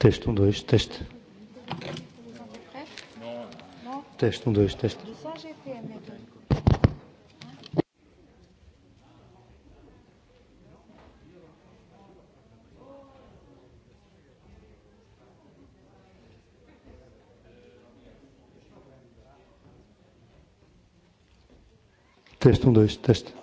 Течно döşteşti. Течно döşteşti. Течно döşteşti.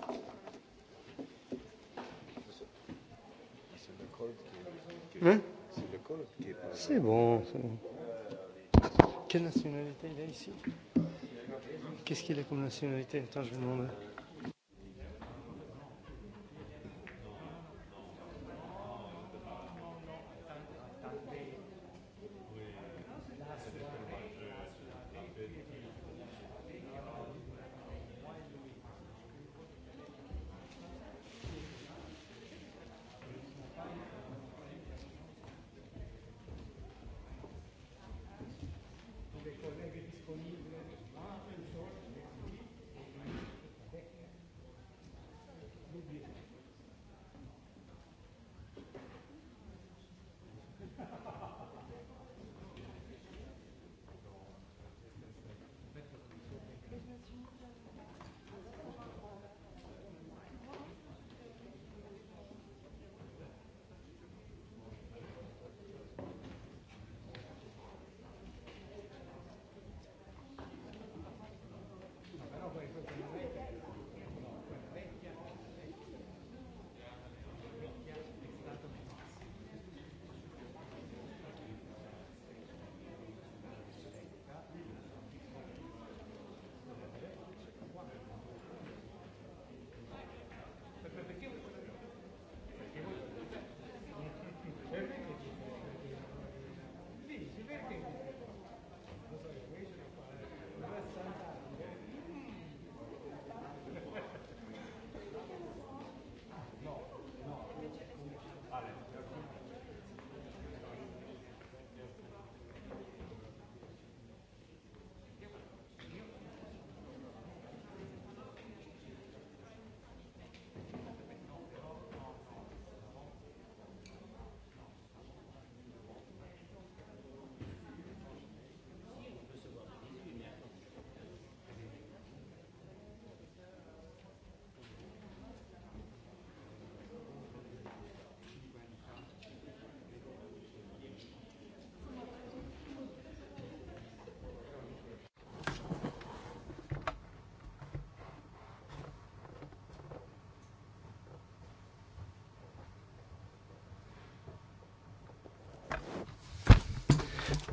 qui est la conventionnalité Attends, je vais demander.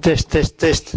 Тест, тест, тест.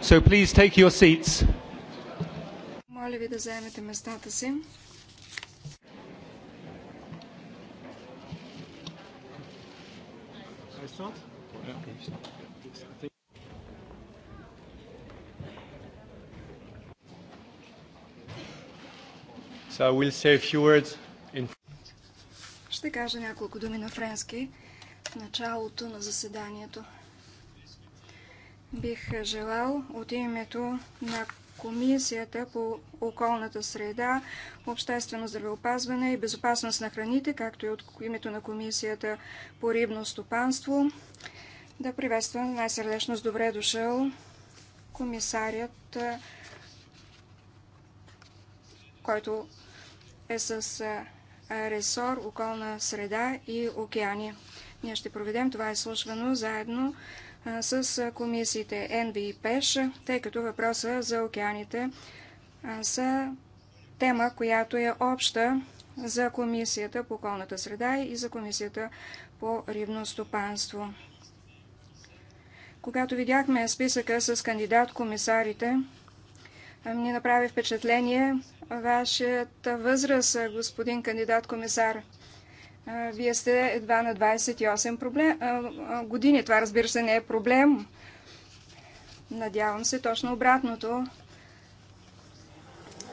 So please take your seats. Моля ви да заемете местата си. So I will say a few words in... Ще кажа няколко думи на френски в началото на заседанието. Бих желал от името на Комисията по околната среда, обществено здравеопазване и безопасност на храните, както и от името на Комисията по рибно стопанство, да приветствам най-сърдечно с добре дошъл комисарят, който е с ресор околна среда и океани. Ние ще проведем това изслушване заедно с с комисиите НБ и ПЕШ, тъй като въпроса за океаните са тема, която е обща за Комисията по околната среда и за Комисията по рибно стопанство. Когато видяхме списъка с кандидат-комисарите, ни направи впечатление вашата възраст, господин кандидат-комисар. Вие сте едва на 28 проблем... години. Това, разбира се, не е проблем. Надявам се точно обратното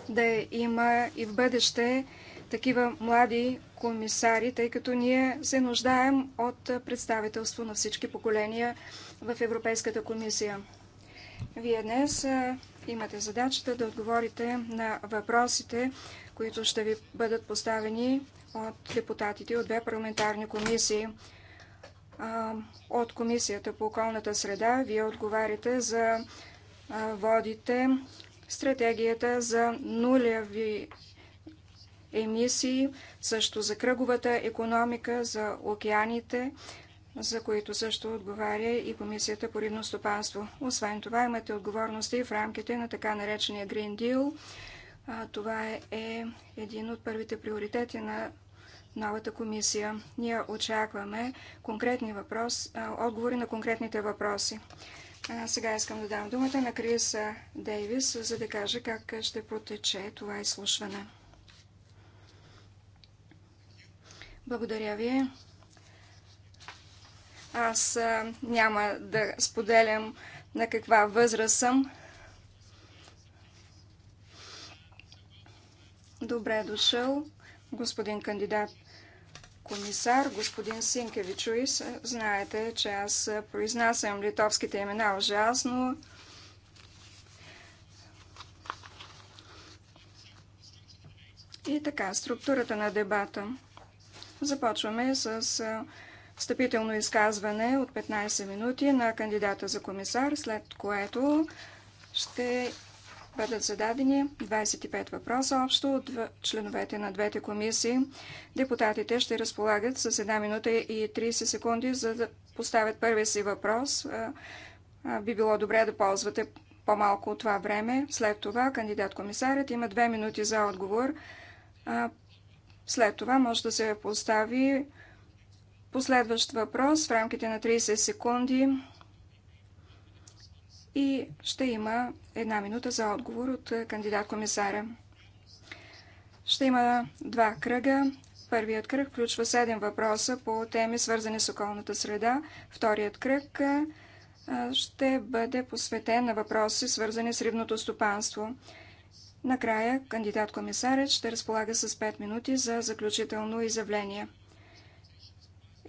да има и в бъдеще такива млади комисари, тъй като ние се нуждаем от представителство на всички поколения в Европейската комисия. Вие днес имате задачата да отговорите на въпросите, които ще ви бъдат поставени от депутатите от две парламентарни комисии. От Комисията по околната среда вие отговаряте за водите стратегията за нулеви емисии, също за кръговата економика, за океаните, за които също отговаря и Комисията по рибно стопанство. Освен това имате отговорности в рамките на така наречения Green Deal. Това е, е един от първите приоритети на новата комисия. Ние очакваме конкретни въпрос, отговори на конкретните въпроси. Сега искам да дам думата на Крис Дейвис, за да каже как ще протече това изслушване. Благодаря ви. Аз няма да споделям на каква възраст съм. Добре дошъл, господин кандидат комисар, господин Синкевичуис. Знаете, че аз произнасям литовските имена ужасно. И така, структурата на дебата. Започваме с встъпително изказване от 15 минути на кандидата за комисар, след което ще бъдат зададени 25 въпроса общо от членовете на двете комисии. Депутатите ще разполагат с 1 минута и 30 секунди, за да поставят първия си въпрос. Би било добре да ползвате по-малко от това време. След това кандидат-комисарят има 2 минути за отговор. След това може да се постави последващ въпрос в рамките на 30 секунди и ще има една минута за отговор от е, кандидат-комисаря. Ще има два кръга. Първият кръг включва 7 въпроса по теми, свързани с околната среда. Вторият кръг е, е, ще бъде посветен на въпроси, свързани с рибното стопанство. Накрая кандидат-комисарят ще разполага с 5 минути за заключително изявление.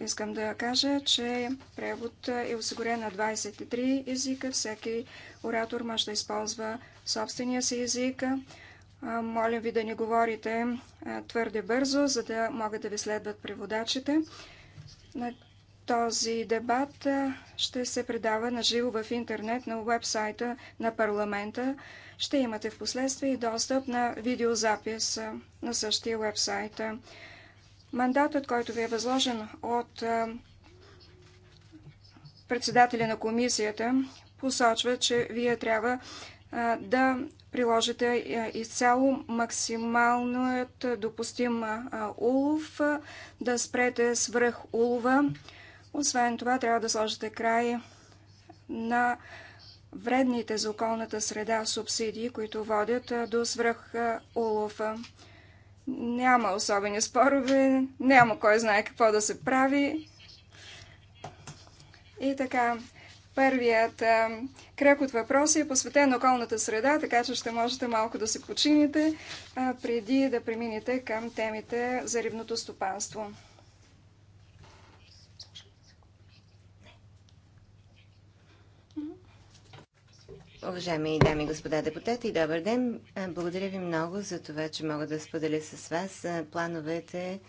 Искам да кажа, че превод е осигурен на 23 езика. Всеки оратор може да използва собствения си език. Моля ви да не говорите твърде бързо, за да могат да ви следват преводачите. На този дебат ще се предава на живо в интернет на вебсайта на парламента. Ще имате в последствие и достъп на видеозапис на същия вебсайта. Мандатът, който ви е възложен от председателя на комисията, посочва, че вие трябва да приложите изцяло максималният допустим улов, да спрете свръх улова. Освен това, трябва да сложите край на вредните за околната среда субсидии, които водят до свръх улова. Няма особени спорове, няма кой знае какво да се прави. И така, първият кръг от въпроси е посветен на околната среда, така че ще можете малко да се почините, а, преди да преминете към темите за рибното стопанство. Уважаеми дами и господа депутати, добър ден! Е, благодаря ви много за това, че мога да споделя с вас е, плановете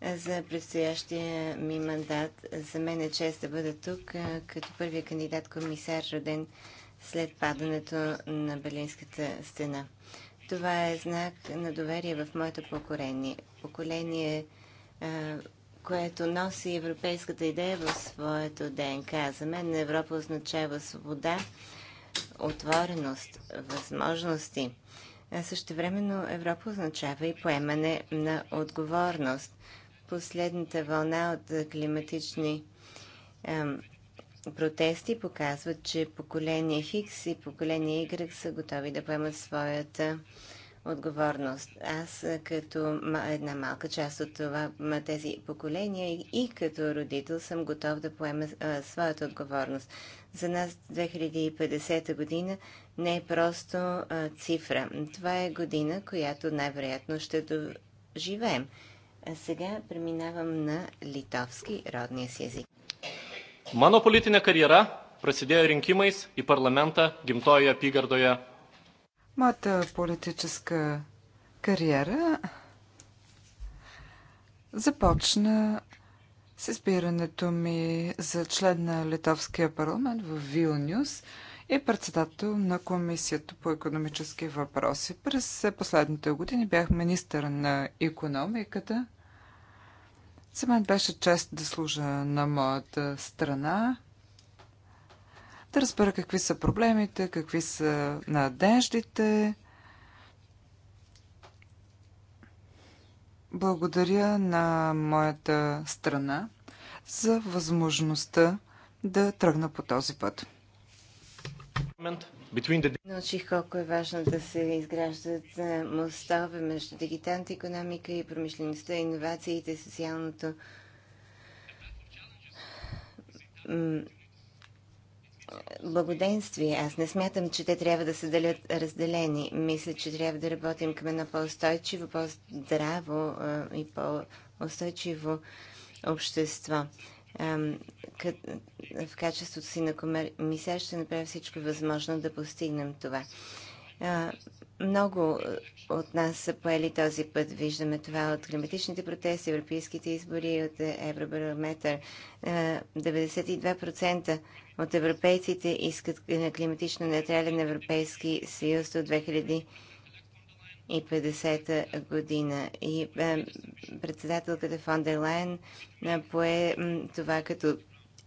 е, за предстоящия ми мандат. За мен е чест да бъда тук като първия кандидат комисар, роден след падането на Берлинската стена. Това е знак на доверие в моето поколение. Поколение, което носи европейската идея в своето ДНК. За мен Европа означава свобода, отвореност, възможности. Е, същевременно Европа означава и поемане на отговорност. Последната вълна от климатични ем, протести показват, че поколение Хикс и поколение Y са готови да поемат своята отговорност. Аз като една малка част от това, тези поколения и като родител съм готов да поема своята отговорност. За нас 2050 година не е просто цифра. Това е година, която най-вероятно ще доживеем. А сега преминавам на литовски родния си език. Моя политическа кариера prasidėjo rinkimais и парламента Гимтоя пигардоя Моята политическа кариера започна с избирането ми за член на Литовския парламент в Вилнюс и председател на Комисията по економически въпроси. През последните години бях министър на економиката. За мен беше чест да служа на моята страна да разбера какви са проблемите, какви са надеждите. Благодаря на моята страна за възможността да тръгна по този път. Научих колко е важно да се изграждат е, мостове между дигиталната економика и промишлеността, иновациите, социалното благоденствие. Аз не смятам, че те трябва да се делят разделени. Мисля, че трябва да работим към едно по-устойчиво, по-здраво и по-устойчиво общество. В качеството си на комисар ще направя всичко възможно да постигнем това. Много от нас са поели този път. Виждаме това от климатичните протести, европейските избори, от Евробарометър. 92% от европейците искат на климатично нейтрален Европейски съюз до 2050 година. И е, председателката фон дер Лайн е, пое това като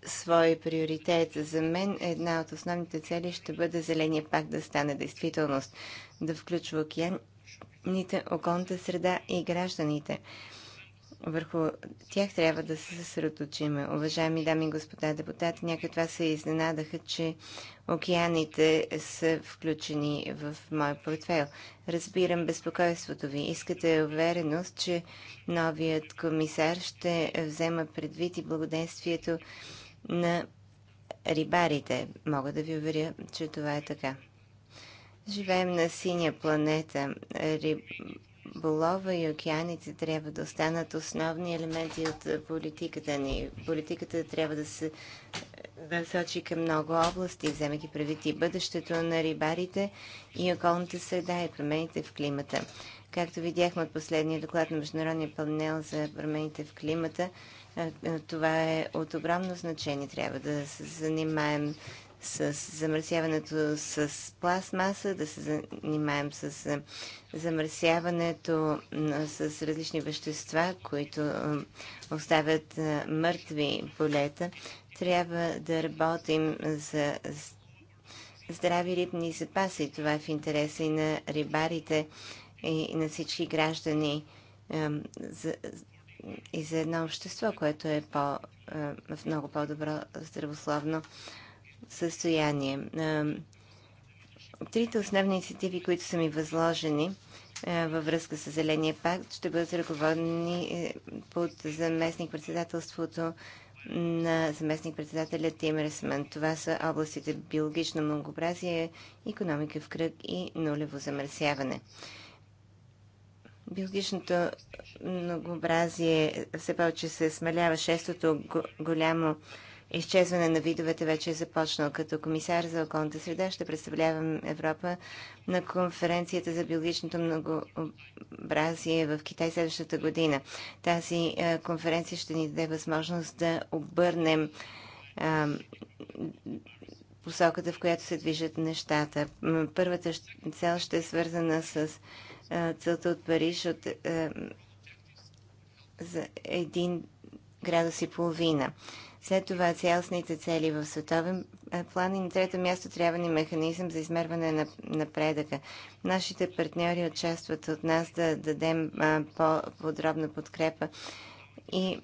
свой приоритет. За мен една от основните цели ще бъде зеления пак да стане действителност, да включва океаните, околната среда и гражданите върху тях трябва да се съсредоточиме. Уважаеми дами и господа депутати, някои от вас се изненадаха, че океаните са включени в мой портфел. Разбирам безпокойството ви. Искате увереност, че новият комисар ще взема предвид и благоденствието на рибарите. Мога да ви уверя, че това е така. Живеем на синя планета. Риб риболова и океаните трябва да останат основни елементи от е, политиката ни. Политиката трябва да се е, да сочи към много области, вземайки предвид и бъдещето на рибарите и околната среда и промените в климата. Както видяхме от последния доклад на Международния панел за промените в климата, е, това е от огромно значение. Трябва да се занимаем с замърсяването с пластмаса, да се занимаем с замърсяването с различни вещества, които оставят мъртви полета. Трябва да работим за здрави рибни запаси. Това е в интереса и на рибарите, и на всички граждани, и за едно общество, което е по, в много по-добро здравословно състояние. Трите основни инициативи, които са ми възложени във връзка с Зеления пакт, ще бъдат ръководени е, под заместник-председателството на заместник-председателя Тимерсман. Това са областите биологично многообразие, економика в кръг и нулево замърсяване. Биологичното многообразие все повече се смалява. Шестото голямо изчезване на видовете вече е започнал. Като комисар за околната среда ще представлявам Европа на конференцията за биологичното многообразие в Китай следващата година. Тази е, конференция ще ни даде възможност да обърнем е, посоката, в която се движат нещата. Първата цел ще е свързана с е, целта от Париж от за един градус и половина. След това цялостните цели в световен план и на трето място трябва ни механизъм за измерване на напредъка. Нашите партньори участват от нас да дадем по-подробна подкрепа и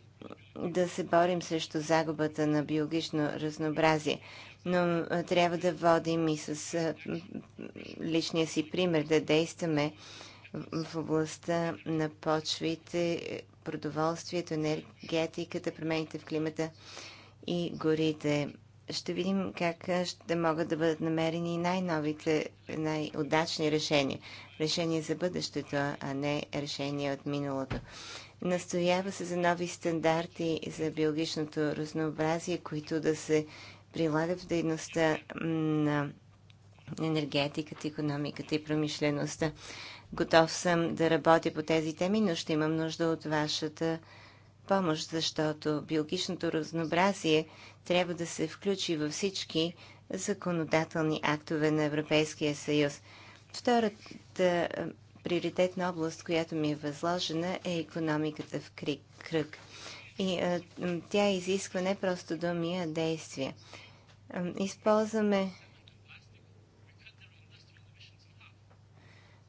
да се борим срещу загубата на биологично разнообразие. Но трябва да водим и с личния си пример, да действаме в областта на почвите, продоволствието, енергетиката, промените в климата и горите. Ще видим как ще могат да бъдат намерени най-новите, най-удачни решения. Решения за бъдещето, а не решения от миналото. Настоява се за нови стандарти за биологичното разнообразие, които да се прилагат в дейността на енергетиката, економиката и промишлеността. Готов съм да работя по тези теми, но ще имам нужда от вашата помощ, защото биологичното разнообразие трябва да се включи във всички законодателни актове на Европейския съюз. Втората приоритетна област, която ми е възложена, е економиката в кръг. И тя изисква не просто думи, а действия. използваме.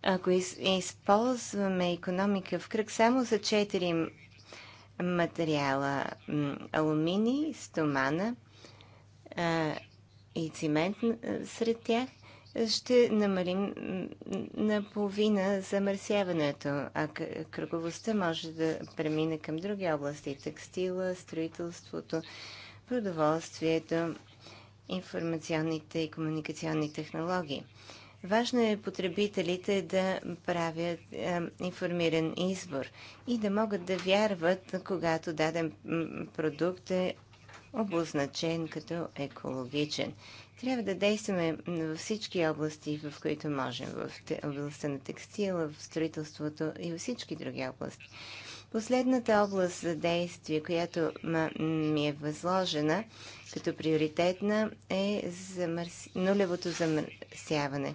Ако из, използваме економика в кръг само за 4 материала алуминий, стомана а, и цимент сред тях, ще намалим наполовина замърсяването, а кръговостта може да премине към други области – текстила, строителството, продоволствието, информационните и комуникационни технологии. Важно е потребителите да правят е, информиран избор и да могат да вярват, когато даден продукт е обозначен като екологичен. Трябва да действаме във всички области, в които можем. В областта на текстила, в строителството и във всички други области. Последната област за действие, която ми е възложена като приоритетна е за нулевото замърсяване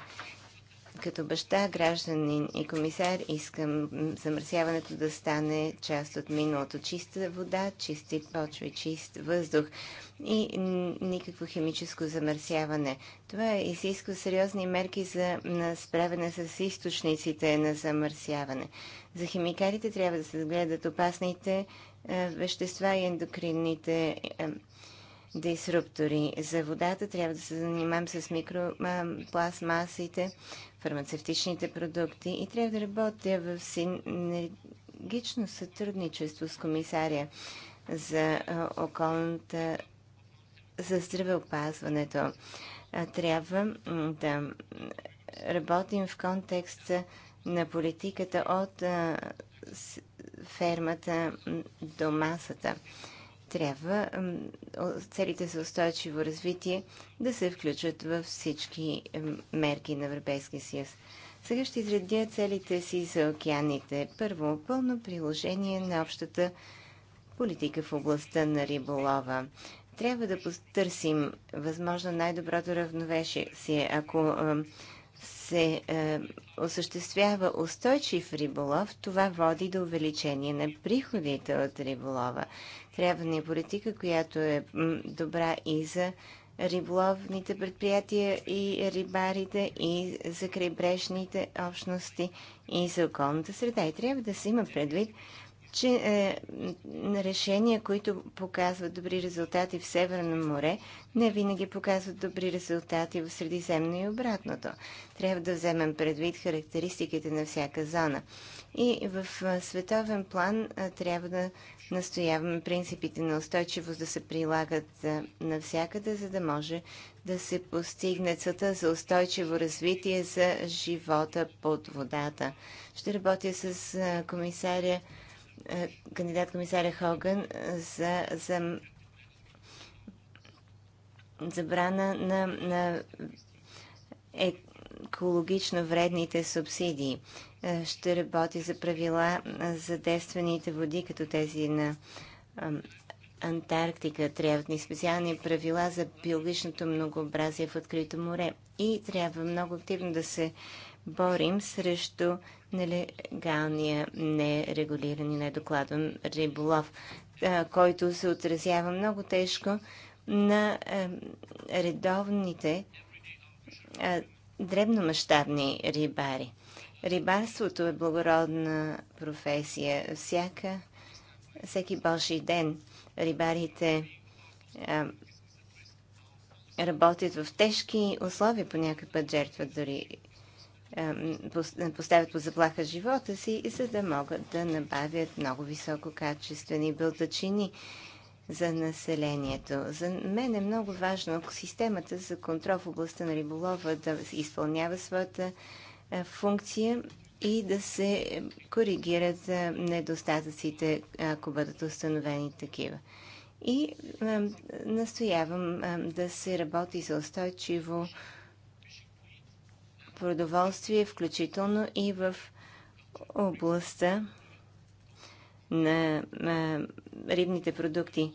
като баща, гражданин и комисар искам замърсяването да стане част от миналото. Чиста вода, чисти почви, чист въздух и никакво химическо замърсяване. Това изисква сериозни мерки за справяне с източниците на замърсяване. За химикалите трябва да се гледат опасните вещества и ендокринните е, дисруптори за водата. Трябва да се занимавам с микропластмасите, фармацевтичните продукти и трябва да работя в синергично сътрудничество с комисаря за околната за здравеопазването. Трябва да работим в контекста на политиката от фермата до масата трябва целите за устойчиво развитие да се включат във всички мерки на Европейския съюз. Сега ще изредя целите си за океаните. Първо, пълно приложение на общата политика в областта на риболова. Трябва да потърсим възможно най-доброто равновесие. Ако се е, осъществява устойчив риболов, това води до увеличение на приходите от риболова. Трябва ни политика, която е добра и за риболовните предприятия и рибарите, и за крайбрежните общности, и за околната среда. И трябва да се има предвид, че е, решения, които показват добри резултати в Северно море, не винаги показват добри резултати в Средиземно и обратното. Трябва да вземем предвид характеристиките на всяка зона. И в световен план трябва да настояваме принципите на устойчивост да се прилагат навсякъде, за да може да се постигне целта за устойчиво развитие за живота под водата. Ще работя с комисаря е, кандидат комисаря Хоган е, за, за забрана на, на екологично вредните субсидии. Е, ще работи за правила за действените води, като тези на Антарктика. Трябват ни специални правила за биологичното многообразие в открито море. И трябва много активно да се борим срещу нелегалния, нерегулиран и недокладен риболов, който се отразява много тежко на редовните дребномащабни рибари. Рибарството е благородна професия. Всяка, всеки божи ден рибарите работят в тежки условия, по някакъв път жертват дори поставят по заплаха живота си, за да могат да набавят много висококачествени бълтачини за населението. За мен е много важно, ако системата за контрол в областта на риболова да изпълнява своята функция и да се коригират недостатъците, ако бъдат установени такива. И настоявам да се работи за устойчиво продоволствие, включително и в областта на а, рибните продукти.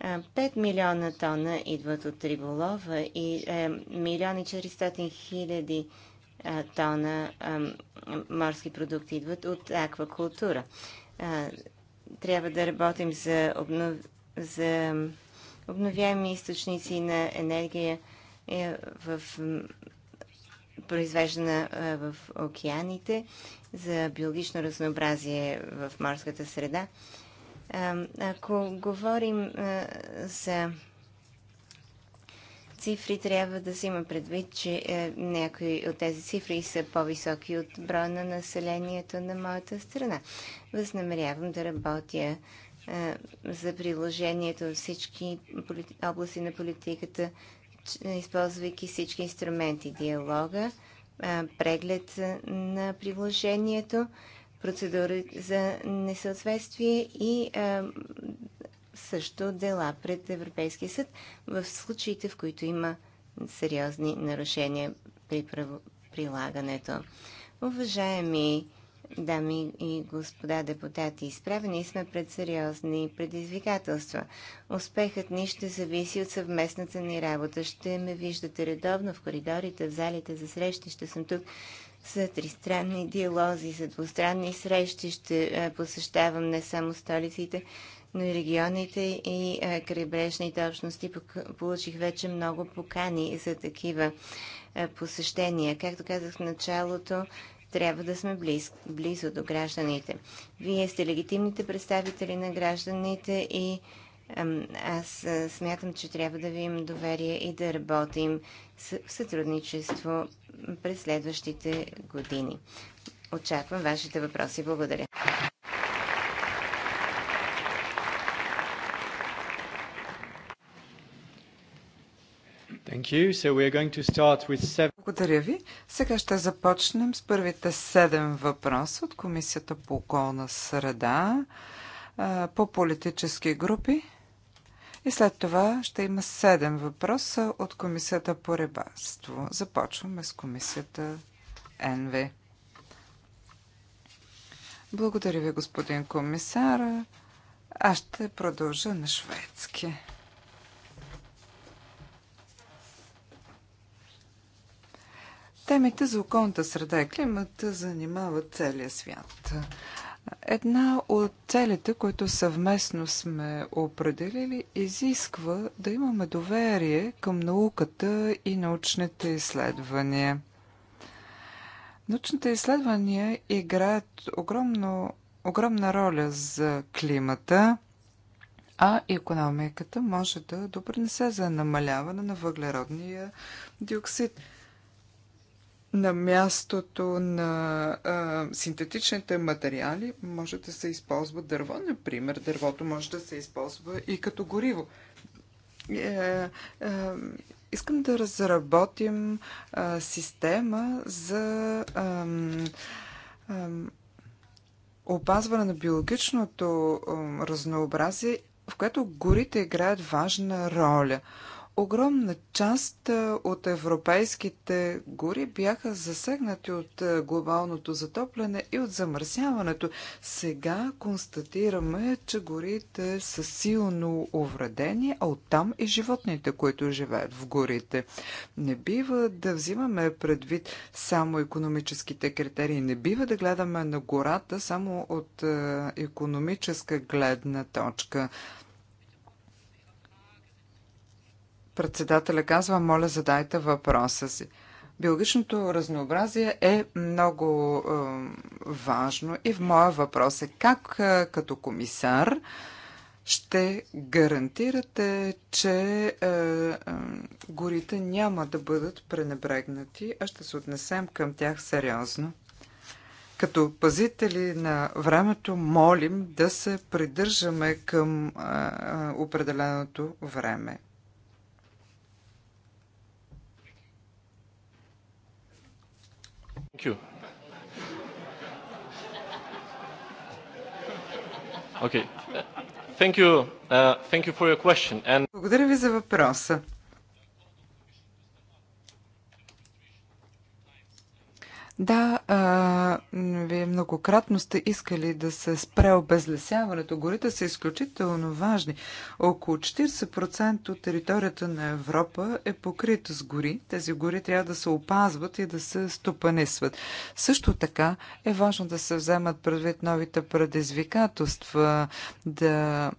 5 милиона тона идват от риболова и е, милион и 400 хиляди тона морски продукти идват от аквакултура. Трябва да работим за, обнов... за обновяеми източници на енергия е, в произвеждана в океаните, за биологично разнообразие в морската среда. Ако говорим за цифри, трябва да се има предвид, че някои от тези цифри са по-високи от броя на населението на моята страна. Възнамерявам да работя за приложението на всички области на политиката използвайки всички инструменти. Диалога, преглед на приложението, процедури за несъответствие и също дела пред Европейския съд в случаите, в които има сериозни нарушения при прилагането. Уважаеми дами и господа депутати. Изправени сме пред сериозни предизвикателства. Успехът ни ще зависи от съвместната ни работа. Ще ме виждате редовно в коридорите, в залите за срещи. Ще съм тук за тристранни диалози, за двустранни срещи. Ще посещавам не само столиците, но и регионите и крайбрежните общности получих вече много покани за такива посещения. Както казах в началото, трябва да сме близ, близо до гражданите. Вие сте легитимните представители на гражданите и аз смятам, че трябва да ви им доверие и да работим в сътрудничество през следващите години. Очаквам вашите въпроси. Благодаря. So Благодаря ви. Сега ще започнем с първите седем въпроса от Комисията по околна среда по политически групи. И след това ще има седем въпроса от Комисията по рибарство. Започваме с Комисията НВ. Благодаря ви, господин комисар. Аз ще продължа на шведски. Темите за околната среда и климата занимават целия свят. Една от целите, които съвместно сме определили, изисква да имаме доверие към науката и научните изследвания. Научните изследвания играят огромно, огромна роля за климата, а економиката може да допринесе за намаляване на въглеродния диоксид на мястото на а, синтетичните материали може да се използва дърво. Например, дървото може да се използва и като гориво. Е, е, искам да разработим а, система за а, а, опазване на биологичното а, разнообразие, в което горите играят важна роля. А, Огромна част от европейските гори бяха засегнати от глобалното затопляне и от замърсяването. Сега констатираме, че горите са силно увредени, а оттам и животните, които живеят в горите. Не бива да взимаме предвид само економическите критерии. Не бива да гледаме на гората само от економическа гледна точка. Председателя казва, моля задайте въпроса си. Биологичното разнообразие е много е, важно и в моя въпрос е как е, като комисар ще гарантирате, че е, е, горите няма да бъдат пренебрегнати, а ще се отнесем към тях сериозно. Като пазители на времето, молим да се придържаме към е, е, определеното време. Q. Okay. Thank you. Uh, thank you for your question. And... Благодаря ви за въпроса. Да, а, вие многократно сте искали да се спре обезлесяването. Горите са изключително важни. Около 40% от територията на Европа е покрита с гори. Тези гори трябва да се опазват и да се стопанисват. Също така е важно да се вземат предвид новите предизвикателства, да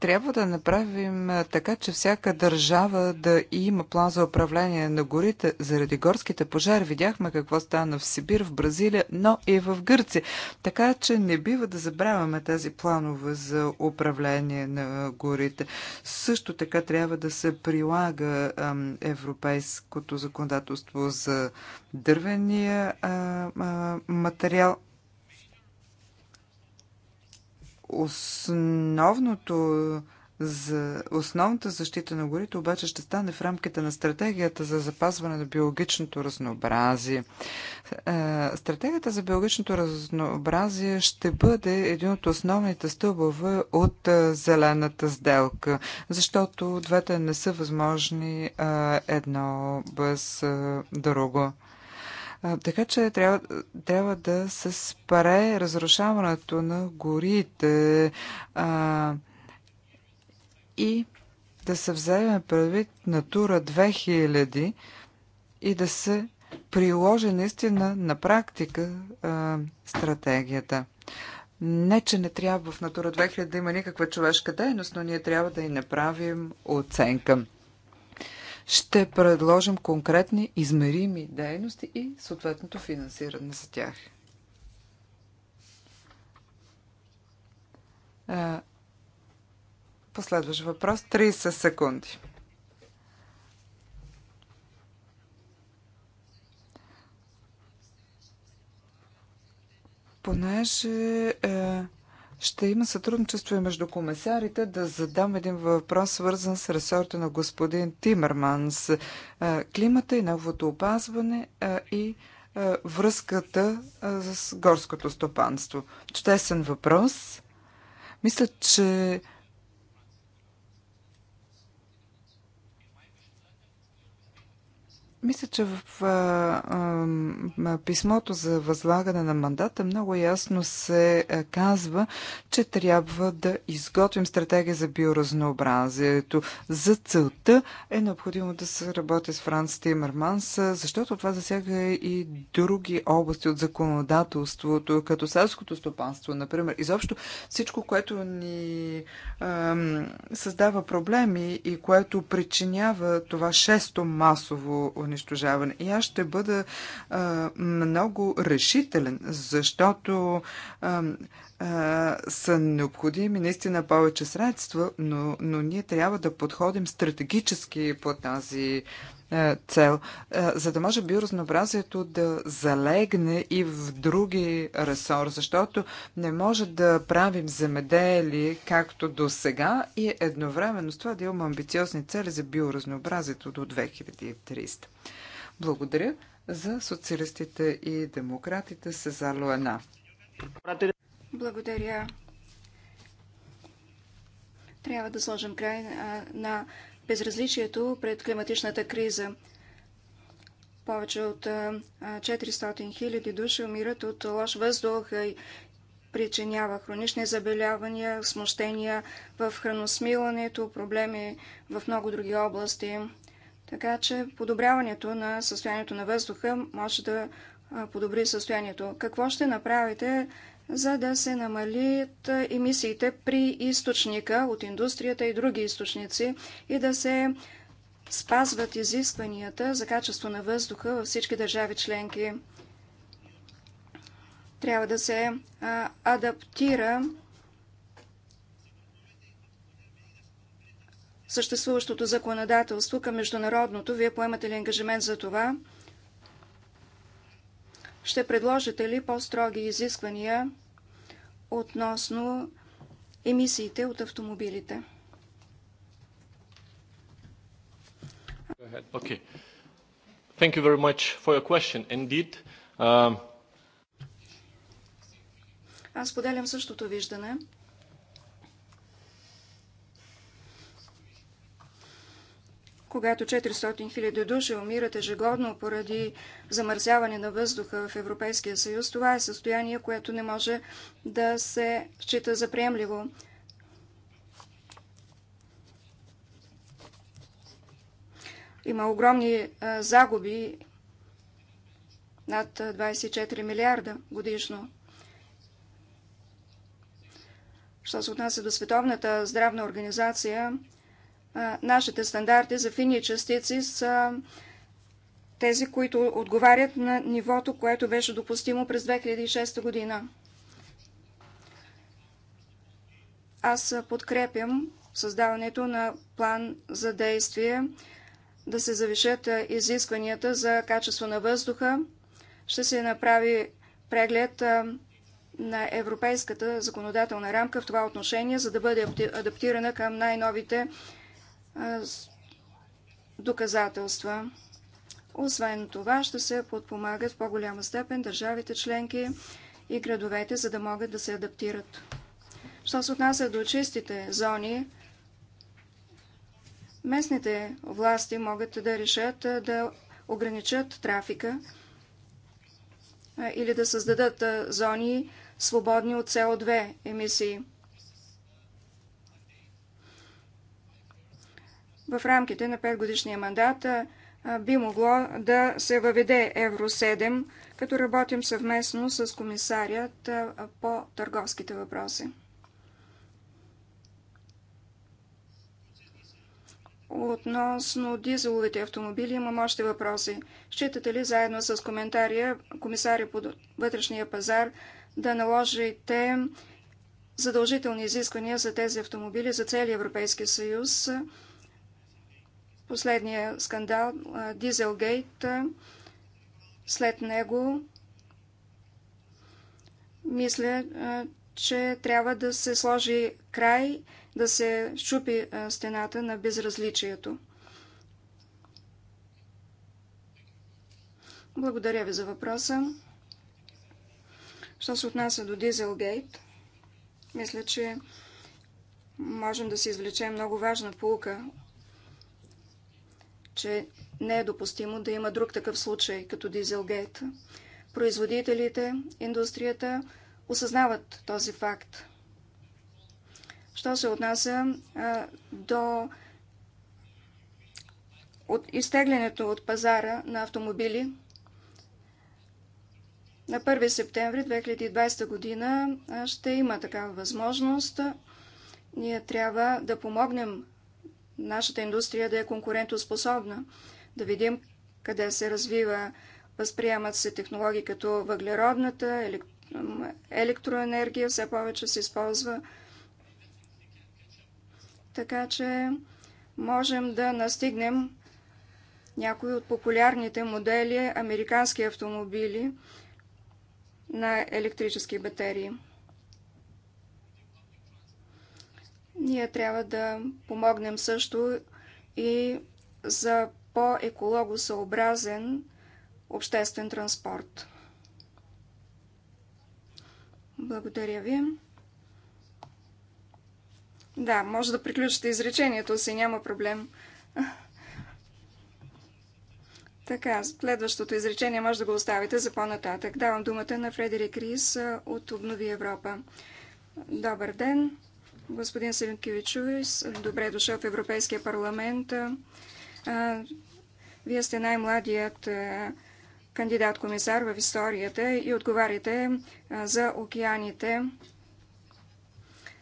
трябва да направим така, че всяка държава да има план за управление на горите заради горските пожари. Видяхме какво стана в Сибир, в Бразилия, но и в Гърция. Така че не бива да забравяме тази планове за управление на горите. Също така трябва да се прилага европейското законодателство за дървения материал Основното за основната защита на горите обаче ще стане в рамките на стратегията за запазване на биологичното разнообразие. Е, стратегията за биологичното разнообразие ще бъде един от основните стълбове от е, зелената сделка, защото двете не са възможни е, едно без друго. Така че трябва, трябва да се спре разрушаването на горите а, и да се вземе предвид Натура 2000 и да се приложи наистина на практика а, стратегията. Не, че не трябва в Натура 2000 да има никаква човешка дейност, но ние трябва да и направим оценка ще предложим конкретни измерими дейности и съответното финансиране за тях. Последващ въпрос 30 секунди. Понеже е, ще има сътрудничество и между комисарите да задам един въпрос, свързан с ресорта на господин Тимерманс. Е, климата и неговото опазване е, и е, връзката с горското стопанство. Чудесен въпрос. Мисля, че Мисля, че в а, а, писмото за възлагане на мандата много ясно се а, казва, че трябва да изготвим стратегия за биоразнообразието. За целта е необходимо да се работи с Франц Тимерманс, защото това засяга и други области от законодателството, като селското стопанство, например. Изобщо всичко, което ни а, създава проблеми и което причинява това шесто масово унищожаване. И аз ще бъда а, много решителен, защото а, а, са необходими наистина повече средства, но, но ние трябва да подходим стратегически по тази е, цел, е, за да може биоразнообразието да залегне и в други ресор, защото не може да правим земеделие както до сега и едновременно с това да имаме амбициозни цели за биоразнообразието до 2300. Благодаря за социалистите и демократите Сезар Луена. Благодаря. Трябва да сложим край на безразличието пред климатичната криза. Повече от 400 хиляди души умират от лош въздух и причинява хронични заболявания, смущения в храносмилането, проблеми в много други области. Така че подобряването на състоянието на въздуха може да подобри състоянието. Какво ще направите, за да се намалят емисиите при източника от индустрията и други източници и да се спазват изискванията за качество на въздуха във всички държави членки. Трябва да се адаптира съществуващото законодателство към международното. Вие поемате ли ангажимент за това? Ще предложите ли по-строги изисквания относно емисиите от автомобилите? Okay. Thank you very much for your question. Indeed, uh, Аз поделям същото виждане. когато 400 хиляди души умират ежегодно поради замърсяване на въздуха в Европейския съюз, това е състояние, което не може да се счита за приемливо. Има огромни загуби над 24 милиарда годишно. Що се отнася до Световната здравна организация, нашите стандарти за фини частици са тези, които отговарят на нивото, което беше допустимо през 2006 година. Аз подкрепям създаването на план за действие да се завишат изискванията за качество на въздуха. Ще се направи преглед на европейската законодателна рамка в това отношение, за да бъде адаптирана към най-новите доказателства. Освен това, ще се подпомагат в по-голяма степен държавите членки и градовете, за да могат да се адаптират. Що се отнася до чистите зони, местните власти могат да решат да ограничат трафика или да създадат зони свободни от СО2 емисии. в рамките на 5 годишния мандат би могло да се въведе Евро 7, като работим съвместно с комисарият по търговските въпроси. Относно дизеловите автомобили имам още въпроси. Считате ли заедно с коментария комисаря по вътрешния пазар да наложите задължителни изисквания за тези автомобили за целия Европейски съюз? последния скандал Дизелгейт, след него мисля, че трябва да се сложи край, да се щупи стената на безразличието. Благодаря ви за въпроса. Що се отнася до Дизелгейт, мисля, че можем да се извлечем много важна полука че не е допустимо да има друг такъв случай, като Дизелгейт. Производителите, индустрията осъзнават този факт. Що се отнася а, до от изтеглянето от пазара на автомобили, на 1 септември 2020 година ще има такава възможност. Ние трябва да помогнем нашата индустрия да е конкурентоспособна, да видим къде се развива, възприемат се технологии като въглеродната, електроенергия все повече се използва. Така че можем да настигнем някои от популярните модели американски автомобили на електрически батерии. Ние трябва да помогнем също и за по-екологосъобразен обществен транспорт. Благодаря ви. Да, може да приключите изречението си, няма проблем. Така, следващото изречение може да го оставите за по-нататък. Давам думата на Фредерик Рис от Обнови Европа. Добър ден! господин Селенкевичуис. Добре дошъл в Европейския парламент. Вие сте най-младият кандидат-комисар в историята и отговаряте за океаните.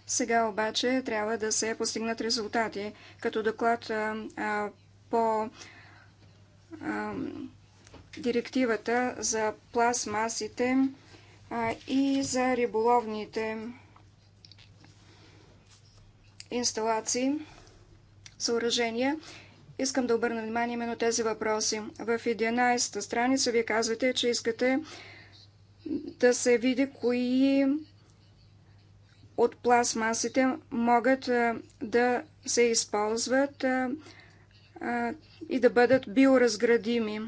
Сега обаче трябва да се постигнат резултати. Като доклад по директивата за пластмасите и за риболовните инсталации, съоръжения. Искам да обърна внимание именно тези въпроси. В 11-та страница вие казвате, че искате да се види кои от пластмасите могат да се използват и да бъдат биоразградими.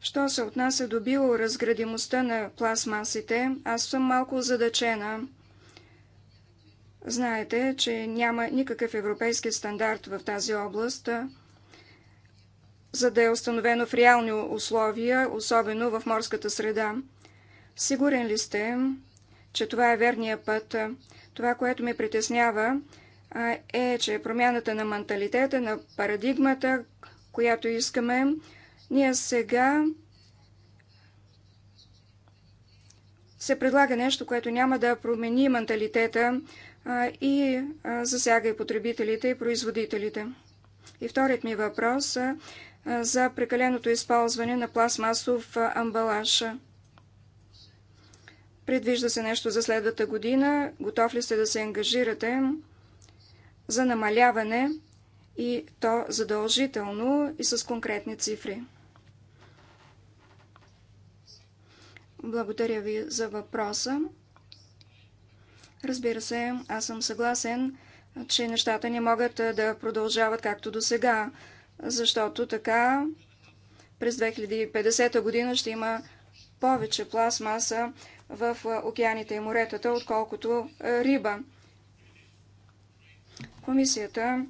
Що се отнася до биоразградимостта на пластмасите, аз съм малко задачена – Знаете, че няма никакъв европейски стандарт в тази област, за да е установено в реални условия, особено в морската среда. Сигурен ли сте, че това е верния път? Това, което ме притеснява, е, че промяната на менталитета, на парадигмата, която искаме, ние сега се предлага нещо, което няма да промени менталитета и засяга и потребителите и производителите. И вторият ми въпрос е за прекаленото използване на пластмасов амбалаж. Предвижда се нещо за следвата година. Готов ли сте да се ангажирате за намаляване и то задължително и с конкретни цифри? Благодаря ви за въпроса. Разбира се, аз съм съгласен, че нещата не могат да продължават както до сега, защото така през 2050 година ще има повече пластмаса в океаните и моретата, отколкото риба. Комисията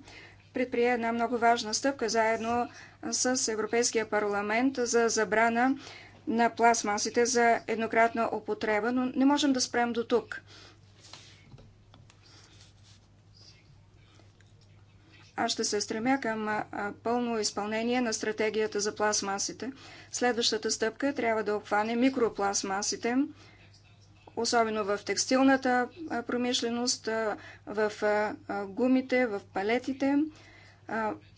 предприе една много важна стъпка заедно с Европейския парламент за забрана на пластмасите за еднократна употреба, но не можем да спрем до тук. аз ще се стремя към пълно изпълнение на стратегията за пластмасите. Следващата стъпка трябва да обхване микропластмасите, особено в текстилната промишленост, в гумите, в палетите.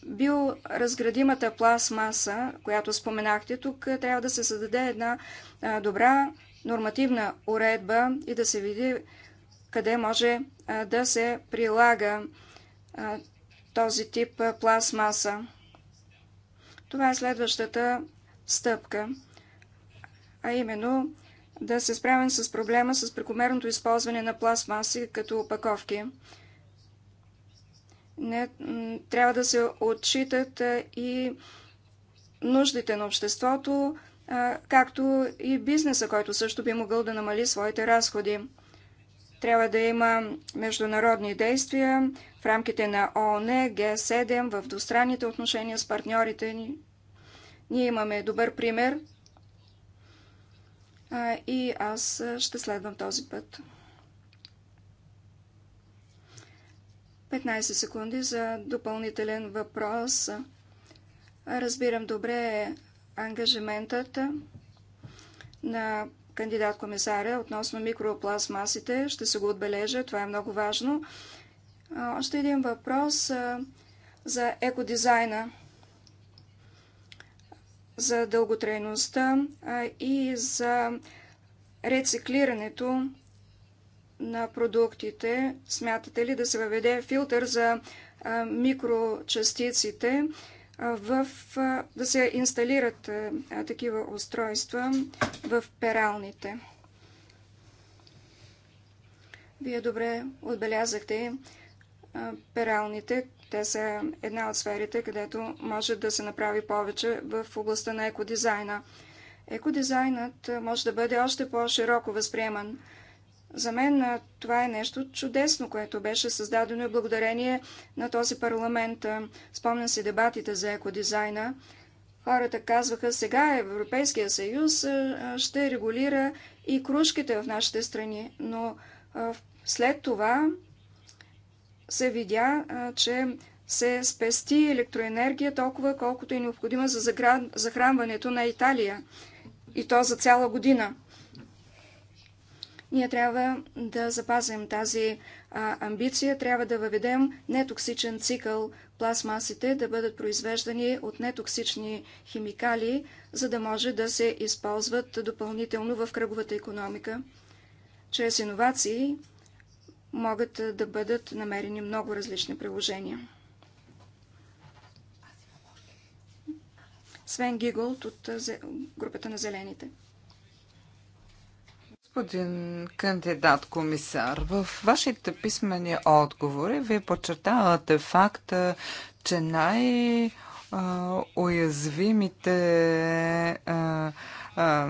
Биоразградимата пластмаса, която споменахте тук, трябва да се създаде една добра нормативна уредба и да се види къде може да се прилага този тип пластмаса. Това е следващата стъпка, а именно да се справим с проблема с прекомерното използване на пластмаси като опаковки. Не, трябва да се отчитат и нуждите на обществото, както и бизнеса, който също би могъл да намали своите разходи. Трябва да има международни действия в рамките на ООН, Г7, в двустранните отношения с партньорите ни. Ние имаме добър пример и аз ще следвам този път. 15 секунди за допълнителен въпрос. Разбирам добре ангажиментът на кандидат-комисаря относно микропластмасите. Ще се го отбележа, това е много важно. Още един въпрос за екодизайна, за дълготрайността и за рециклирането на продуктите. Смятате ли да се въведе филтър за микрочастиците? в, да се инсталират такива устройства в пералните. Вие добре отбелязахте пералните. Те са една от сферите, където може да се направи повече в областта на екодизайна. Екодизайнът може да бъде още по-широко възприеман – за мен това е нещо чудесно, което беше създадено и благодарение на този парламент. Спомням си дебатите за екодизайна. Хората казваха, сега Европейския съюз ще регулира и кружките в нашите страни, но след това се видя, че се спести електроенергия толкова, колкото е необходима за захранването на Италия. И то за цяла година. Ние трябва да запазим тази а, амбиция, трябва да въведем нетоксичен цикъл пластмасите да бъдат произвеждани от нетоксични химикали, за да може да се използват допълнително в кръговата економика. Чрез иновации могат да бъдат намерени много различни приложения. Свен Гигълт от групата на зелените. Господин кандидат комисар, в вашите писмени отговори вие подчертавате факта, че най- уязвимите а, а,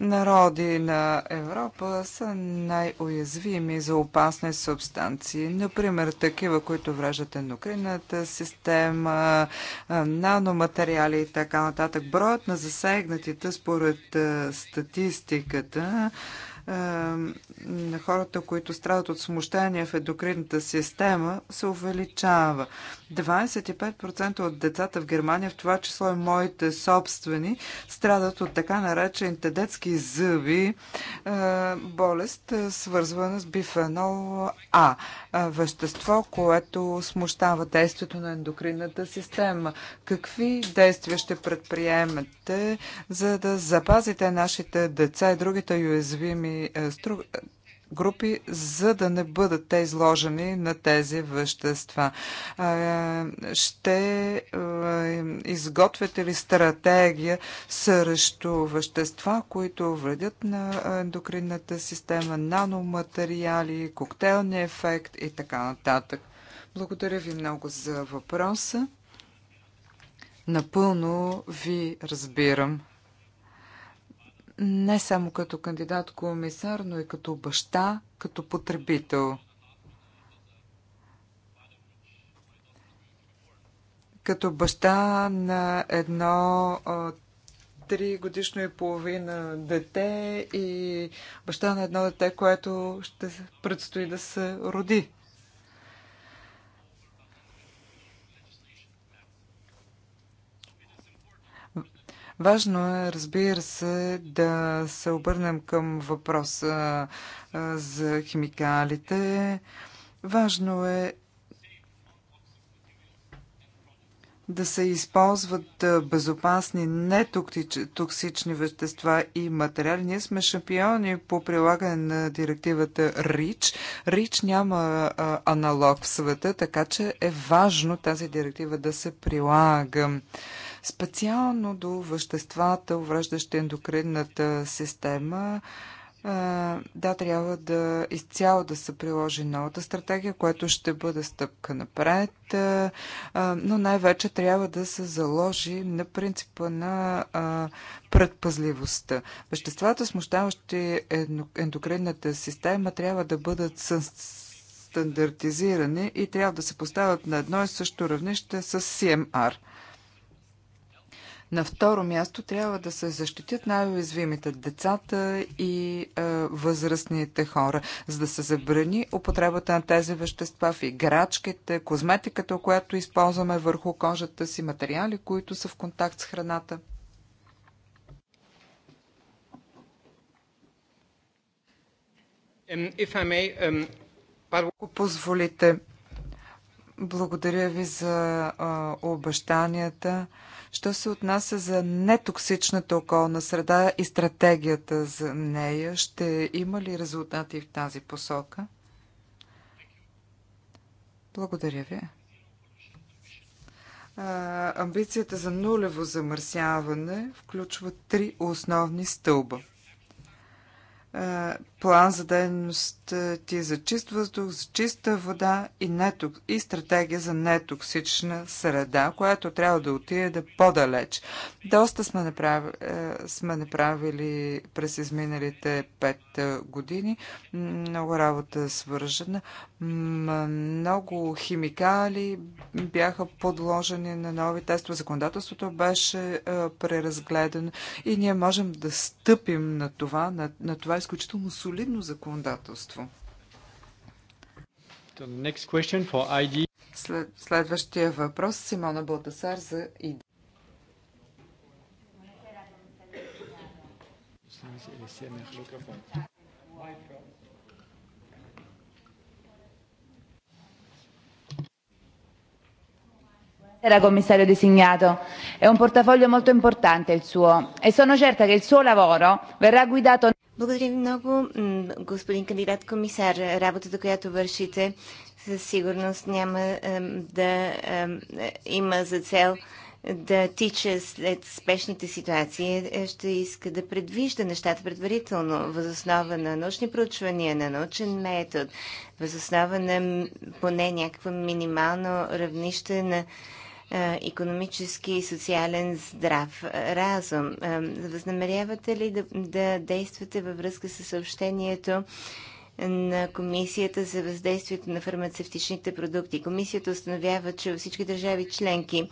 народи на Европа са най-уязвими за опасни субстанции. Например, такива, които вреждат ендокринната система, наноматериали и така нататък. Броят на засегнатите според статистиката на хората, които страдат от смущение в ендокринната система, се увеличава. 25% от децата в Германия, в това число и моите собствени, страдат от така наречените детски зъби, е, болест, е, свързвана с бифенол А, е, вещество, което смущава действието на ендокринната система. Какви действия ще предприемете, за да запазите нашите деца и другите уязвими групи, за да не бъдат те изложени на тези вещества. Ще изготвяте ли стратегия срещу вещества, които вредят на ендокринната система, наноматериали, коктейлни ефект и така нататък? Благодаря ви много за въпроса. Напълно ви разбирам не само като кандидат-комисар, но и като баща, като потребител. Като баща на едно три годишно и половина дете и баща на едно дете, което ще предстои да се роди. Важно е, разбира се, да се обърнем към въпроса за химикалите. Важно е да се използват безопасни нетоксични вещества и материали. Ние сме шампиони по прилагане на директивата РИЧ. РИЧ няма аналог в света, така че е важно тази директива да се прилага. Специално до веществата, увреждащи ендокринната система, да, трябва да изцяло да се приложи новата стратегия, която ще бъде стъпка напред, но най-вече трябва да се заложи на принципа на предпазливостта. Веществата, смущаващи ендокринната система, трябва да бъдат стандартизирани и трябва да се поставят на едно и също равнище с CMR. На второ място трябва да се защитят най-уязвимите децата и е, възрастните хора, за да се забрани употребата на тези вещества в играчките, козметиката, която използваме върху кожата си, материали, които са в контакт с храната. Ако позволите, благодаря ви за а, обещанията. Що се отнася за нетоксичната околна среда и стратегията за нея, ще има ли резултати в тази посока? Благодаря ви. А, амбицията за нулево замърсяване включва три основни стълба план за дейност е, ти е за чист въздух, за чиста вода и, неток, и стратегия за нетоксична среда, която трябва да отиде по-далеч. Доста сме направили, е, сме направили през изминалите пет години. Много работа е свържена. Много химикали бяха подложени на нови тестове. Законодателството беше преразгледано и ние можем да стъпим на това, на, на това изключително солидно законодателство. След, следващия въпрос Симона Балтасар за ИД. Era commissario designato, è un portafoglio molto importante il suo e sono certa che il suo lavoro verrà guidato благодаря ви много, господин кандидат комисар. Работата, която вършите, със сигурност няма да има за цел да тича след спешните ситуации, е, е, ще иска да предвижда нещата предварително, възоснова на научни проучвания, на научен метод, възоснова на поне някакво минимално равнище на економически и социален здрав е, разум. Е, възнамерявате ли да, да действате във връзка с съобщението на Комисията за въздействието на фармацевтичните продукти. Комисията установява, че във всички държави членки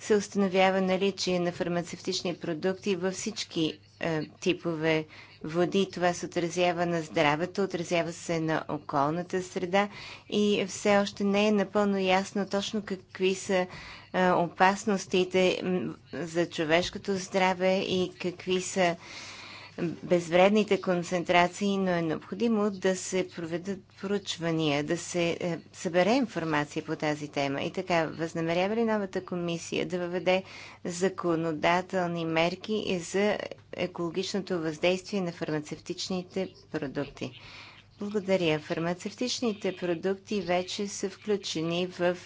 се установява наличие на фармацевтични продукти във всички е, типове води. Това се отразява на здравето, отразява се на околната среда и все още не е напълно ясно точно какви са опасностите за човешкото здраве и какви са безвредните концентрации, но е необходимо да се проведат поручвания, да се е, събере информация по тази тема. И така, възнамерява ли новата комисия да въведе законодателни мерки за екологичното въздействие на фармацевтичните продукти? Благодаря. Фармацевтичните продукти вече са включени в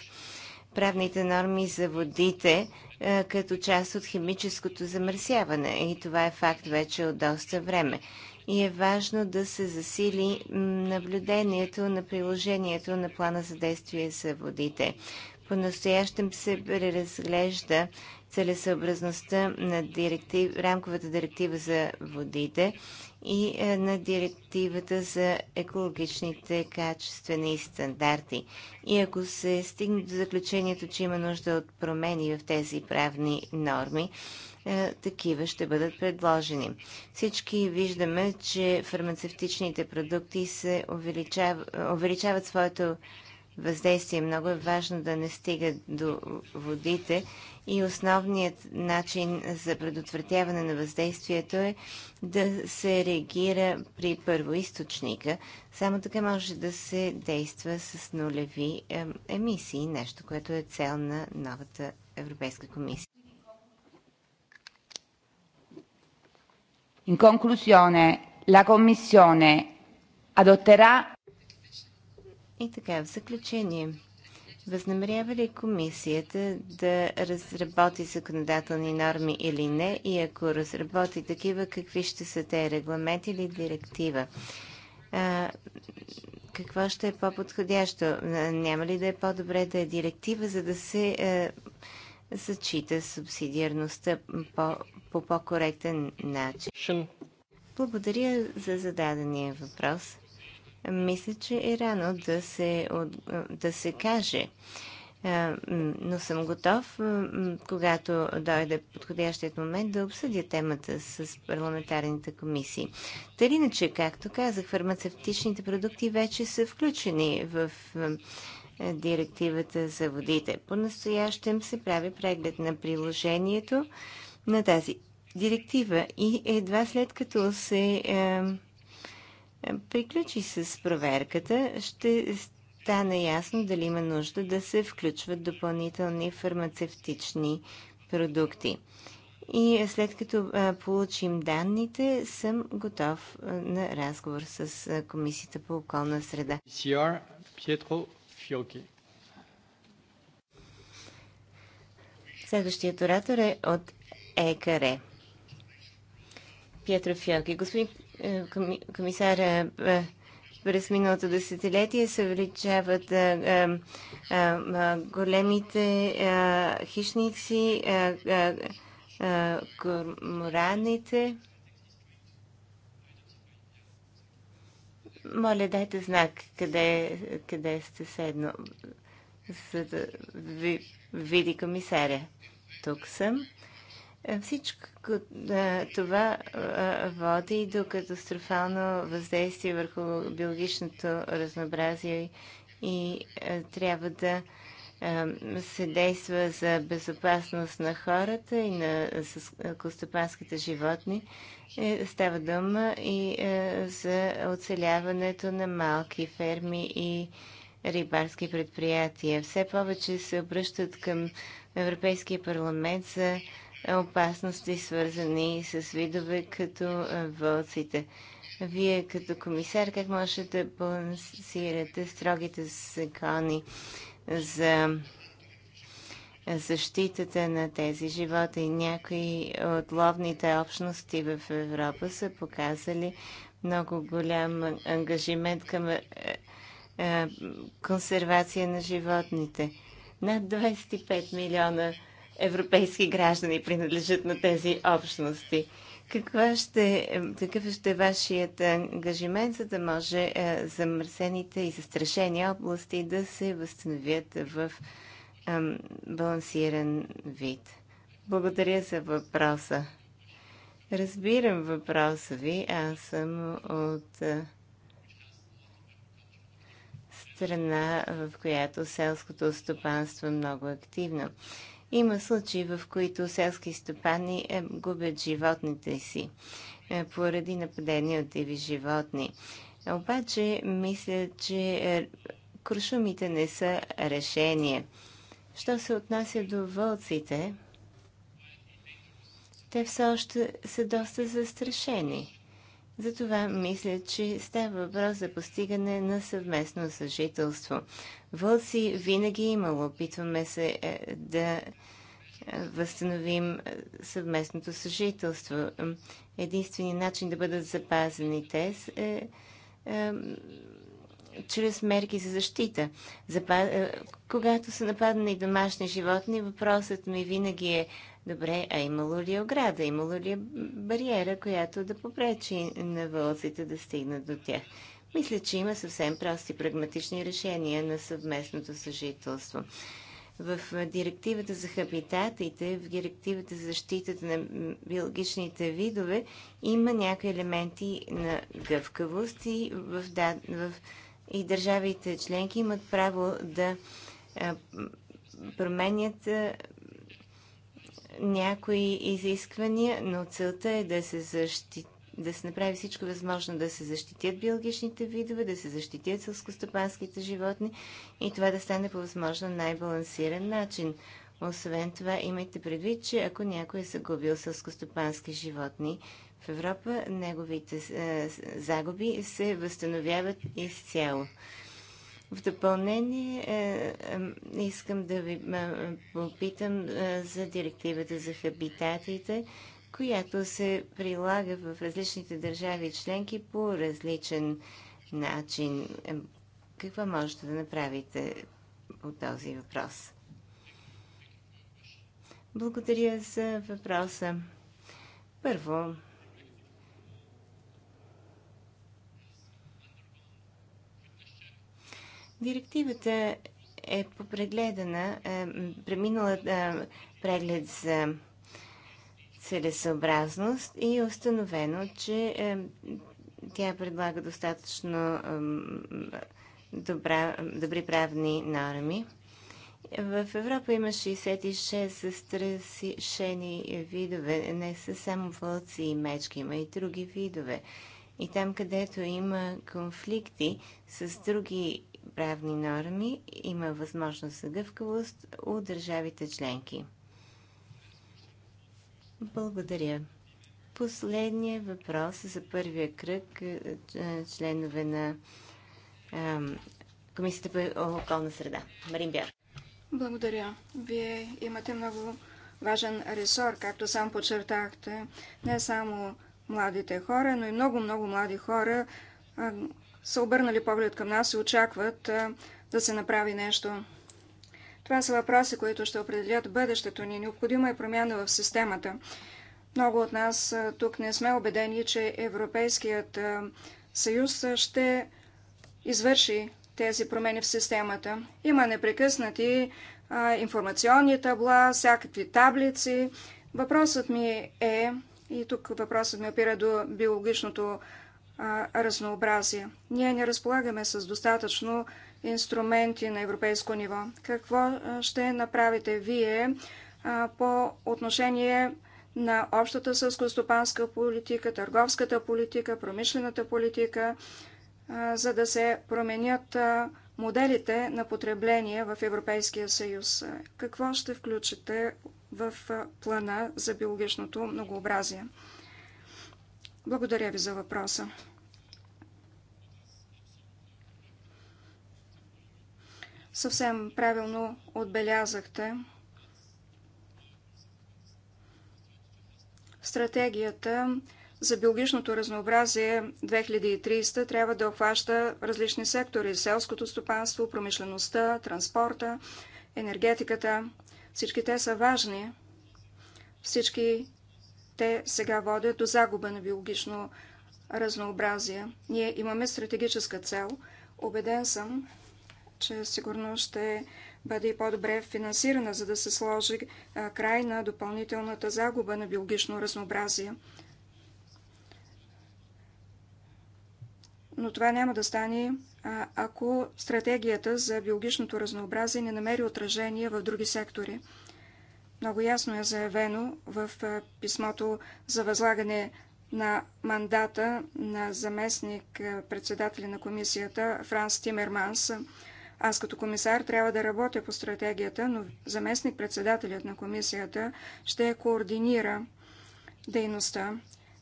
правните норми за водите е, като част от химическото замърсяване. И това е факт вече от доста време. И е важно да се засили наблюдението на приложението на плана за действие за водите. По-настоящем се преразглежда целесъобразността на директив, рамковата директива за водите и е, на директивата за екологичните качествени стандарти. И ако се стигне до заключението, че има нужда от промени в тези правни норми, е, такива ще бъдат предложени. Всички виждаме, че фармацевтичните продукти се увеличават, увеличават своето въздействие. Много е важно да не стига до водите и основният начин за предотвратяване на въздействието е да се реагира при първоисточника. Само така може да се действа с нулеви емисии, нещо, което е цел на новата Европейска комисия. In conclusione, la Commissione adotterà. И така, в заключение, Възнамерява ли комисията да разработи законодателни норми или не и ако разработи такива, какви ще са те, регламент или директива? А, какво ще е по-подходящо? Няма ли да е по-добре да е директива, за да се а, зачита субсидиарността по, по по-коректен начин? Благодаря за зададения въпрос. Мисля, че е рано да се, да се каже, но съм готов, когато дойде подходящият момент, да обсъдя темата с парламентарните комисии. Та иначе, както казах, фармацевтичните продукти вече са включени в е, директивата за водите. По-настоящем се прави преглед на приложението на тази директива и едва след като се е, приключи с проверката, ще стане ясно дали има нужда да се включват допълнителни фармацевтични продукти. И след като получим данните, съм готов на разговор с Комисията по околна среда. Пьетро Фиоки. Следващият оратор е от ЕКР. Пьетро Фиоки. Господин е, комисара е, през миналото десетилетие се увеличават е, големите хищници, кормораните. Моля, дайте знак къде, къде сте седно, за да ви види комисаря. Тук съм. Всичко е, това е, води до катастрофално въздействие върху биологичното разнообразие и е, трябва да се действа за безопасност на хората и на костопанските животни. Става дума и за оцеляването на малки ферми и рибарски предприятия. Все повече се обръщат към Европейския парламент за опасности, свързани с видове като е, вълците. Вие като комисар как можете да балансирате строгите закони за защитата на тези живота и някои от ловните общности в Европа са показали много голям ангажимент към е, е, консервация на животните. Над 25 милиона европейски граждани принадлежат на тези общности. Каква ще, какъв ще е вашият ангажимент, за да може е, замърсените и застрашени области да се възстановят в балансиран вид? Благодаря за въпроса. Разбирам въпроса ви. Аз съм от е, страна, в която селското стопанство е много активно. Има случаи, в които селски стопани е, губят животните си е, поради нападения от диви животни. Обаче, мисля, че е, крушумите не са решение. Що се отнася до вълците, те все още са доста застрашени. Затова мисля, че става въпрос за постигане на съвместно съжителство. Вълци винаги е имало. Опитваме се е, да е, възстановим е, съвместното съжителство. Единственият начин да бъдат запазени те е, е чрез мерки за защита. Когато са нападани домашни животни, въпросът ми винаги е Добре, а имало ли ограда, имало ли бариера, която да попречи на вълците да стигнат до тях? Мисля, че има съвсем прости прагматични решения на съвместното съжителство. В директивата за хабитатите, в директивата за защитата на биологичните видове има някои елементи на гъвкавост и, в, да, в, и държавите членки имат право да а, променят а, някои изисквания, но целта е да се защити да се направи всичко възможно да се защитят биологичните видове, да се защитят сълскостопанските животни и това да стане по възможно най-балансиран начин. Освен това, имайте предвид, че ако някой е загубил сълскостопански животни в Европа, неговите е, загуби се възстановяват изцяло. В допълнение е, е, искам да ви е, попитам за директивата за хабитатите, която се прилага в различните държави членки по различен начин. Какво можете да направите по този въпрос? Благодаря за въпроса. Първо, Директивата е попрегледана, е, преминала е, преглед за целесъобразност и е установено, че е, тя предлага достатъчно е, добра, добри правни норми. В Европа има 66 застрашени видове. Не са само вълци и мечки, има и други видове. И там, където има конфликти с други правни норми има възможност за гъвкавост от държавите членки. Благодаря. Последният въпрос е за първия кръг е, е, членове на Комисията по околна среда. Марин Бяр. Благодаря. Вие имате много важен ресор, както сам подчертахте. Не само младите хора, но и много-много млади хора са обърнали поглед към нас и очакват да се направи нещо. Това са въпроси, които ще определят бъдещето ни. Необходима е промяна в системата. Много от нас тук не сме убедени, че Европейският съюз ще извърши тези промени в системата. Има непрекъснати а, информационни табла, всякакви таблици. Въпросът ми е, и тук въпросът ми опира до биологичното разнообразие. Ние не разполагаме с достатъчно инструменти на европейско ниво. Какво ще направите вие по отношение на общата сълскостопанска политика, търговската политика, промишлената политика, за да се променят моделите на потребление в Европейския съюз. Какво ще включите в плана за биологичното многообразие? Благодаря ви за въпроса. Съвсем правилно отбелязахте стратегията за биологичното разнообразие 2300 трябва да обхваща различни сектори – селското стопанство, промишлеността, транспорта, енергетиката. Всички те са важни. Всички те сега водят до загуба на биологично разнообразие. Ние имаме стратегическа цел. Обеден съм, че сигурно ще бъде и по-добре финансирана, за да се сложи край на допълнителната загуба на биологично разнообразие. Но това няма да стане, ако стратегията за биологичното разнообразие не намери отражение в други сектори. Много ясно е заявено в писмото за възлагане на мандата на заместник председателя на комисията Франс Тимерманс. Аз като комисар трябва да работя по стратегията, но заместник председателят на комисията ще координира дейността.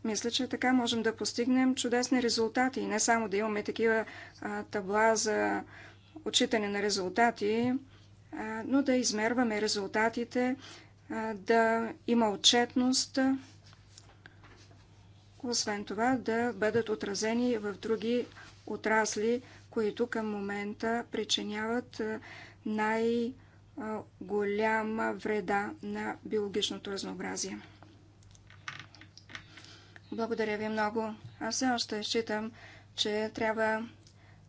Мисля, че така можем да постигнем чудесни резултати и не само да имаме такива а, табла за отчитане на резултати, а, но да измерваме резултатите, да има отчетност, освен това да бъдат отразени в други отрасли, които към момента причиняват най-голяма вреда на биологичното разнообразие. Благодаря ви много. Аз все още считам, че трябва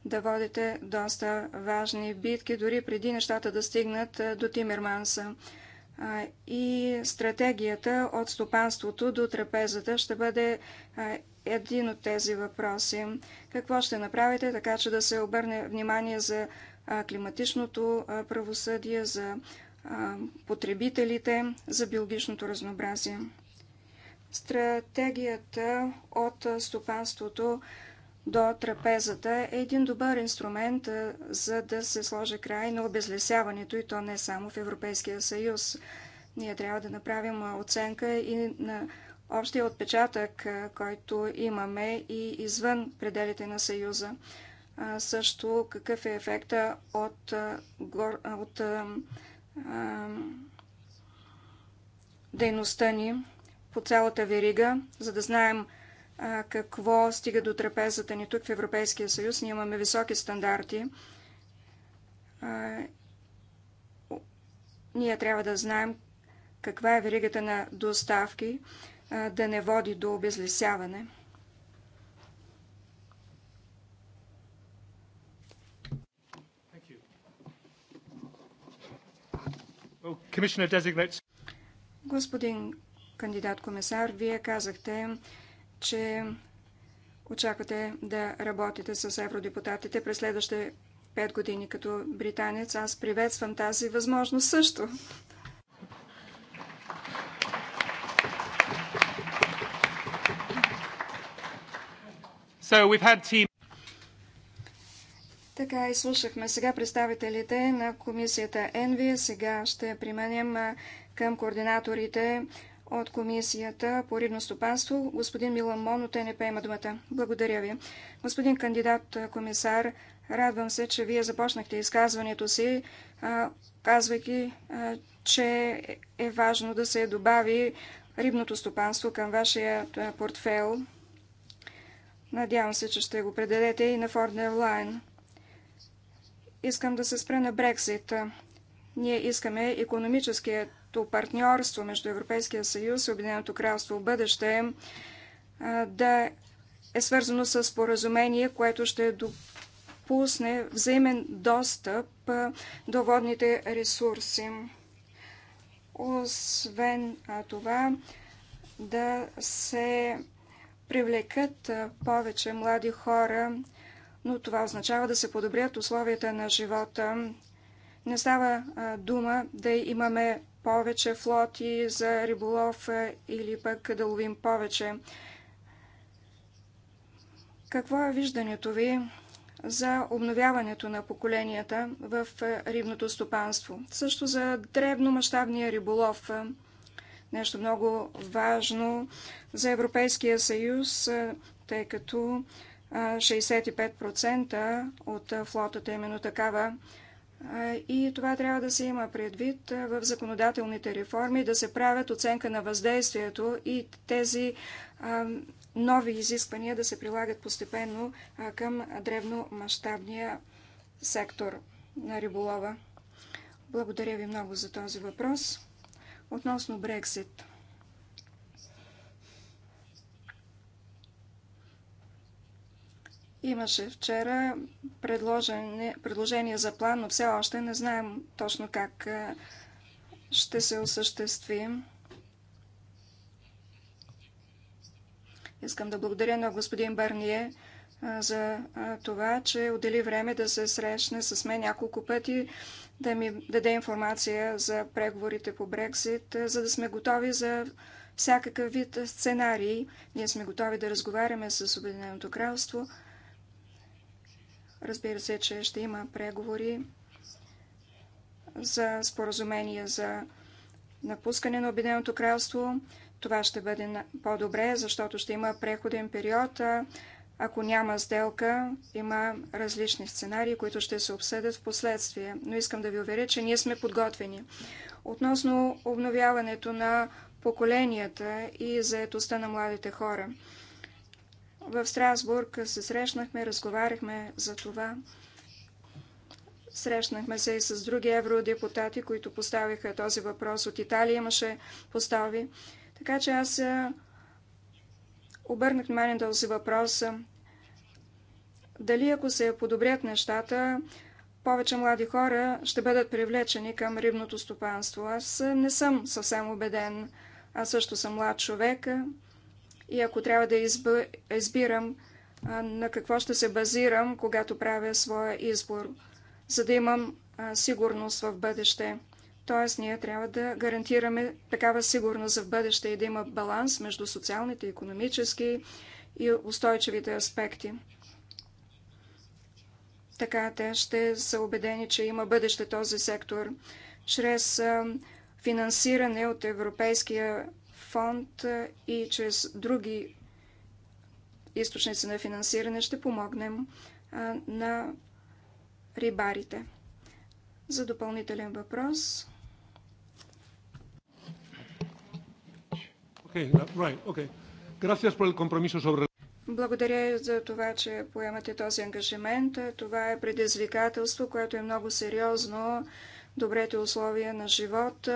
да водите доста важни битки, дори преди нещата да стигнат до Тимерманса и стратегията от стопанството до трапезата ще бъде един от тези въпроси. Какво ще направите така, че да се обърне внимание за климатичното правосъдие, за потребителите, за биологичното разнообразие? Стратегията от стопанството до трапезата е един добър инструмент за да се сложи край на обезлесяването и то не само в Европейския съюз. Ние трябва да направим оценка и на общия отпечатък, който имаме и извън пределите на Съюза. А, също какъв е ефекта от, гор, от а, а, дейността ни по цялата верига, за да знаем какво стига до трапезата ни тук в Европейския съюз. Ние имаме високи стандарти. Ние трябва да знаем каква е веригата на доставки, да не води до обезлесяване. Господин кандидат комисар, вие казахте, че очаквате да работите с евродепутатите през следващите пет години като британец. Аз приветствам тази възможност също. So we've had team... Така, изслушахме сега представителите на комисията ЕНВИ. Сега ще применим към координаторите от Комисията по рибно стопанство. Господин Милан Мон от НП има думата. Благодаря ви. Господин кандидат комисар, радвам се, че вие започнахте изказването си, казвайки, че е важно да се добави рибното стопанство към вашия портфел. Надявам се, че ще го предадете и на Форднер Лайн. Искам да се спра на Брексит. Ние искаме економическият търговското партньорство между Европейския съюз и Обединеното кралство в бъдеще да е свързано с споразумение, което ще допусне взаимен достъп до водните ресурси. Освен това, да се привлекат повече млади хора, но това означава да се подобрят условията на живота. Не става дума да имаме повече флоти за риболов е, или пък да ловим повече. Какво е виждането ви за обновяването на поколенията в е, рибното стопанство? Също за дребномащабния риболов. Е, нещо много важно за Европейския съюз, тъй като 65% от флотата е именно такава. И това трябва да се има предвид в законодателните реформи, да се правят оценка на въздействието и тези нови изисквания да се прилагат постепенно към древномащабния сектор на риболова. Благодаря ви много за този въпрос. Относно Брексит. Имаше вчера предложение за план, но все още не знаем точно как ще се осъществи. Искам да благодаря на господин Барние за това, че отдели време да се срещне с мен няколко пъти, да ми даде информация за преговорите по Брексит, за да сме готови за всякакъв вид сценарий. Ние сме готови да разговаряме с Обединеното кралство – Разбира се, че ще има преговори за споразумение за напускане на Обединеното кралство. Това ще бъде по-добре, защото ще има преходен период. Ако няма сделка, има различни сценарии, които ще се обсъдят в последствие. Но искам да ви уверя, че ние сме подготвени. Относно обновяването на поколенията и заетостта на младите хора – в Страсбург се срещнахме, разговаряхме за това. Срещнахме се и с други евродепутати, които поставиха този въпрос. От Италия имаше постави. Така че аз обърнах внимание на този въпрос. Дали ако се подобрят нещата, повече млади хора ще бъдат привлечени към рибното стопанство. Аз не съм съвсем убеден. Аз също съм млад човек. И ако трябва да избирам на какво ще се базирам, когато правя своя избор, за да имам сигурност в бъдеще. Тоест, ние трябва да гарантираме такава сигурност в бъдеще и да има баланс между социалните, економически и устойчивите аспекти. Така те ще са убедени, че има бъдеще този сектор. Чрез финансиране от Европейския фонд и чрез други източници на финансиране ще помогнем на рибарите. За допълнителен въпрос. Благодаря за това, че поемате този ангажимент. Това е предизвикателство, което е много сериозно. Добрете условия на живот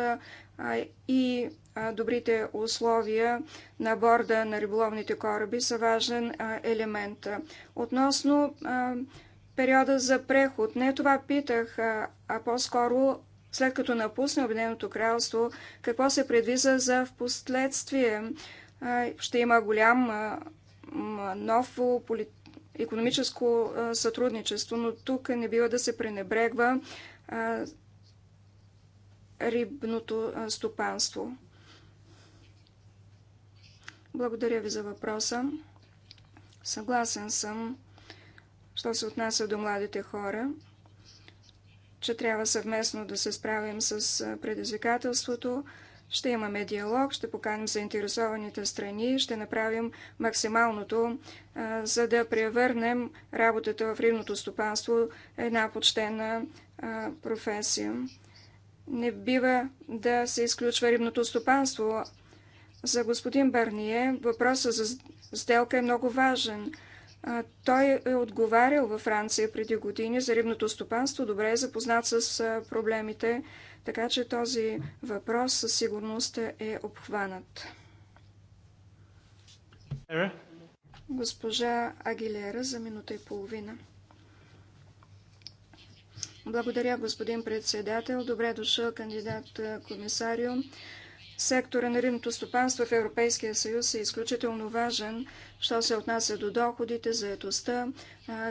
и добрите условия на борда на риболовните кораби са важен елемент. Относно периода за преход, не това питах, а по-скоро след като напусне Обединеното кралство, какво се предвиза за в последствие? Ще има голям ново економическо сътрудничество, но тук не бива да се пренебрегва рибното стопанство. Благодаря ви за въпроса. Съгласен съм, що се отнася до младите хора, че трябва съвместно да се справим с предизвикателството. Ще имаме диалог, ще поканим заинтересованите страни, ще направим максималното, за да превърнем работата в рибното стопанство една почтена професия. Не бива да се изключва рибното стопанство за господин Барние въпросът за сделка е много важен. Той е отговарял във Франция преди години за рибното стопанство, добре е запознат с проблемите, така че този въпрос със сигурност е обхванат. Госпожа Агилера за минута и половина. Благодаря, господин председател. Добре е дошъл, кандидат комисарио. Сектора на рибното стопанство в Европейския съюз е изключително важен, що се отнася до доходите, заетостта,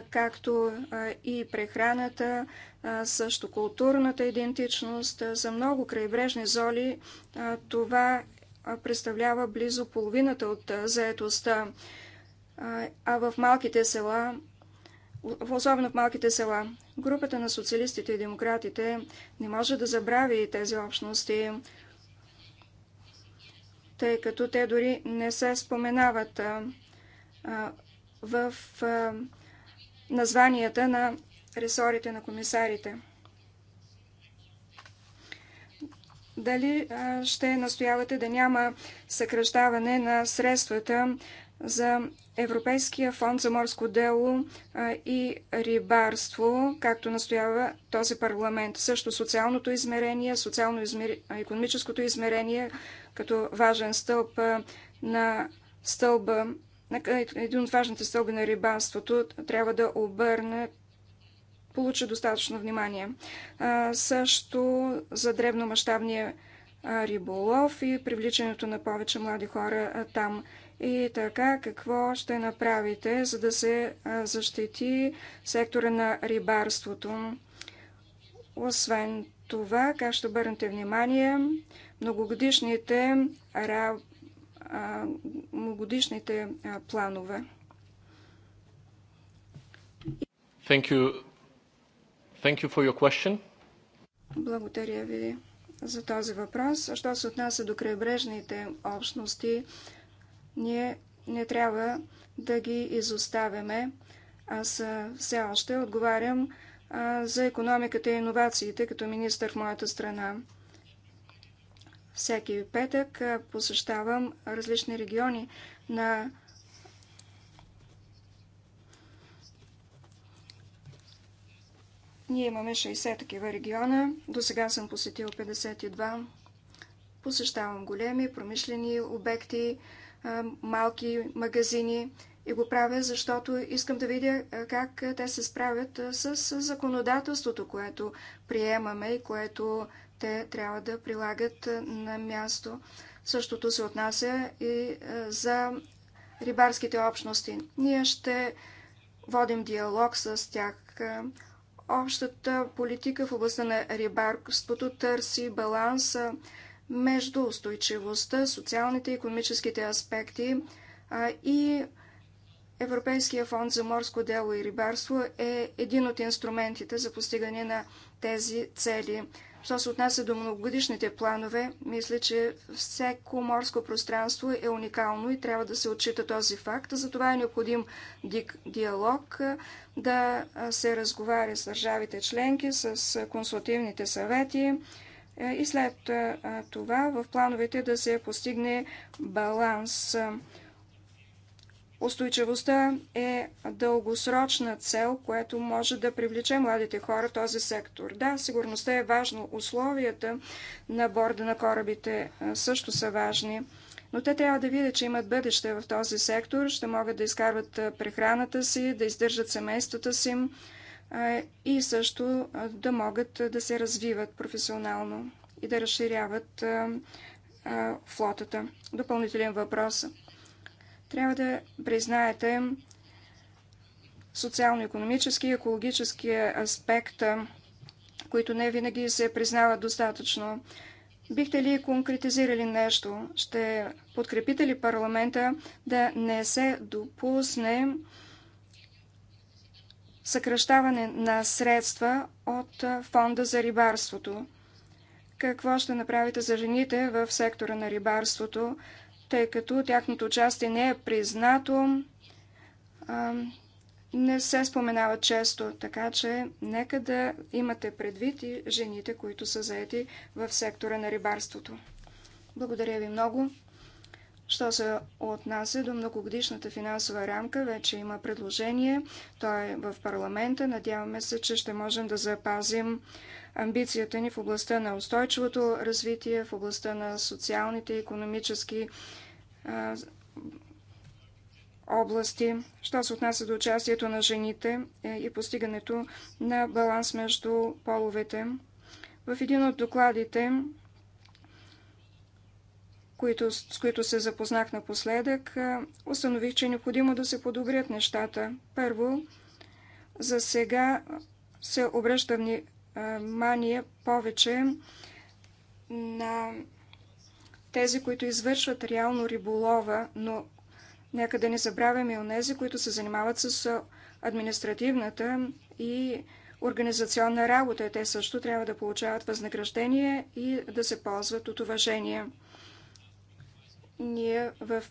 както и прехраната, също културната идентичност. За много крайбрежни золи това представлява близо половината от заетостта, а в малките села, особено в малките села, групата на социалистите и демократите не може да забрави тези общности тъй като те дори не се споменават а, а, в а, названията на ресорите на комисарите. Дали а, ще настоявате да няма съкръщаване на средствата за Европейския фонд за морско дело и рибарство, както настоява този парламент. Също социалното измерение, социално-економическото измерение, като важен стълб на стълба, един от важните стълби на рибанството, трябва да обърне получи достатъчно внимание. А, също за древномащабния риболов и привличането на повече млади хора а, там. И така, какво ще направите, за да се а, защити сектора на рибарството? Освен това, как ще обърнете внимание многогодишните, многогодишните планове. Thank you. Thank you for your question. Благодаря ви за този въпрос. Що се отнася до крайбрежните общности, ние не трябва да ги изоставяме. Аз все още отговарям за економиката и иновациите като министър в моята страна. Всеки петък посещавам различни региони на Ние имаме 60 такива региона. До сега съм посетил 52. Посещавам големи промишлени обекти, малки магазини и го правя, защото искам да видя как те се справят с законодателството, което приемаме и което те трябва да прилагат е, на място. Същото се отнася и е, за рибарските общности. Ние ще водим диалог с тях. Е, общата политика в областта на рибарството търси баланса между устойчивостта, социалните и економическите аспекти и Европейския фонд за морско дело и рибарство е един от инструментите за постигане на тези цели. Що се отнася до многогодишните планове, мисля, че всяко морско пространство е уникално и трябва да се отчита този факт. Затова е необходим диалог, да се разговаря с държавите членки, с консултативните съвети е, и след това в плановете да се постигне баланс. Устойчивостта е дългосрочна цел, която може да привлече младите хора в този сектор. Да, сигурността е важно. Условията на борда на корабите също са важни. Но те трябва да видят, че имат бъдеще в този сектор, ще могат да изкарват прехраната си, да издържат семействата си и също да могат да се развиват професионално и да разширяват флотата. Допълнителен въпрос. Трябва да признаете социално-економически и екологически аспект, които не винаги се признават достатъчно. Бихте ли конкретизирали нещо? Ще подкрепите ли парламента да не се допусне съкръщаване на средства от фонда за рибарството? Какво ще направите за жените в сектора на рибарството, тъй като тяхното участие не е признато, не се споменава често, така че нека да имате предвид и жените, които са заети в сектора на рибарството. Благодаря ви много. Що се отнася до многогодишната финансова рамка, вече има предложение. Той е в парламента. Надяваме се, че ще можем да запазим амбицията ни в областта на устойчивото развитие, в областта на социалните и економически области, що се отнася до участието на жените е, и постигането на баланс между половете. В един от докладите, с които се запознах напоследък, е, установих, че е необходимо да се подобрят нещата. Първо, за сега се обръща мания повече на тези, които извършват реално риболова, но нека да не забравяме и онези, които се занимават с административната и организационна работа. Те също трябва да получават възнаграждение и да се ползват от уважение. Ние в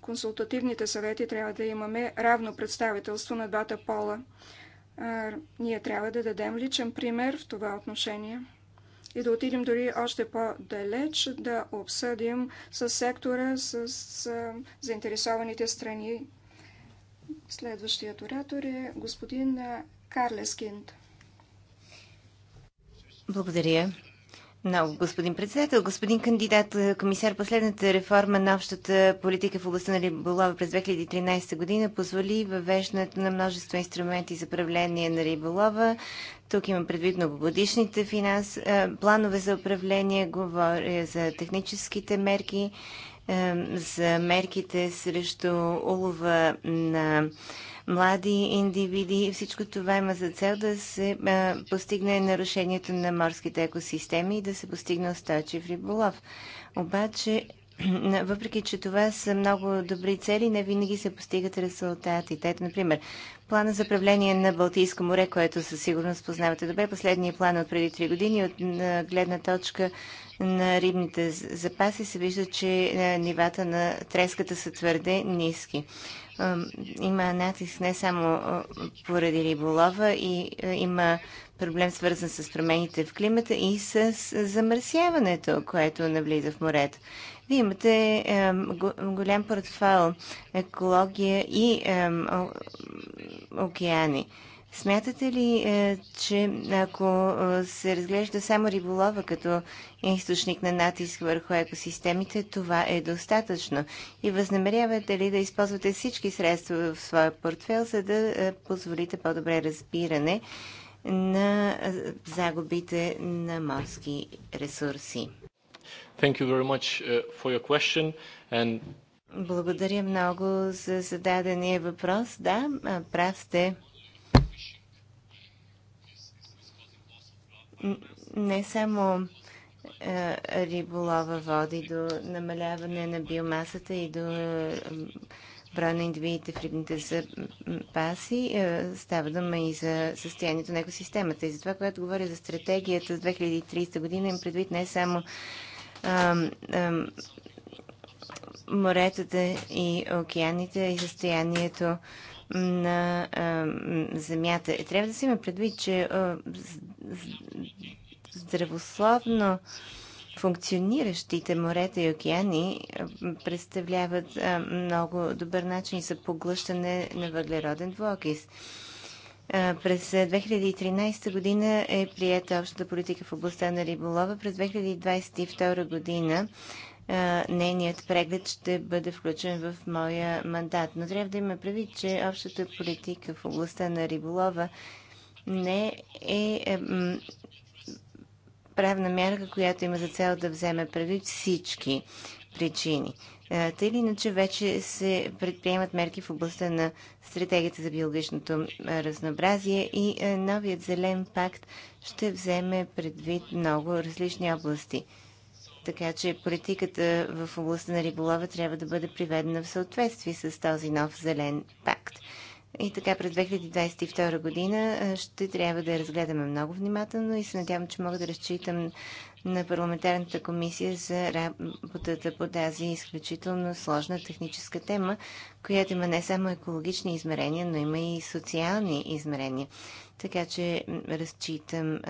консултативните съвети трябва да имаме равно представителство на двата пола ние трябва да дадем личен пример в това отношение и да отидем дори още по-далеч, да обсъдим с сектора, с, с заинтересованите страни. Следващият оратор е господин Карлескинд. Благодаря. Много, господин председател. Господин кандидат, е, комисар, последната реформа на общата политика в областта на риболова през 2013 година позволи въвеждането на множество инструменти за управление на риболова. Тук имам предвид многогодишните финанс, е, планове за управление, говоря за техническите мерки, е, за мерките срещу улова на млади индивиди. Всичко това има за цел да се постигне нарушението на морските екосистеми и да се постигне устойчив риболов. Обаче, въпреки че това са много добри цели, не винаги се постигат резултатите. Ето, например, плана за правление на Балтийско море, което със сигурност познавате добре, последният план от преди 3 години от гледна точка на рибните запаси се вижда, че нивата на треската са твърде ниски има натиск не само поради риболова, и има проблем свързан с промените в климата и с замърсяването, което навлиза в морето. Вие имате голям портфел екология и океани. Смятате ли, е, че ако е, се разглежда само риболова като източник на натиск върху екосистемите, това е достатъчно? И възнамерявате ли да използвате всички средства в своя портфел, за да е, позволите по-добре разбиране на загубите на морски ресурси? Thank you very much for your question and... Благодаря много за зададения въпрос. Да, прав сте. не само е, риболова води до намаляване на биомасата и до е, броя на индивидите в рибните запаси. Е, става дума и за състоянието на екосистемата. И за това, което говоря за стратегията за 2030 година, им предвид не само моретата и океаните и състоянието на а, земята. Трябва да си има предвид, че а, здравословно функциониращите морета и океани представляват много добър начин за поглъщане на въглероден двуокис. През 2013 година е приета общата политика в областта на риболова. През 2022 година нейният преглед ще бъде включен в моя мандат. Но трябва да има предвид, че общата политика в областта на риболова не е, е правна мярка, която има за цел да вземе предвид всички причини. Е, тъй или иначе вече се предприемат мерки в областта на стратегията за биологичното разнообразие и е, новият зелен пакт ще вземе предвид много различни области. Така че политиката в областта на риболова трябва да бъде приведена в съответствие с този нов зелен пакт. И така през 2022 година ще трябва да я разгледаме много внимателно и се надявам, че мога да разчитам на парламентарната комисия за работата по тази изключително сложна техническа тема, която има не само екологични измерения, но има и социални измерения. Така че разчитам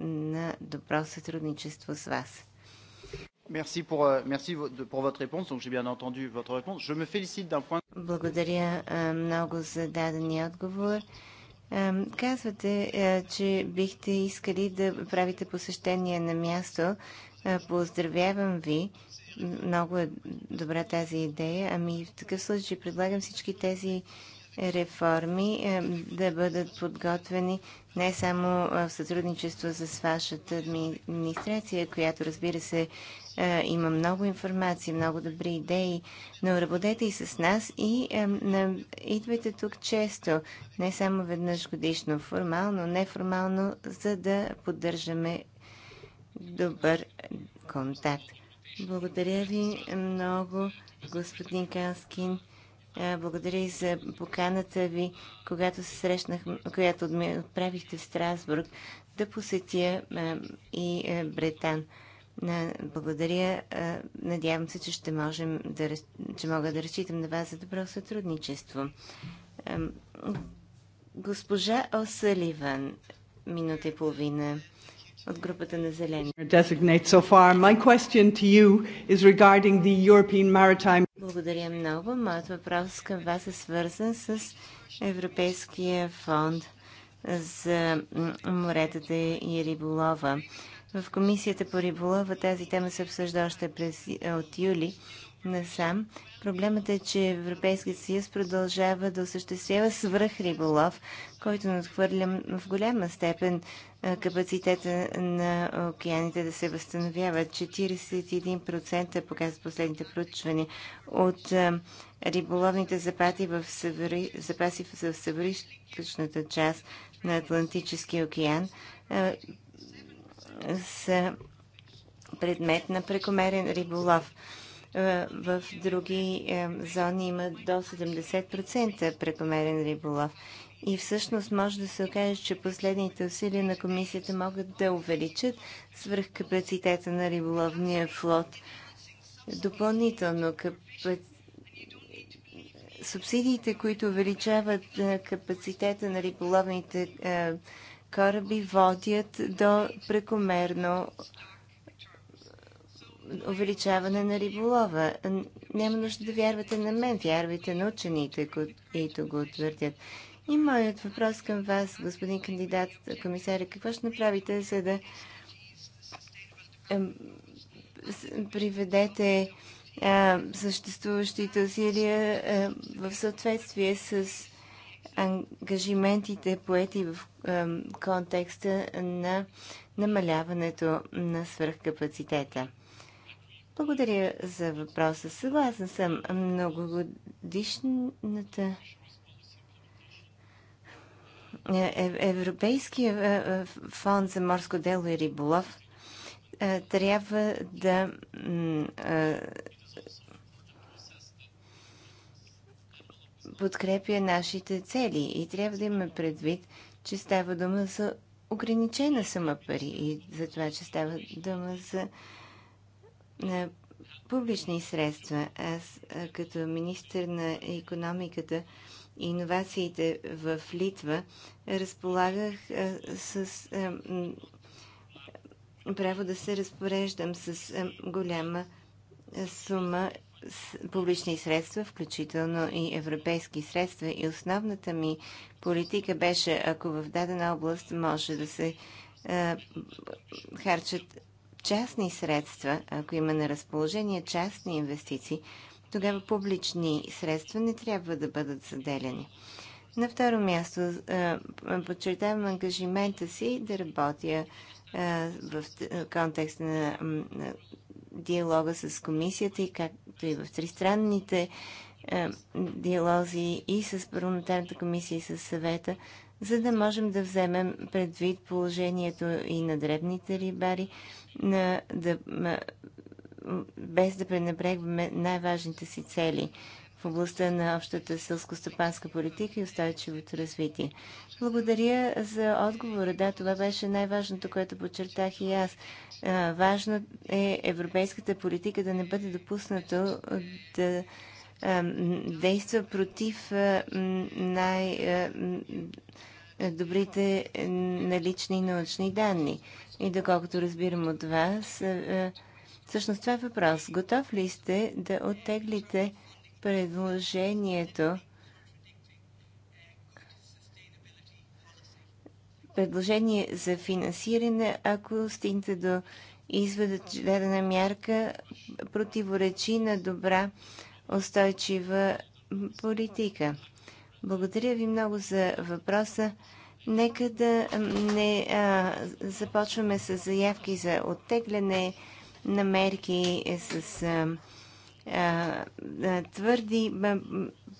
на добро сътрудничество с вас. Merci pour, euh, merci pour votre réponse. Donc, j'ai bien entendu votre réponse. Je me félicite d'un point. Благодаря много за дадения отговор. Казвате, че бихте искали да правите посещение на място. Поздравявам ви. Много е добра тази идея. Ами в такъв случай предлагам всички тези реформи да бъдат подготвени не само в сътрудничество с вашата администрация, която разбира се е, има много информация, много добри идеи, но работете и с нас и идвайте тук често, не само веднъж годишно, формално, неформално, за да поддържаме добър контакт. Благодаря ви много, господин Канскин. Е, благодаря и за поканата ви, когато се срещнах, която отправихте в Страсбург, да посетя и е, Бретан. Благодаря. Надявам се, че ще можем да, че мога да разчитам на вас за добро сътрудничество. Госпожа Осаливан, минута и половина от групата на Зелени. Благодаря много. Моят въпрос към вас е свързан с Европейския фонд за моретата и риболова. В Комисията по риболова тази тема се обсъжда още през, е, от юли насам. Проблемът е, че Европейският съюз продължава да осъществява свръх риболов, който надхвърля в голяма степен е, капацитета на океаните да се възстановяват. 41% показват последните проучвания от е, риболовните запаси в, севери, запаси в северичната част на Атлантическия океан са предмет на прекомерен риболов. Е, в други е, зони има до 70% прекомерен риболов. И всъщност може да се окаже, че последните усилия на комисията могат да увеличат свръхкапацитета на риболовния флот. Допълнително капацитет субсидиите, които увеличават е, капацитета на риболовните е, кораби водят до прекомерно увеличаване на риболова. Няма нужда да вярвате на мен, вярвайте на учените, които го твърдят. И моят въпрос към вас, господин кандидат, комисаря, какво ще направите, за да приведете съществуващите усилия в съответствие с ангажиментите поети в контекста на намаляването на свръхкапацитета. Благодаря за въпроса. Съгласна съм. Многогодишната е, е, Европейския е, фонд за морско дело и риболов трябва да подкрепя нашите цели. И трябва да имаме предвид, че става дума за ограничена сама пари и за това, че става дума за на публични средства. Аз като министр на економиката и иновациите в Литва разполагах с право да се разпореждам с голяма сума публични средства, включително и европейски средства. И основната ми политика беше, ако в дадена област може да се е, харчат частни средства, ако има на разположение частни инвестиции, тогава публични средства не трябва да бъдат заделяни. На второ място е, подчертавам ангажимента си да работя в контекста на диалога с комисията и както и в тристранните е, диалози и с парламентарната комисия и с съвета, за да можем да вземем предвид положението и на дребните рибари, на, да, без да пренебрегваме най-важните си цели в областта на общата селско-стопанска политика и устойчивото развитие. Благодаря за отговора. Да, това беше най-важното, което подчертах и аз. Важно е европейската политика да не бъде допуснато да действа против най-добрите налични научни данни. И доколкото разбирам от вас, всъщност това е въпрос. Готов ли сте да оттеглите предложението предложение за финансиране, ако стигнете до извода, че дадена мярка противоречи на добра устойчива политика. Благодаря ви много за въпроса. Нека да не а, започваме с заявки за оттегляне на мерки с а, твърди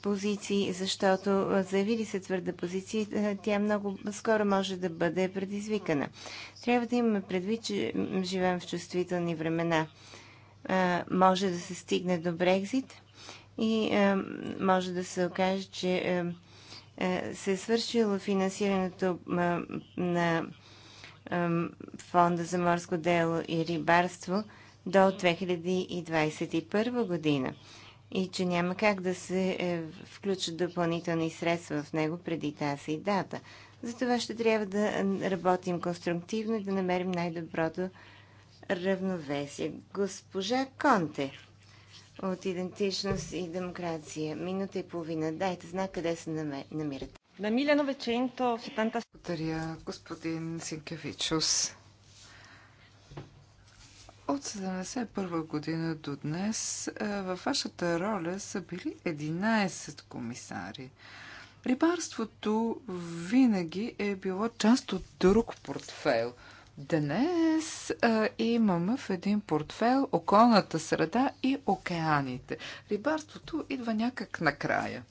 позиции, защото заявили се твърда позиция, тя много скоро може да бъде предизвикана. Трябва да имаме предвид, че живеем в чувствителни времена. Може да се стигне до Брекзит и може да се окаже, че се е свършило финансирането на Фонда за морско дело и рибарство – до 2021 година и че няма как да се е, включат допълнителни средства в него преди тази дата. Затова ще трябва да работим конструктивно и да намерим най-доброто равновесие. Госпожа Конте от Идентичност и демокрация. Минута и половина. Дайте знак къде се намирате. На 1970... Благодаря, господин Синкевичус. От 1971 година до днес е, във вашата роля са били 11 комисари. Рибарството винаги е било част от друг портфел. Днес а, е, имаме в един портфел околната среда и океаните. Рибарството идва някак накрая.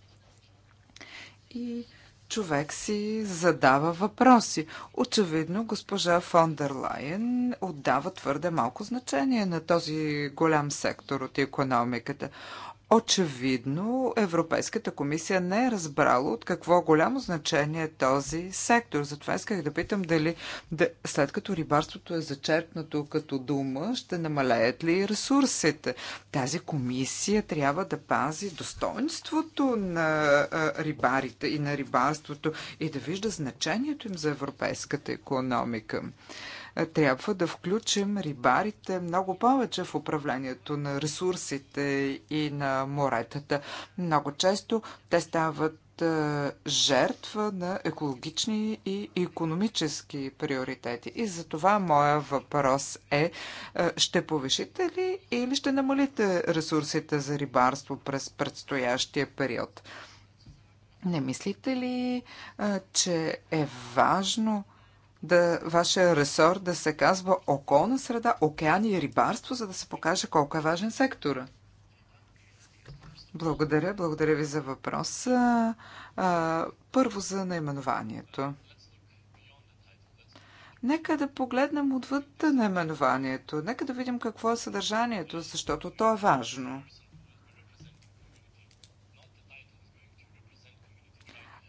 И човек си задава въпроси. Очевидно, госпожа фон дер Лайен отдава твърде малко значение на този голям сектор от економиката. Очевидно, Европейската комисия не е разбрала от какво голямо значение е този сектор. Затова исках да питам дали, да, след като рибарството е зачерпнато като дума, ще намалеят ли ресурсите. Тази комисия трябва да пази достоинството на а, рибарите и на рибарството и да вижда значението им за европейската економика. Е, трябва да включим рибарите много повече в управлението на ресурсите и на моретата. Много често те стават е, жертва на екологични и економически приоритети. И за това моя въпрос е, е, ще повишите ли или ще намалите ресурсите за рибарство през предстоящия период? Не мислите ли, че е важно да, вашия ресор да се казва околна среда, океан и рибарство, за да се покаже колко е важен сектора? Благодаря, благодаря ви за въпроса. Първо за наименованието. Нека да погледнем отвъд наименованието. Нека да видим какво е съдържанието, защото то е важно.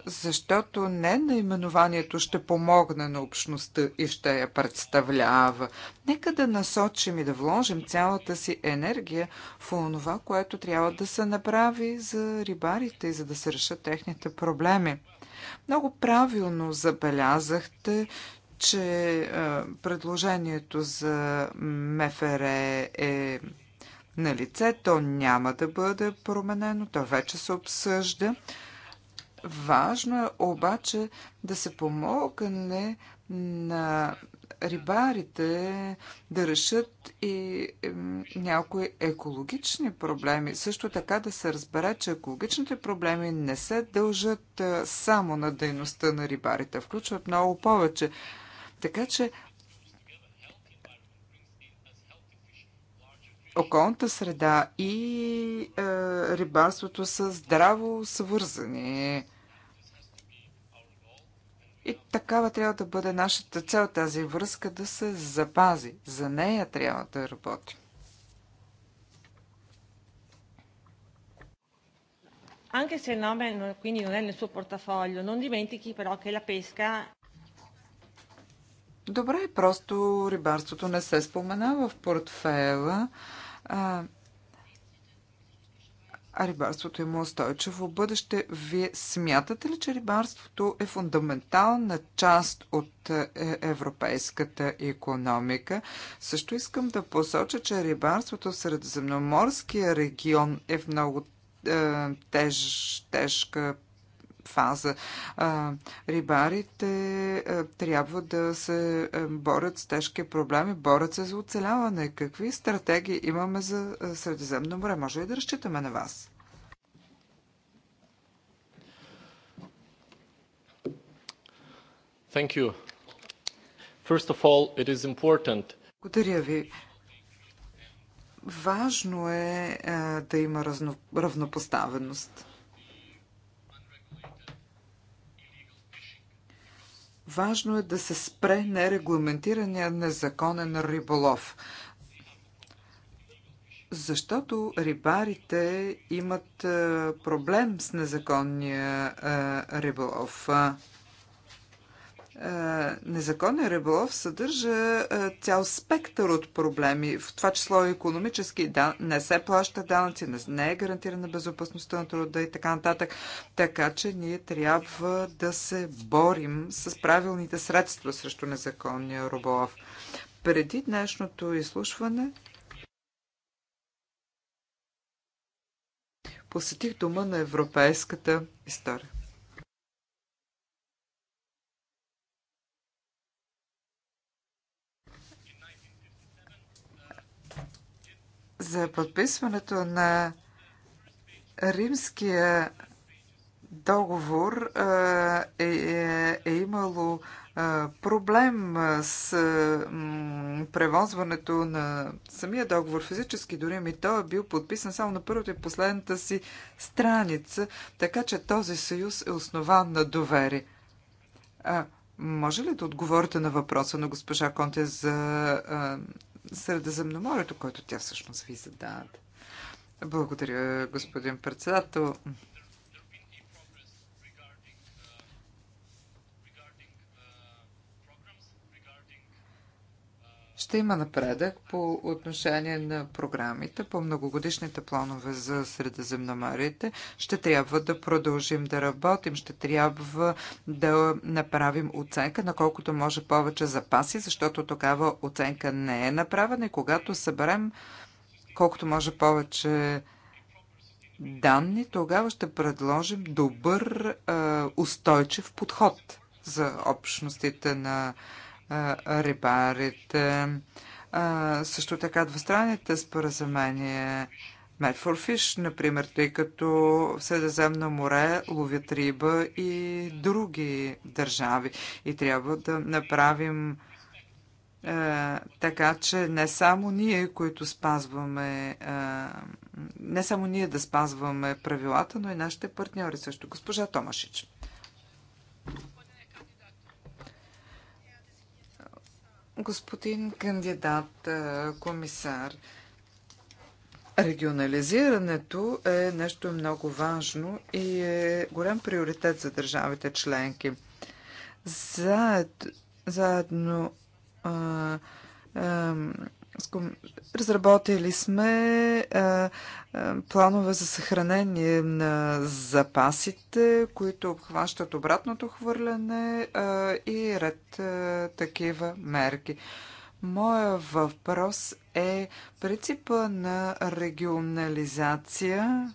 защото не наименованието ще помогне на общността и ще я представлява. Нека да насочим и да вложим цялата си енергия в онова, което трябва да се направи за рибарите и за да се решат техните проблеми. Много правилно забелязахте, че предложението за МФР е на лице, то няма да бъде променено, то вече се обсъжда. Важно е обаче да се помогне на рибарите да решат и някои екологични проблеми. Също така да се разбере, че екологичните проблеми не се дължат е, само на дейността на рибарите, включват много повече. Така че околната среда и е, рибарството са здраво свързани. И такава трябва да бъде нашата цел, тази връзка да се запази. За нея трябва да работим. Anche se il nome quindi non è nel suo portafoglio, non dimentichi però che la pesca. Добре, просто рибарството не се споменава в портфела а рибарството има устойчиво бъдеще. Вие смятате ли, че рибарството е фундаментална част от е, европейската економика? Също искам да посоча, че рибарството в Средиземноморския регион е в много е, теж, тежка фаза. Рибарите трябва да се борят с тежки проблеми, борят се за оцеляване. Какви стратегии имаме за Средиземно море? Може ли да разчитаме на вас? Thank you. First of all, it is important. Благодаря ви. Важно е, да има разно, равнопоставеност. Важно е да се спре нерегламентирания незаконен риболов. Защото рибарите имат е, проблем с незаконния е, риболов. Е, незаконен риболов съдържа е, цял спектър от проблеми, в това число и економически. Да, не се плаща данъци, не е гарантирана безопасността на труда и така нататък. Така че ние трябва да се борим с правилните средства срещу незаконния риболов. Преди днешното изслушване посетих дома на европейската история. за подписването на римския договор е, е, е имало проблем с превозването на самия договор физически, дори ми той е бил подписан само на първата и последната си страница, така че този съюз е основан на доверие. А, може ли да отговорите на въпроса на госпожа Конте за а, Средъземноморето, което тя всъщност ви зададе. Благодаря, господин председател. ще има напредък по отношение на програмите, по многогодишните планове за Средиземноморите. Ще трябва да продължим да работим, ще трябва да направим оценка на колкото може повече запаси, защото такава оценка не е направена и когато съберем колкото може повече данни, тогава ще предложим добър, устойчив подход за общностите на рибарите, също така двустранните споразумения Медфорфиш, например, тъй като в Средиземно море ловят риба и други държави. И трябва да направим е, така, че не само ние, които спазваме, е, не само ние да спазваме правилата, но и нашите партньори също. Госпожа Томашич. Господин кандидат е, комисар, регионализирането е нещо много важно и е голям приоритет за държавите членки. Заед, заедно а, а, Разработили сме а, е, а, е, планове за съхранение на запасите, които обхващат обратното хвърляне а, е, и ред а, такива мерки. Моя въпрос е принципа на регионализация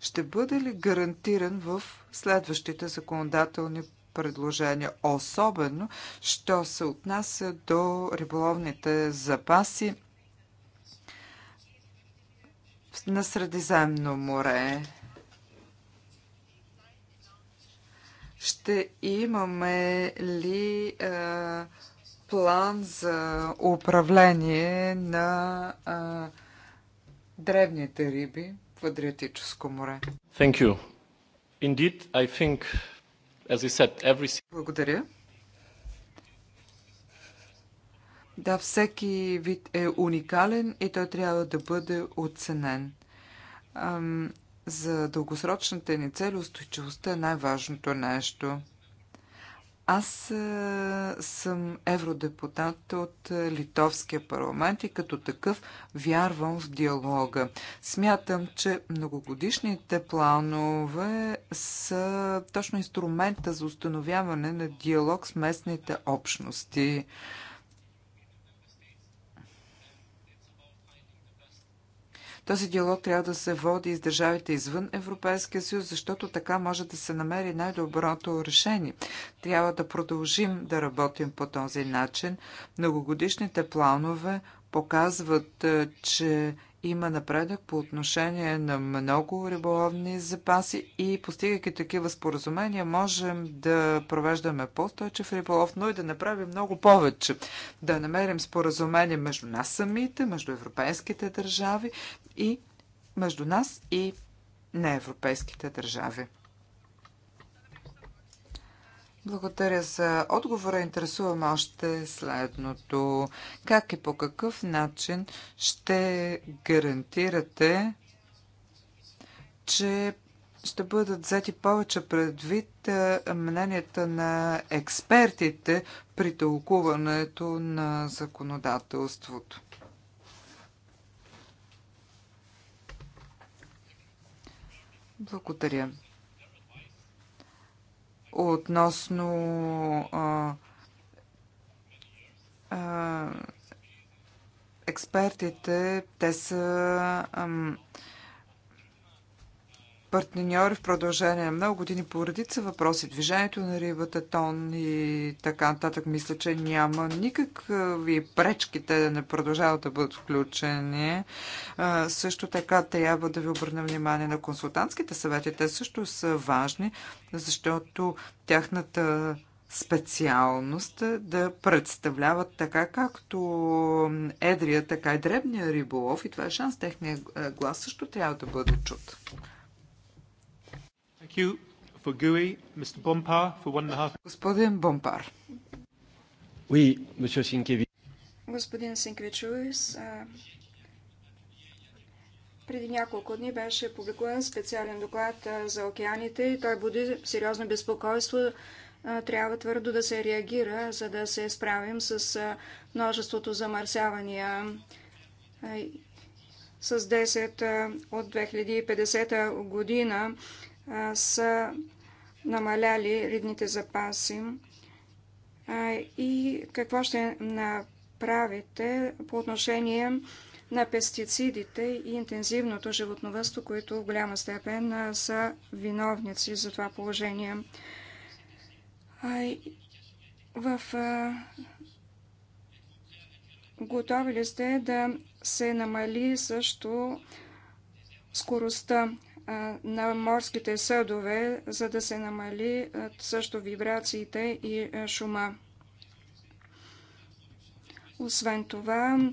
ще бъде ли гарантиран в следващите законодателни предложения, особено, що се отнася до риболовните запаси на Средиземно море. Ще имаме ли а, е, план за управление на а, е, древните риби в Адриатическо море? Thank you. Indeed, I think Said, every... Благодаря. Да, всеки вид е уникален и той трябва да бъде оценен. за дългосрочната ни цел устойчивостта е най-важното нещо – аз е, съм евродепутат от е, Литовския парламент и като такъв вярвам в диалога. Смятам, че многогодишните планове са точно инструмента за установяване на диалог с местните общности. Този диалог трябва да се води с държавите извън Европейския съюз, защото така може да се намери най-доброто решение. Трябва да продължим да работим по този начин. Многогодишните планове показват, е, че има напредък по отношение на много риболовни запаси и постигайки такива споразумения, можем да провеждаме по-стойчив риболов, но и да направим много повече. Да намерим споразумение между нас самите, между европейските държави и между нас и неевропейските държави. Благодаря за отговора. интересувам още следното. Как и по какъв начин ще гарантирате, че ще бъдат взети повече предвид е, мненията на експертите при тълкуването на законодателството? Благодаря относно експертите. Те са партньори в продължение на много години по редица въпроси, движението на рибата, тон и така нататък. Мисля, че няма никакви пречки те да не продължават да бъдат включени. А, също така трябва да ви обърна внимание на консултантските съвети. Те също са важни, защото тяхната специалност е да представляват така както едрия, така и дребния риболов и това е шанс. Техният глас също трябва да бъде чут. Господин Бомпар. Синкевич. Господин Синкевичуис, преди няколко дни беше публикуван специален доклад за океаните и той буди сериозно безпокойство. Трябва твърдо да се реагира, за да се справим с множеството замърсявания. С 10 от 2050 година са намаляли редните запаси и какво ще направите по отношение на пестицидите и интензивното животновъдство, които в голяма степен са виновници за това положение. В готови ли сте да се намали също скоростта на морските съдове, за да се намали също вибрациите и шума. Освен това,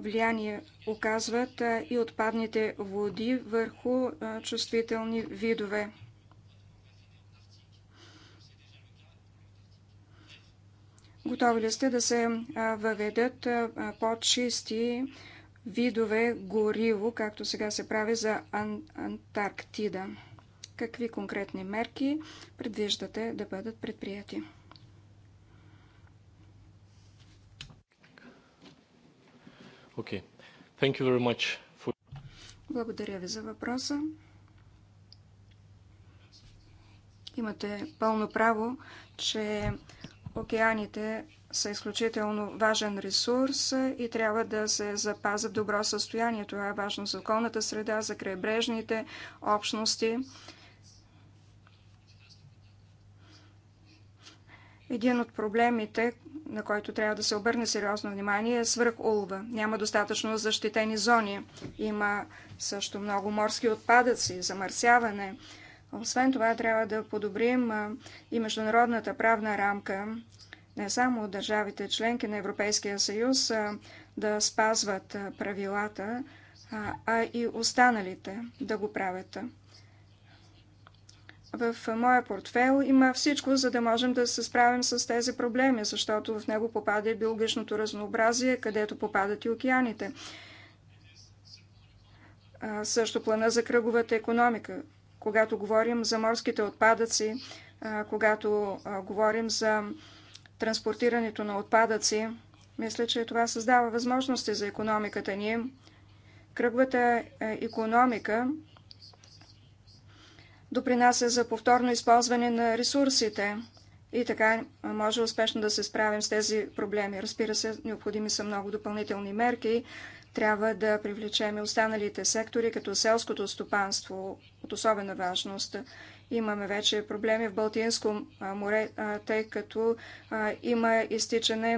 влияние оказват и отпадните води върху чувствителни видове. Готови ли сте да се въведат по-чисти видове гориво, както сега се прави за Ан- Антарктида? Какви конкретни мерки предвиждате да бъдат предприяти? Okay. Thank you very much for... Благодаря ви за въпроса. Имате пълно право, че океаните са изключително важен ресурс и трябва да се запази в добро състояние. Това е важно за околната среда, за крайбрежните общности. Един от проблемите, на който трябва да се обърне сериозно внимание, е Улва. Няма достатъчно защитени зони. Има също много морски отпадъци, замърсяване. Освен това, трябва да подобрим и международната правна рамка не само държавите членки на Европейския съюз да спазват правилата, а и останалите да го правят. В моя портфел има всичко, за да можем да се справим с тези проблеми, защото в него попада и биологичното разнообразие, където попадат и океаните. Също плана за кръговата економика, когато говорим за морските отпадъци, когато говорим за транспортирането на отпадъци. Мисля, че това създава възможности за економиката ни. Кръгвата економика допринася за повторно използване на ресурсите и така може успешно да се справим с тези проблеми. Разбира се, необходими са много допълнителни мерки. Трябва да привлечем останалите сектори, като селското стопанство от особена важност. Имаме вече проблеми в Балтийско море, тъй като има изтичане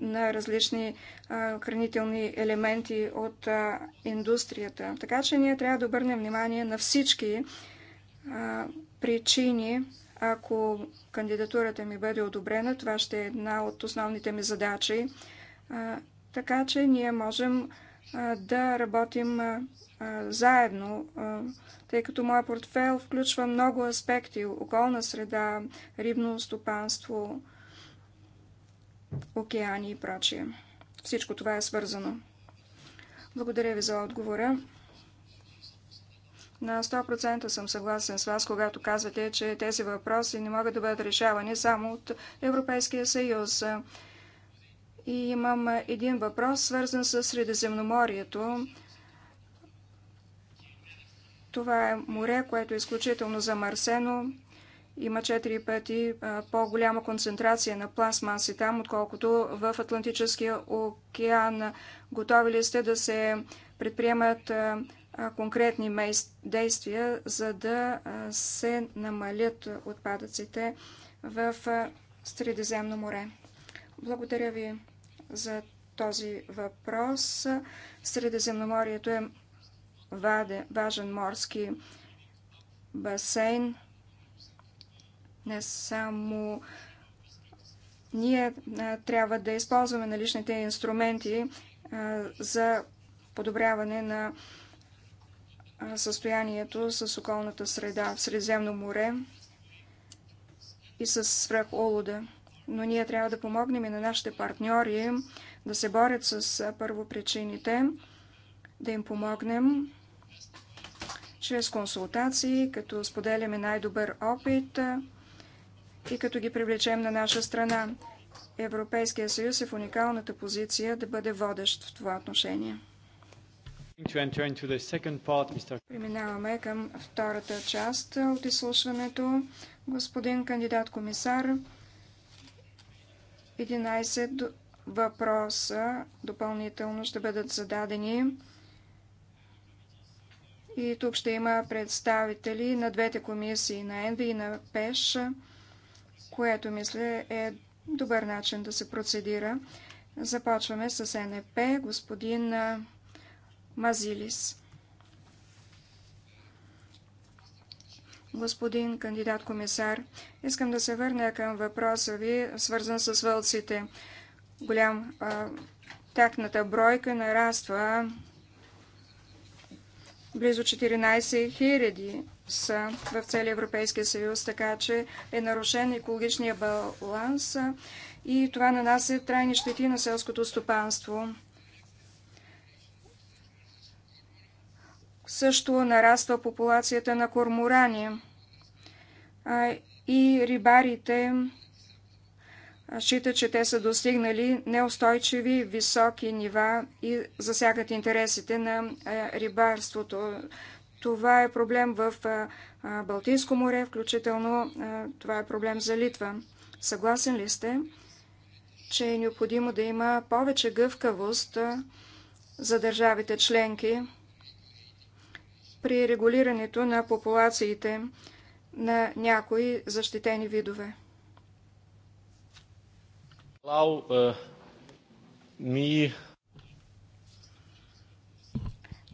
на различни хранителни елементи от индустрията. Така че ние трябва да обърнем внимание на всички причини, ако кандидатурата ми бъде одобрена, това ще е една от основните ми задачи. Така че ние можем да работим заедно, тъй като моя портфел включва много аспекти околна среда, рибно стопанство, океани и прочие. Всичко това е свързано. Благодаря ви за отговора. На 100% съм съгласен с вас, когато казвате, че тези въпроси не могат да бъдат решавани само от Европейския съюз. И имам един въпрос, свързан с Средиземноморието. Това е море, което е изключително замърсено. Има 4 пъти по-голяма концентрация на пластмаси там, отколкото в Атлантическия океан. Готови ли сте да се предприемат конкретни действия, за да се намалят отпадъците в Средиземно море? Благодаря ви за този въпрос. Средиземноморието е важен морски басейн. Не само ние трябва да използваме наличните инструменти за подобряване на състоянието с околната среда в Средиземно море и с свръхолода. Но ние трябва да помогнем и на нашите партньори да се борят с първопричините, да им помогнем чрез консултации, като споделяме най-добър опит и като ги привлечем на наша страна. Европейския съюз е в уникалната позиция да бъде водещ в това отношение. Преминаваме към втората част от изслушването. Господин кандидат комисар, 11 въпроса допълнително ще бъдат зададени и тук ще има представители на двете комисии, на НВ и на ПЕШ, което мисля е добър начин да се процедира. Започваме с НП, господин Мазилис. Господин кандидат комисар, искам да се върна към въпроса ви, свързан с вълците. Голям а, тяхната бройка нараства Близо 14 000 са в целия Европейския съюз, така че е нарушен екологичния баланс и това нанася трайни щети на селското стопанство. Също нараства популацията на корморани и рибарите счита, че те са достигнали неустойчиви високи нива и засягат интересите на е, рибарството. Това е проблем в е, е, Балтийско море, включително това е проблем за Литва. Съгласен ли сте, че е необходимо да има повече гъвкавост за държавите членки при регулирането на популациите на някои защитени видове? uh,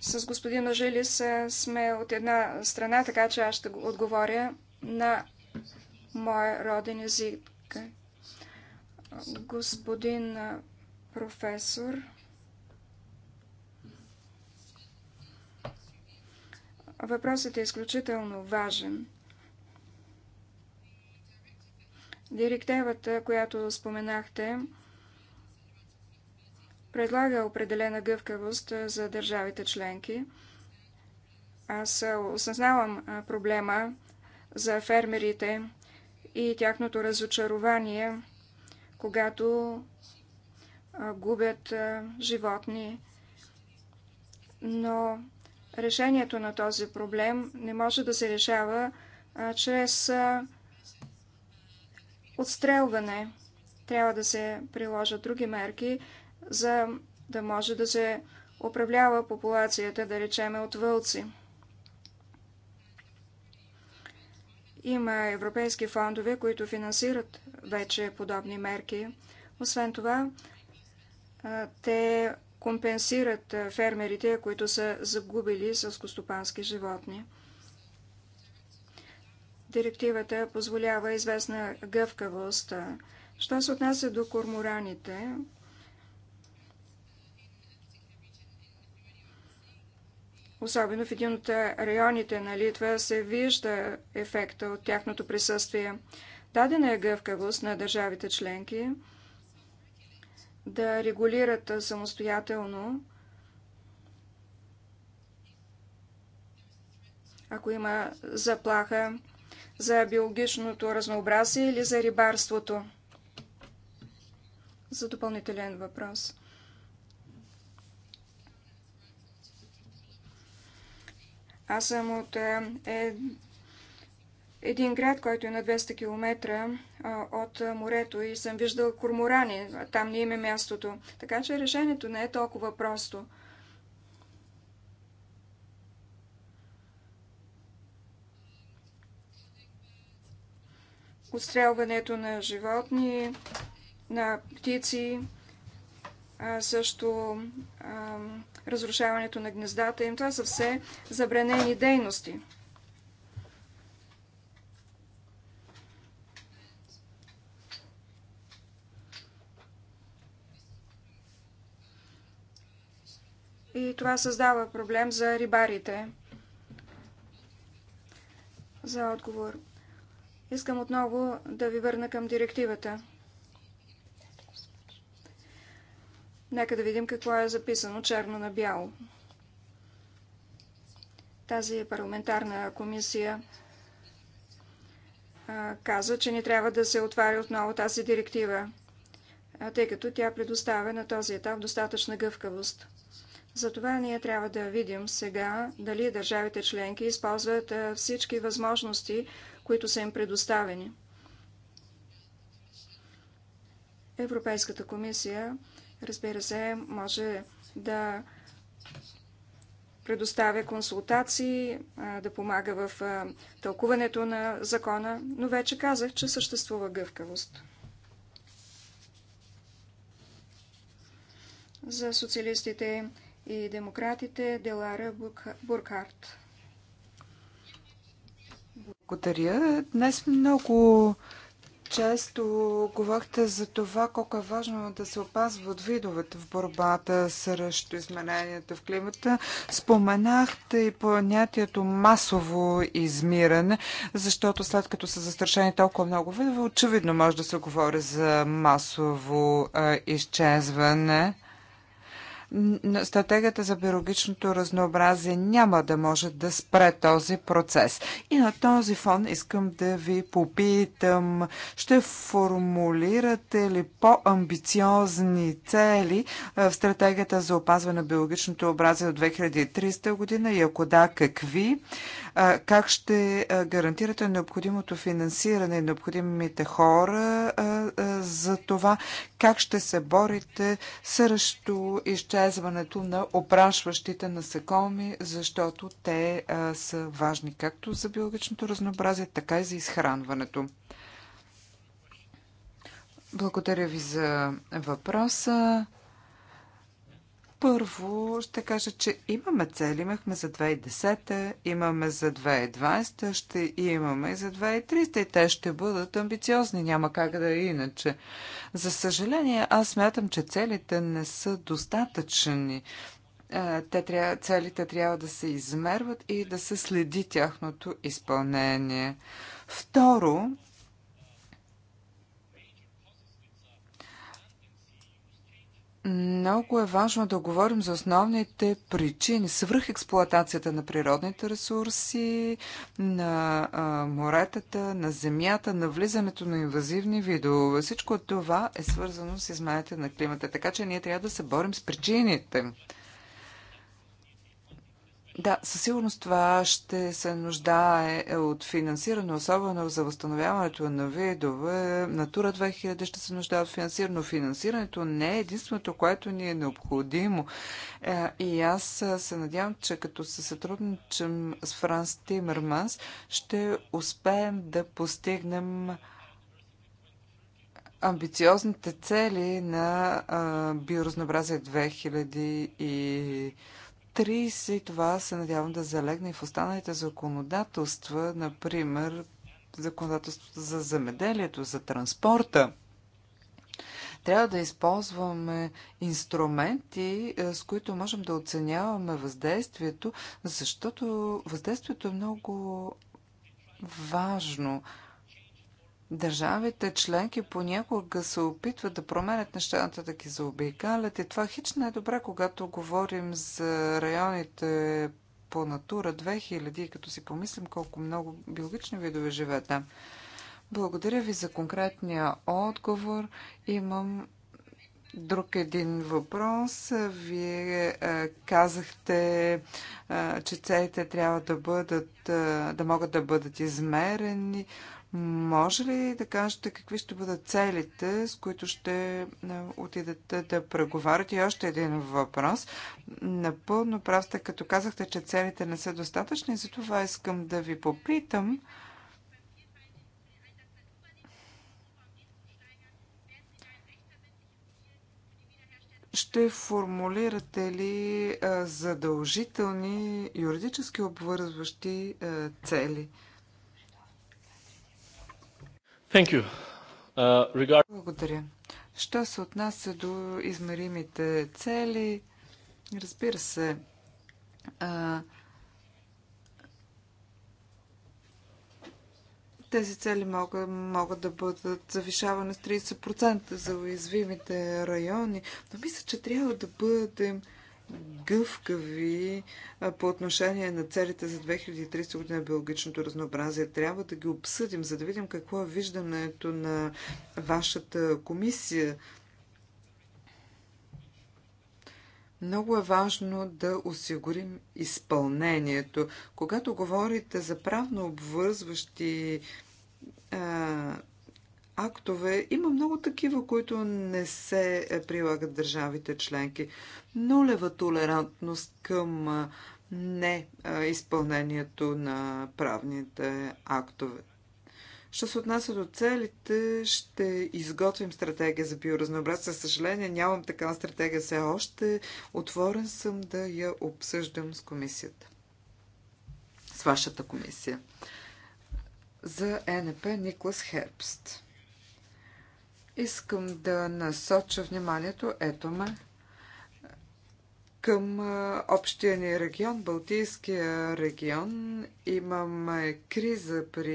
С господин Жилис сме от една страна, така че аз ще отговоря на моя роден език. Господин е, професор, въпросът е изключително важен. Директивата, която споменахте, предлага определена гъвкавост за държавите членки. Аз осъзнавам проблема за фермерите и тяхното разочарование, когато губят животни. Но решението на този проблем не може да се решава чрез отстрелване. Трябва да се приложат други мерки, за да може да се управлява популацията, да речеме, от вълци. Има европейски фондове, които финансират вече подобни мерки. Освен това, те компенсират фермерите, които са загубили сълскостопански животни. Директивата позволява известна гъвкавост. Що се отнася до кормораните, особено в един от районите на Литва, се вижда ефекта от тяхното присъствие. Дадена е гъвкавост на държавите членки да регулират самостоятелно, ако има заплаха за биологичното разнообразие или за рибарството? За допълнителен въпрос. Аз съм от е, е един град, който е на 200 км е, от морето и съм виждал корморани. Там не има е мястото. Така че решението не е толкова просто. отстрелването на животни, на птици, а също а, разрушаването на гнездата им. Това са все забранени дейности. И това създава проблем за рибарите. За отговор. Искам отново да ви върна към директивата. Нека да видим какво е записано черно на бяло. Тази парламентарна комисия каза, че не трябва да се отваря отново тази директива, тъй като тя предоставя на този етап достатъчна гъвкавост. Затова ние трябва да видим сега дали държавите членки използват всички възможности, които са им предоставени. Европейската комисия, разбира се, може да предоставя консултации, да помага в тълкуването на закона, но вече казах, че съществува гъвкавост. За социалистите и демократите Делара Буркхарт. Благодаря. Днес много често говорихте за това колко е важно да се опазват видовете в борбата срещу измененията в климата. Споменахте и понятието масово измиране, защото след като са застрашени толкова много видове, очевидно може да се говори за масово а, изчезване стратегията за биологичното разнообразие няма да може да спре този процес. И на този фон искам да ви попитам, ще формулирате ли по-амбициозни цели в стратегията за опазване на биологичното образие от 2030 година и ако да, какви? Как ще гарантирате необходимото финансиране и необходимите хора за това? Как ще се борите срещу изчезването на опрашващите насекоми, защото те са важни както за биологичното разнообразие, така и за изхранването? Благодаря ви за въпроса. Първо ще кажа, че имаме цели. Имахме за 2010, имаме за 2020, ще имаме и за 2300 и те ще бъдат амбициозни. Няма как да е иначе. За съжаление, аз смятам, че целите не са достатъчни. Е, те трябва, целите трябва да се измерват и да се следи тяхното изпълнение. Второ, Много е важно да говорим за основните причини. свръх експлуатацията на природните ресурси, на а, моретата, на земята, на влизането на инвазивни видове. Всичко това е свързано с измените на климата. Така че ние трябва да се борим с причините. Да, със сигурност това ще се нуждае е, от финансиране, особено за възстановяването на видове. Натура 2000 ще се нуждае от финансиране, но финансирането не е единственото, което ни е необходимо. Е, и аз е, се надявам, че като се сътрудничам с Франс Тимерманс, ще успеем да постигнем амбициозните цели на биоразнообразие 2000 и 30. Това се надявам да залегне и в останалите законодателства, например законодателството за земеделието, за транспорта. Трябва да използваме инструменти, е, с които можем да оценяваме въздействието, защото въздействието е много важно. Държавите членки понякога се опитват да променят нещата, да ги заобикалят и това хич не е добре, когато говорим за районите по Натура 2000 и като си помислим колко много биологични видове живеят там. Благодаря ви за конкретния отговор. Имам друг един въпрос. Вие е, казахте, е, че целите трябва да бъдат, е, да могат да бъдат измерени. Може ли да кажете какви ще бъдат целите, с които ще отидете да преговаряте? И още един въпрос. Напълно прав сте, като казахте, че целите не са достатъчни, затова искам да ви попитам. ще формулирате ли задължителни юридически обвързващи цели? Uh, regard... Благодаря. Що се отнася до измеримите цели, разбира се, а, тези цели могат, могат да бъдат завишавани с 30% за уязвимите райони, но мисля, че трябва да бъдем гъвкави по отношение на целите за 2030 година биологичното разнообразие. Трябва да ги обсъдим, за да видим какво е виждането на вашата комисия. Много е важно да осигурим изпълнението. Когато говорите за правно обвързващи а, актове. Има много такива, които не се е, прилагат държавите членки. Нулева толерантност към е, не е, изпълнението на правните актове. Що се отнася до целите, ще изготвим стратегия за биоразнообразие. съжаление, нямам такава стратегия все още. Отворен съм да я обсъждам с комисията. С вашата комисия. За НП Никлас Хербст. Искам да насоча вниманието, ето ме, към общия ни регион, Балтийския регион, имаме криза при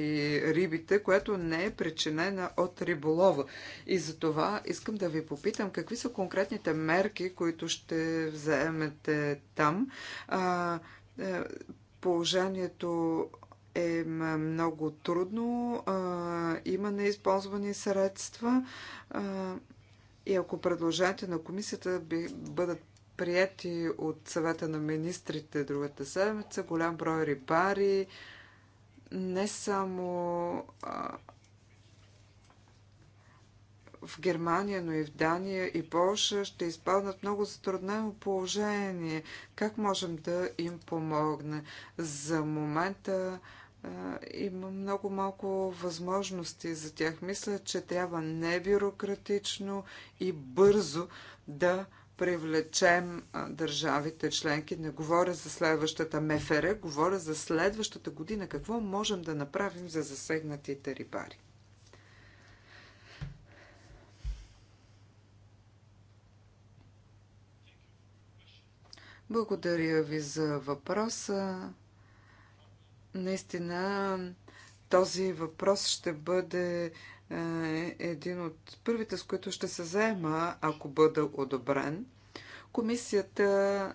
рибите, която не е причинена от риболова. И за това искам да ви попитам какви са конкретните мерки, които ще вземете там. Е, положението е много трудно, има неизползвани средства и ако предложенията на комисията бъдат прияти от съвета на министрите другата седмица, голям брой рибари, не само в Германия, но и в Дания и Польша ще изпаднат много затруднено положение. Как можем да им помогне? За момента има много малко възможности за тях. Мисля, че трябва небюрократично и бързо да привлечем държавите членки. Не говоря за следващата МФР, говоря за следващата година. Какво можем да направим за засегнатите рибари? Благодаря ви за въпроса. Наистина този въпрос ще бъде е, един от първите, с които ще се заема, ако бъда одобрен. Комисията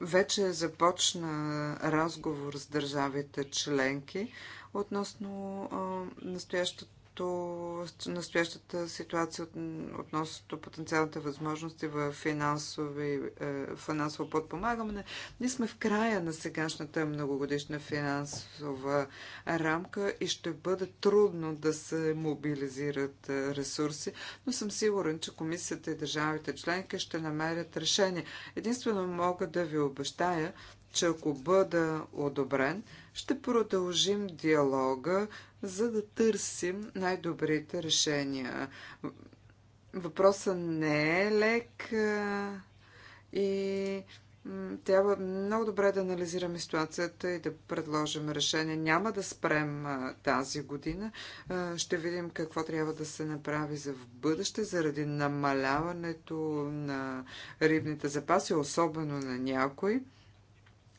вече започна разговор с държавите членки относно е, настоящото както настоящата ситуация относно потенциалните възможности в е, финансово подпомагане. Ние сме в края на сегашната многогодишна финансова рамка и ще бъде трудно да се мобилизират е, ресурси, но съм сигурен, че комисията и държавите членки ще намерят решение. Единствено мога да ви обещая, че ако бъда одобрен, ще продължим диалога, за да търсим най-добрите решения. Въпросът не е лек и трябва много добре да анализираме ситуацията и да предложим решение. Няма да спрем тази година. Ще видим какво трябва да се направи за в бъдеще заради намаляването на рибните запаси, особено на някои.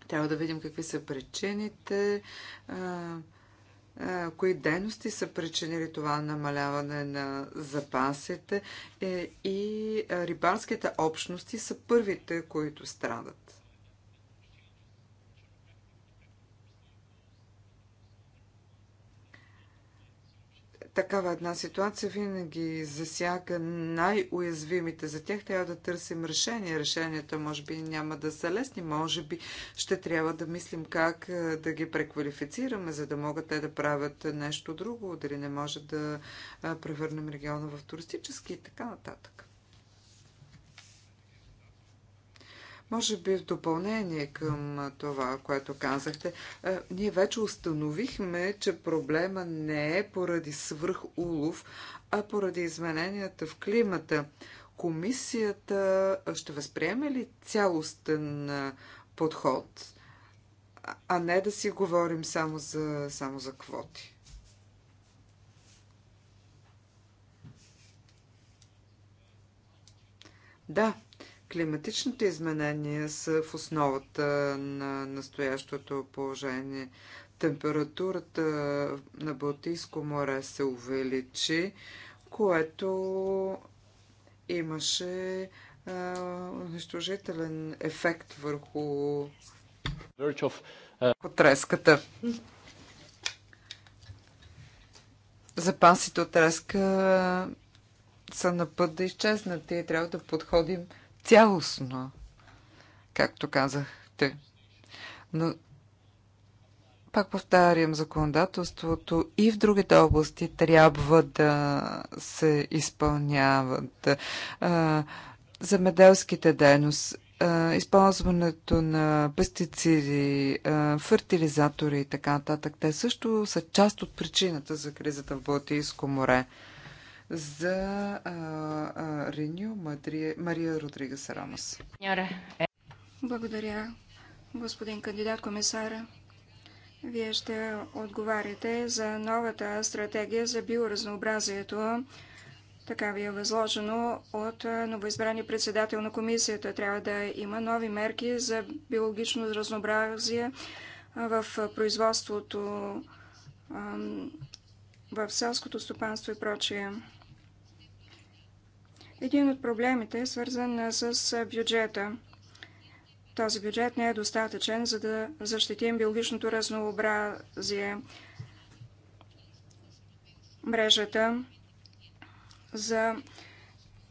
Трябва да видим какви са причините, кои дейности са причинили това намаляване на запасите е, и рибарските общности са първите, които страдат. такава една ситуация винаги засяга най-уязвимите. За тях трябва да търсим решение. Решенията може би няма да са лесни, може би ще трябва да мислим как е, да ги преквалифицираме, за да могат те да правят нещо друго, дали не може да е, превърнем региона в туристически и така нататък. Може би в допълнение към това, което казахте, ние вече установихме, че проблема не е поради свръхулов, а поради измененията в климата. Комисията ще възприеме ли цялостен подход, а не да си говорим само за, само за квоти? Да, Климатичните изменения са в основата на настоящото положение. Температурата на Балтийско море се увеличи, което имаше унищожителен ефект върху треската. Запасите от треска са на път да изчезнат и трябва да подходим цялостно, както казахте. Но пак повтарям, законодателството и в другите области трябва да се изпълняват. Замеделските дейности, използването на пестициди, фертилизатори и така нататък, те също са част от причината за кризата в Балтийско море за Реню Мария Родригес Рамос. Благодаря, господин кандидат комисара. Вие ще отговаряте за новата стратегия за биоразнообразието. Така ви е възложено от новоизбрани председател на комисията. Трябва да има нови мерки за биологично разнообразие в производството, в селското стопанство и прочие. Един от проблемите е свързан с бюджета. Този бюджет не е достатъчен, за да защитим биологичното разнообразие. Мрежата за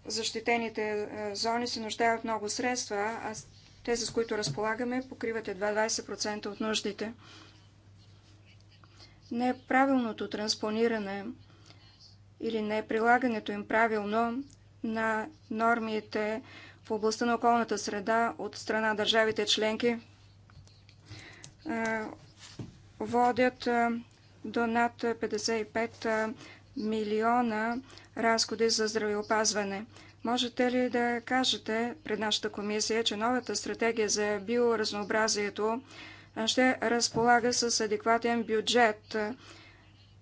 защитените зони се нуждаят много средства, а тези, с които разполагаме, покриват едва 20% от нуждите. Неправилното транспониране или неприлагането им правилно на нормите в областта на околната среда от страна държавите членки е, водят е, до над 55 е, милиона разходи за здравеопазване. Можете ли да кажете пред нашата комисия, че новата стратегия за биоразнообразието ще разполага с адекватен бюджет,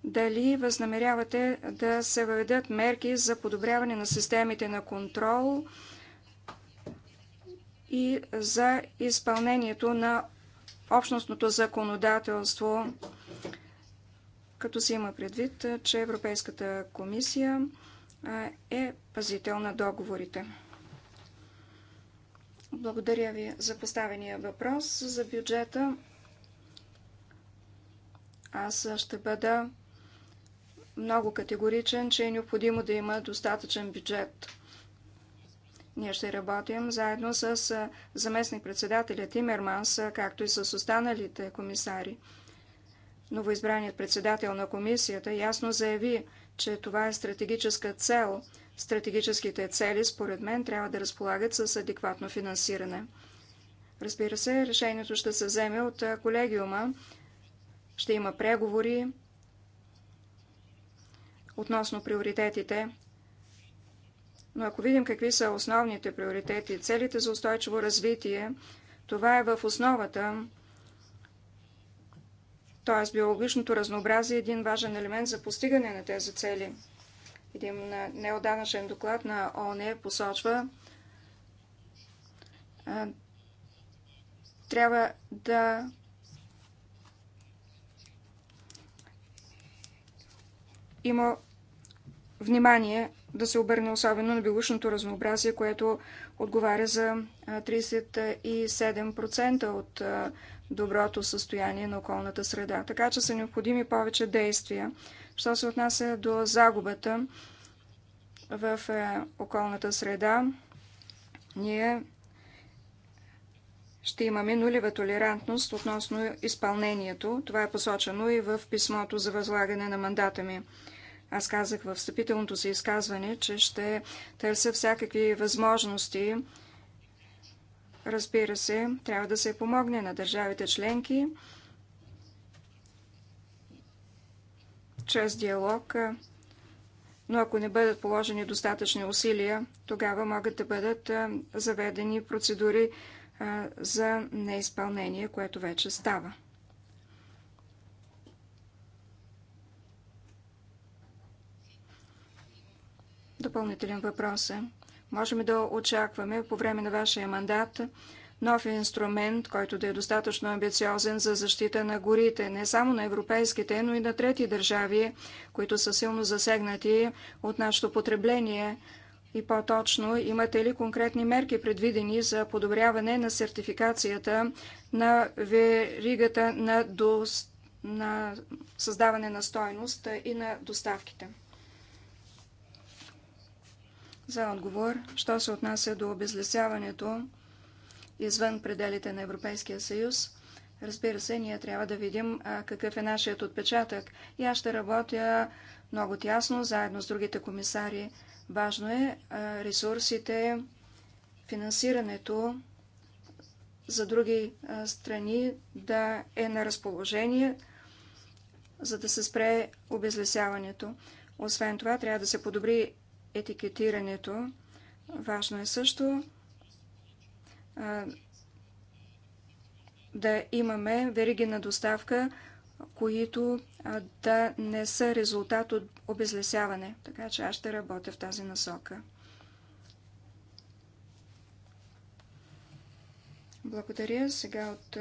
дали възнамерявате да се въведат мерки за подобряване на системите на контрол и за изпълнението на общностното законодателство, като се има предвид, че Европейската комисия е пазител на договорите. Благодаря ви за поставения въпрос за бюджета. Аз ще бъда много категоричен, че е необходимо да има достатъчен бюджет. Ние ще работим заедно с заместник-председателя Тимерманс, както и с останалите комисари. Новоизбраният председател на комисията ясно заяви, че това е стратегическа цел. Стратегическите цели, според мен, трябва да разполагат с адекватно финансиране. Разбира се, решението ще се вземе от колегиума. Ще има преговори, относно приоритетите. Но ако видим какви са основните приоритети, целите за устойчиво развитие, това е в основата, т.е. биологичното разнообразие е един важен елемент за постигане на тези цели. Един неоданъчен доклад на ООН посочва, трябва да има внимание да се обърне особено на биологичното разнообразие, което отговаря за 37% от доброто състояние на околната среда. Така че са необходими повече действия. Що се отнася до загубата в околната среда, ние ще имаме нулева толерантност относно изпълнението. Това е посочено и в писмото за възлагане на мандата ми. Аз казах в встъпителното си изказване, че ще търся всякакви възможности. Разбира се, трябва да се помогне на държавите членки чрез диалог, но ако не бъдат положени достатъчни усилия, тогава могат да бъдат заведени процедури за неизпълнение, което вече става. допълнителен въпрос е, можем да очакваме по време на вашия мандат нов инструмент, който да е достатъчно амбициозен за защита на горите, не само на европейските, но и на трети държави, които са силно засегнати от нашето потребление. И по-точно, имате ли конкретни мерки предвидени за подобряване на сертификацията на веригата на, до... на създаване на стойност и на доставките? за отговор, що се отнася до обезлесяването извън пределите на Европейския съюз. Разбира се, ние трябва да видим какъв е нашият отпечатък. И аз ще работя много тясно, заедно с другите комисари. Важно е ресурсите, финансирането за други страни да е на разположение, за да се спре обезлесяването. Освен това, трябва да се подобри етикетирането. Важно е също а, да имаме вериги на доставка, които а, да не са резултат от обезлесяване. Така че аз ще работя в тази насока. Благодаря. Сега от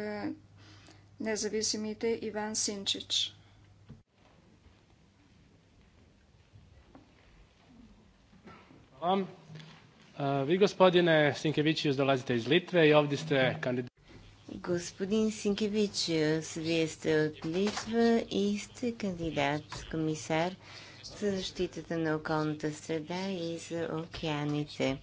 независимите Иван Синчич. vam. Vi, gospodine Sinkevićius, dolazite iz Litve i ovdje ste kandidat... Господин Синкевичиус, вие сте от Литва и сте кандидат-комисар за защитата на околната среда и за океаните.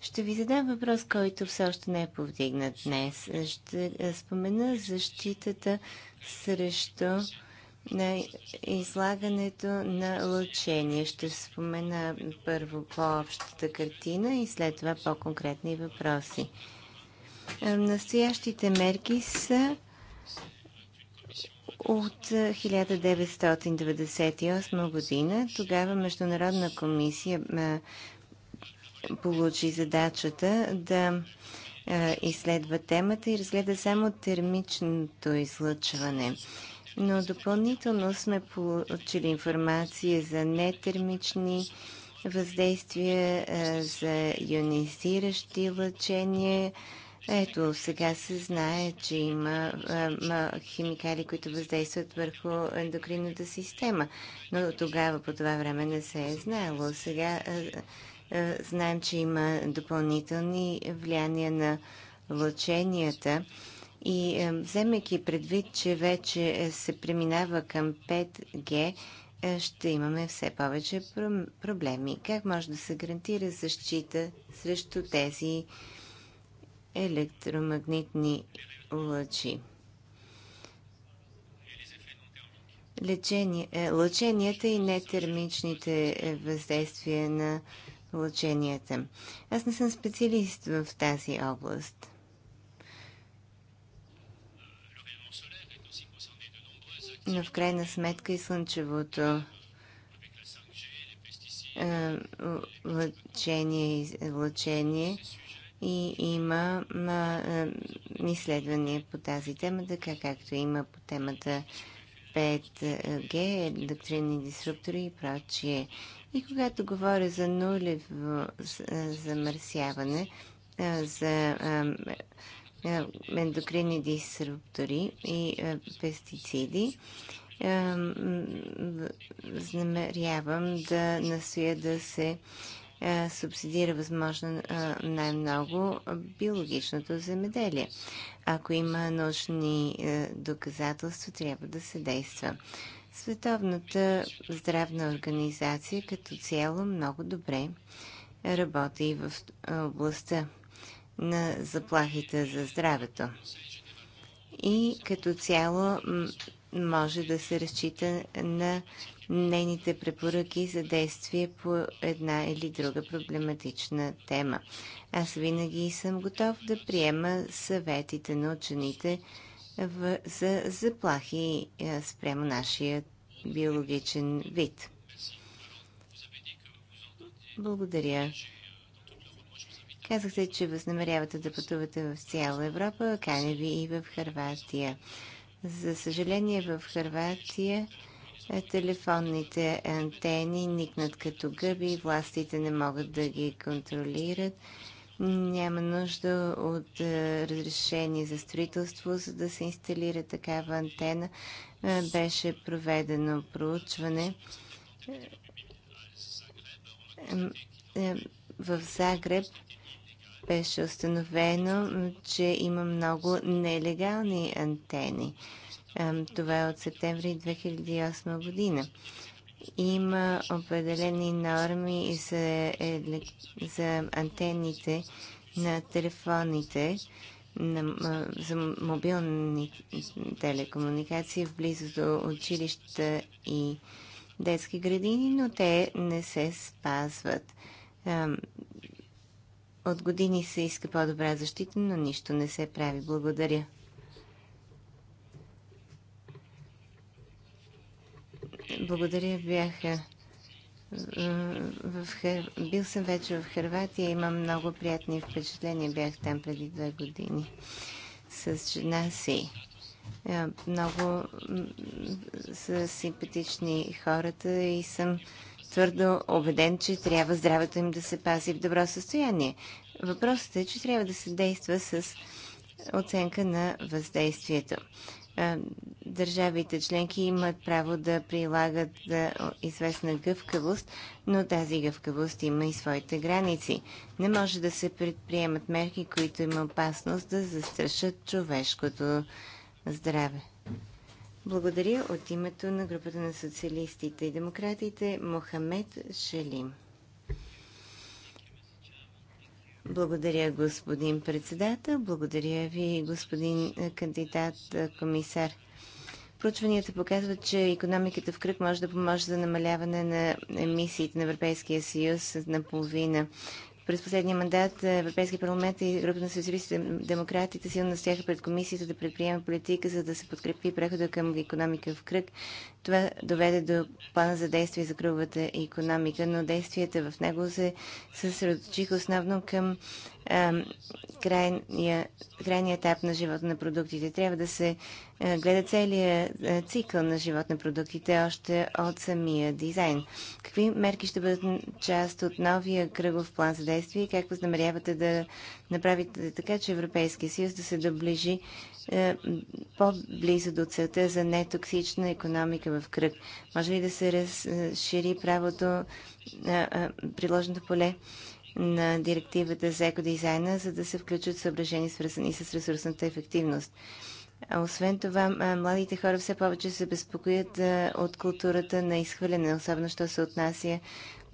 Ще ви задам въпрос, който все още не е повдигнат днес. Ще спомена защитата срещу на излагането на лъчение. Ще спомена първо по-общата картина и след това по-конкретни въпроси. Е, настоящите мерки са от 1998 година. Тогава Международна комисия е, получи задачата да е, изследва темата и разгледа само термичното излъчване но допълнително сме получили информация за нетермични въздействия, е, за ионизиращи лъчения. Ето, сега се знае, че има е, химикали, които въздействат върху ендокринната система, но тогава по това време не се е знаело. Сега е, знаем, че има допълнителни влияния на лъченията и вземайки предвид, че вече е, се преминава към 5G, е, ще имаме все повече проблеми. Как може да се гарантира защита срещу тези електромагнитни лъчи? Лечение, е, лъченията и нетермичните въздействия на лъченията. Аз не съм специалист в тази област. но в крайна сметка и слънчевото е, лъчение и и има е, изследвания по тази тема, така както има по темата 5G, е, доктринни дисруптори и прочие. И когато говоря за нулево замърсяване, за е, ендокринни дисруптори и е, пестициди, е, Знамерявам да настоя да се субсидира възможно най-много биологичното земеделие. Ако има научни доказателства, трябва да се действа. Световната здравна организация като цяло много добре работи в областта на заплахите за здравето. И като цяло може да се разчита на нейните препоръки за действие по една или друга проблематична тема. Аз винаги съм готов да приема съветите на учените в, за заплахи спрямо нашия биологичен вид. Благодаря. Казахте, че възнамерявате да пътувате в цяла Европа, кане ви и в Харватия. За съжаление, в Харватия е, телефонните антени никнат като гъби, властите не могат да ги контролират. Няма нужда от е, разрешение за строителство, за да се инсталира такава антена. Е, беше проведено проучване в Загреб беше установено, че има много нелегални антени. Това е от септември 2008 година. Има определени норми за, за антените на телефоните на, за мобилни телекомуникации в близост до училища и детски градини, но те не се спазват. От години се иска по-добра защита, но нищо не се прави. Благодаря. Благодаря, бяха в Хър... Бил съм вече в Харватия, имам много приятни впечатления. Бях там преди две години с жена си. Много са симпатични хората и съм твърдо убеден, че трябва здравето им да се пази в добро състояние. Въпросът е, че трябва да се действа с оценка на въздействието. Държавите членки имат право да прилагат известна гъвкавост, но тази гъвкавост има и своите граници. Не може да се предприемат мерки, които има опасност да застрашат човешкото здраве. Благодаря от името на групата на социалистите и демократите Мохамед Шелим. Благодаря, господин председател. Благодаря ви, господин кандидат комисар. Проучванията показват, че економиката в кръг може да поможе за намаляване на емисиите на Европейския съюз на половина през последния мандат Европейския парламент и група на социалистите демократите силно настояха пред комисията да предприеме политика, за да се подкрепи прехода към економика в кръг това доведе до плана за действие за кръговата економика, но действията в него се съсредоточиха основно към крайния, крайния етап на живота на продуктите. Трябва да се а, гледа целият цикъл на живот на продуктите още от самия дизайн. Какви мерки ще бъдат част от новия кръгов план за действие и как възнамерявате да направите така, че Европейския съюз да се доближи е, по-близо до целта за нетоксична економика в кръг? Може ли да се разшири правото, на е, приложеното приложното поле на директивата за екодизайна, за да се включат съображения, свързани с ресурсната ефективност? Освен това, е, младите хора все повече се безпокоят от културата на изхвърляне, особено що се отнася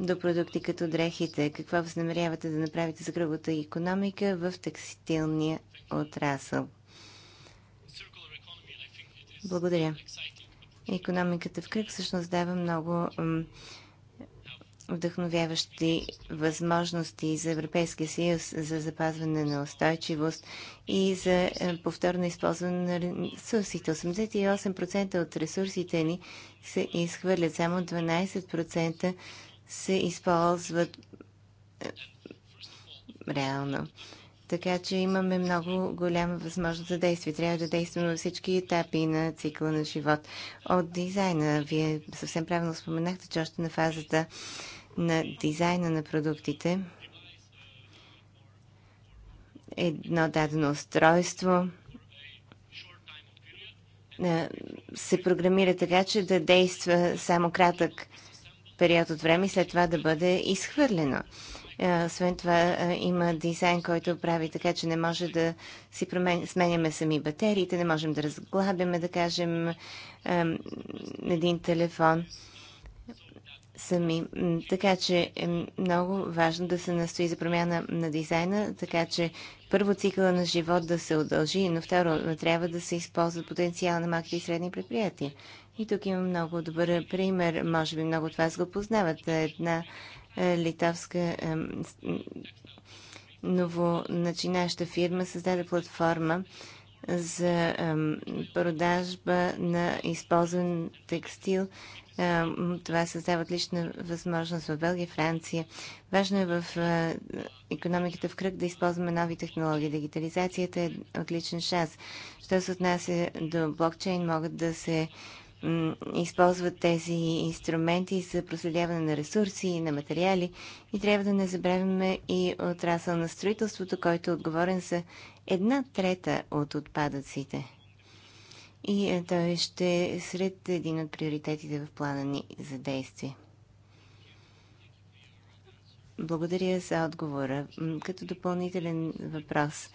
до продукти като дрехите. Какво възнамерявате да направите за кръговата економика в текстилния отрасъл? Благодаря. Економиката в кръг всъщност дава много вдъхновяващи възможности за Европейския съюз за запазване на устойчивост и за е, повторно използване на ресурсите. 88% от ресурсите ни се изхвърлят, само 12% се използват е, реално. Така че имаме много голяма възможност за действие. Трябва да действаме на всички етапи на цикла на живот. От дизайна, вие съвсем правилно споменахте, че още на фазата на дизайна на продуктите едно дадено устройство се програмира така, че да действа само кратък период от време и след това да бъде изхвърлено. Е, освен това е, има дизайн, който прави така, че не може да си сменяме сами батериите, не можем да разглабяме, да кажем, един телефон сами. Така че е много важно да се настои за промяна на дизайна, така че първо цикъла на живот да се удължи, но второ трябва да се използва потенциал на малките и средни предприятия. И тук има много добър пример, може би много от вас го познават. Една е литовска новоначинаща фирма създаде платформа за продажба на използван текстил. Това създава отлична възможност в Белгия, Франция. Важно е в е, економиката в кръг да използваме нови технологии. Дигитализацията е отличен шанс. Що се отнася до блокчейн, могат да се използват тези инструменти за проследяване на ресурси и на материали. И трябва да не забравяме и отрасъл на строителството, който е отговорен за една трета от отпадъците. И е, той ще е сред един от приоритетите в плана ни за действие. Благодаря за отговора. Като допълнителен въпрос,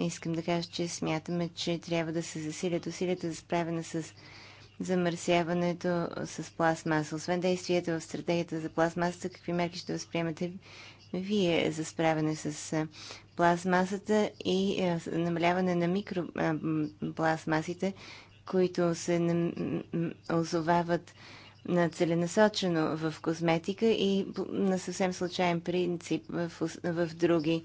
искам да кажа, че смятаме, че трябва да се засилят усилията за справяне с замърсяването с пластмаса. Освен действията в стратегията за пластмасата, какви мерки ще възприемате вие за справяне с пластмасата и намаляване на микропластмасите, които се озовават на целенасочено в козметика и на съвсем случайен принцип в, в други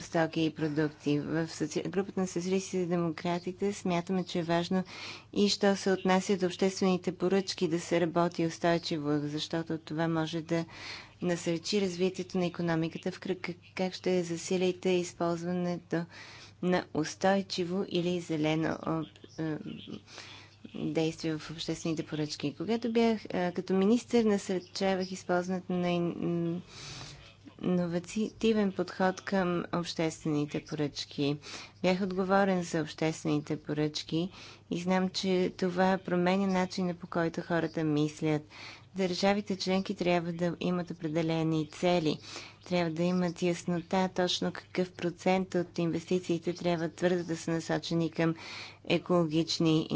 стоки и продукти. В групата на социалистите и демократите смятаме, че е важно и що се отнася до обществените поръчки да се работи устойчиво, защото това може да насречи развитието на економиката в кръг. Как ще засилите използването на устойчиво или зелено действие в обществените поръчки. Когато бях като министр, насърчавах използването на новативен подход към обществените поръчки. Бях отговорен за обществените поръчки и знам, че това променя начина по който хората мислят. Държавите членки трябва да имат определени цели. Трябва да имат яснота точно какъв процент от инвестициите трябва твърдо да са насочени към екологични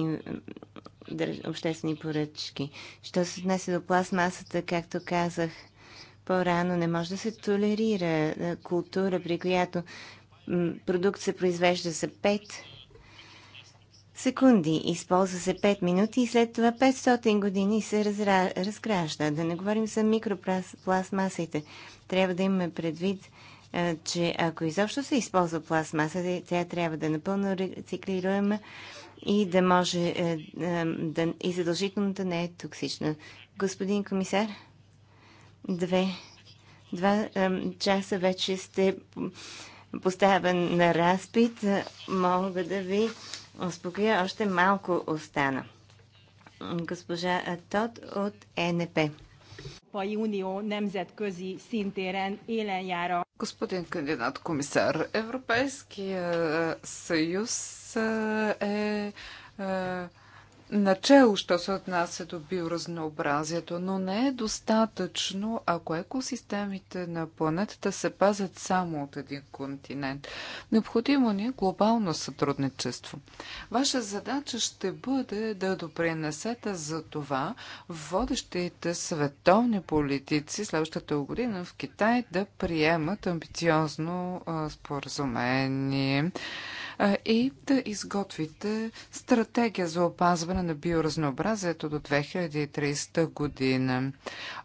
обществени поръчки. Що се отнесе до пластмасата, както казах, по-рано. Не може да се толерира е, култура, при която продукт се произвежда за 5 секунди, използва се 5 минути и след това 500 години се разра... разгражда. Да не говорим за микропластмасите. Трябва да имаме предвид, е, че ако изобщо се използва пластмаса, тя трябва да е напълно рециклируема и да може е, да, и задължително да не е токсична. Господин комисар? Две, два е, часа вече сте поставен на разпит. Мога да ви успокоя, още малко остана. Госпожа Тот от ЕНП. Господин кандидат комисар, Европейския съюз е, е начало, що се отнася до биоразнообразието, но не е достатъчно, ако екосистемите на планетата се пазят само от един континент. Необходимо ни е глобално сътрудничество. Ваша задача ще бъде да допринесете за това водещите световни политици следващата година в Китай да приемат амбициозно споразумение и да изготвите стратегия за опазване на биоразнообразието до 2030 година.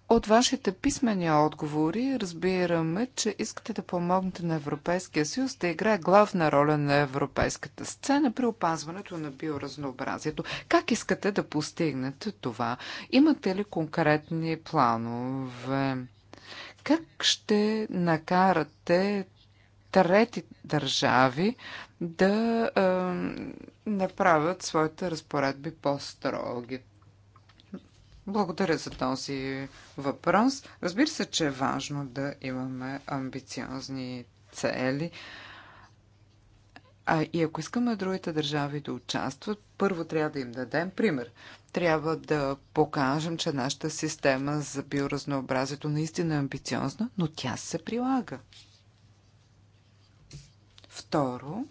От вашите писмени отговори разбираме, че искате да помогнете на Европейския съюз да играе главна роля на европейската сцена при опазването на биоразнообразието. Как искате да постигнете това? Имате ли конкретни планове? Как ще накарате трети държави да е, направят своите разпоредби по-строги. Благодаря за този въпрос. Разбира се, че е важно да имаме амбициозни цели. А, и ако искаме другите държави да участват, първо трябва да им дадем пример. Трябва да покажем, че нашата система за биоразнообразието наистина е амбициозна, но тя се прилага. Второ,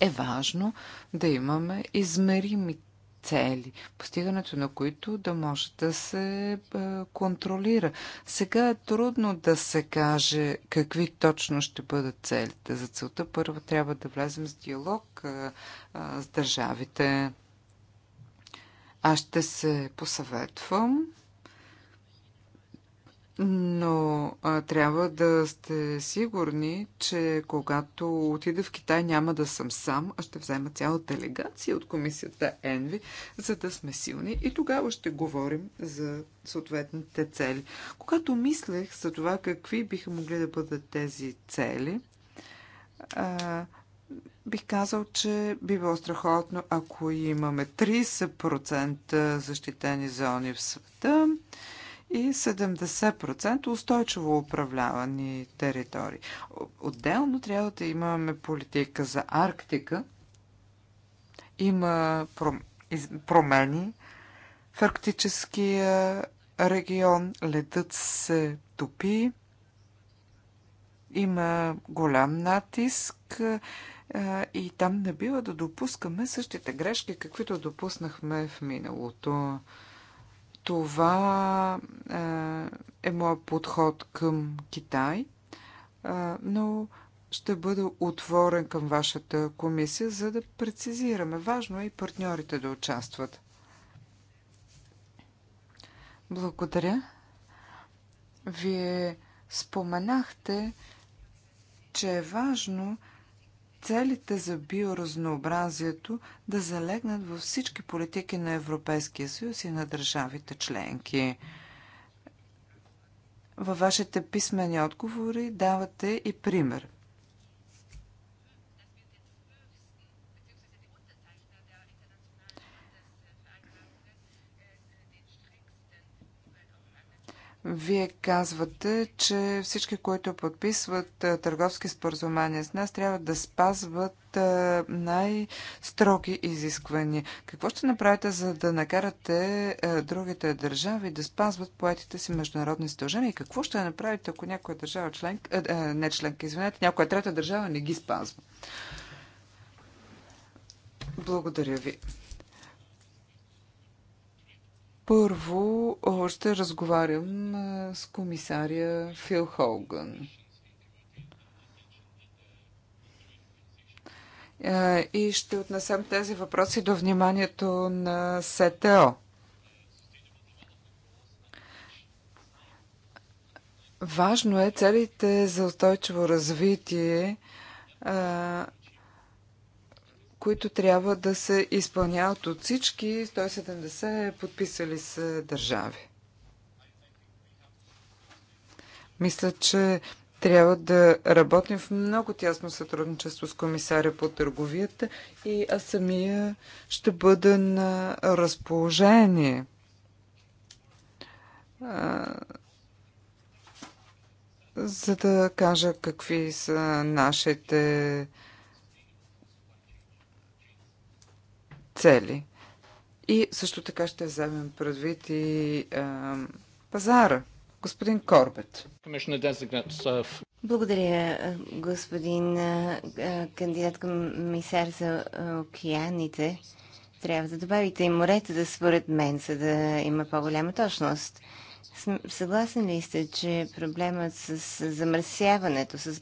е важно да имаме измерими цели, постигането на които да може да се е, контролира. Сега е трудно да се каже какви точно ще бъдат целите. За целта първо трябва да влезем с диалог е, е, с държавите. Аз ще се посъветвам но а, трябва да сте сигурни, че когато отида в Китай няма да съм сам, а ще взема цяла делегация от комисията Енви, за да сме силни и тогава ще говорим за съответните цели. Когато мислех за това какви биха могли да бъдат тези цели, а, бих казал, че би било страхотно, ако имаме 30% защитени зони в света, и 70% устойчиво управлявани територии. Отделно трябва да имаме политика за Арктика. Има промени в арктическия регион. Ледът се топи. Има голям натиск е, и там не бива да допускаме същите грешки, каквито допуснахме в миналото. Това е, е моят подход към Китай, е, но ще бъда отворен към вашата комисия, за да прецизираме. Важно е и партньорите да участват. Благодаря. Вие споменахте, че е важно целите за биоразнообразието да залегнат във всички политики на Европейския съюз и на държавите членки. Във вашите писмени отговори давате и пример – Вие казвате, че всички, които подписват търговски споразумения с нас, трябва да спазват най-строги изисквания. Какво ще направите, за да накарате другите държави да спазват поетите си международни задължения? И какво ще направите, ако някоя държава членка, не членка, извинете, някоя трета държава не ги спазва? Благодаря ви. Първо ще разговарям с комисаря Фил Холган. И ще отнесем тези въпроси до вниманието на СТО. Важно е целите за устойчиво развитие които трябва да се изпълняват от всички 170 подписали се държави. Мисля, че трябва да работим в много тясно сътрудничество с комисаря по търговията и аз самия ще бъда на разположение. За да кажа какви са нашите цели. И също така ще вземем предвид и а, пазара. Господин Корбет. Благодаря, господин кандидат комисар за океаните. Трябва да добавите и морета, да според мен, за да има по-голяма точност. Съгласен ли сте, че проблемът с замърсяването, с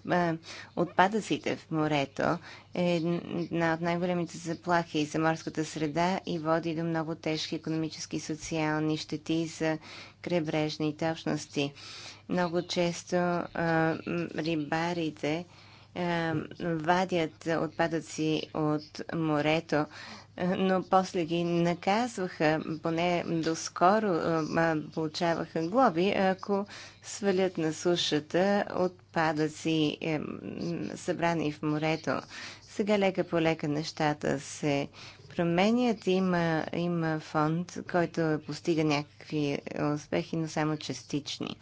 отпадъците в морето е една от най-големите заплахи за морската среда и води до много тежки економически и социални щети за крайбрежните общности? Много често рибарите вадят отпадъци от морето, но после ги наказваха, поне доскоро получаваха глоби, ако свалят на сушата отпадъци е, събрани в морето. Сега лека по лека нещата се променят. Има, има фонд, който постига някакви е, успехи, но само частични.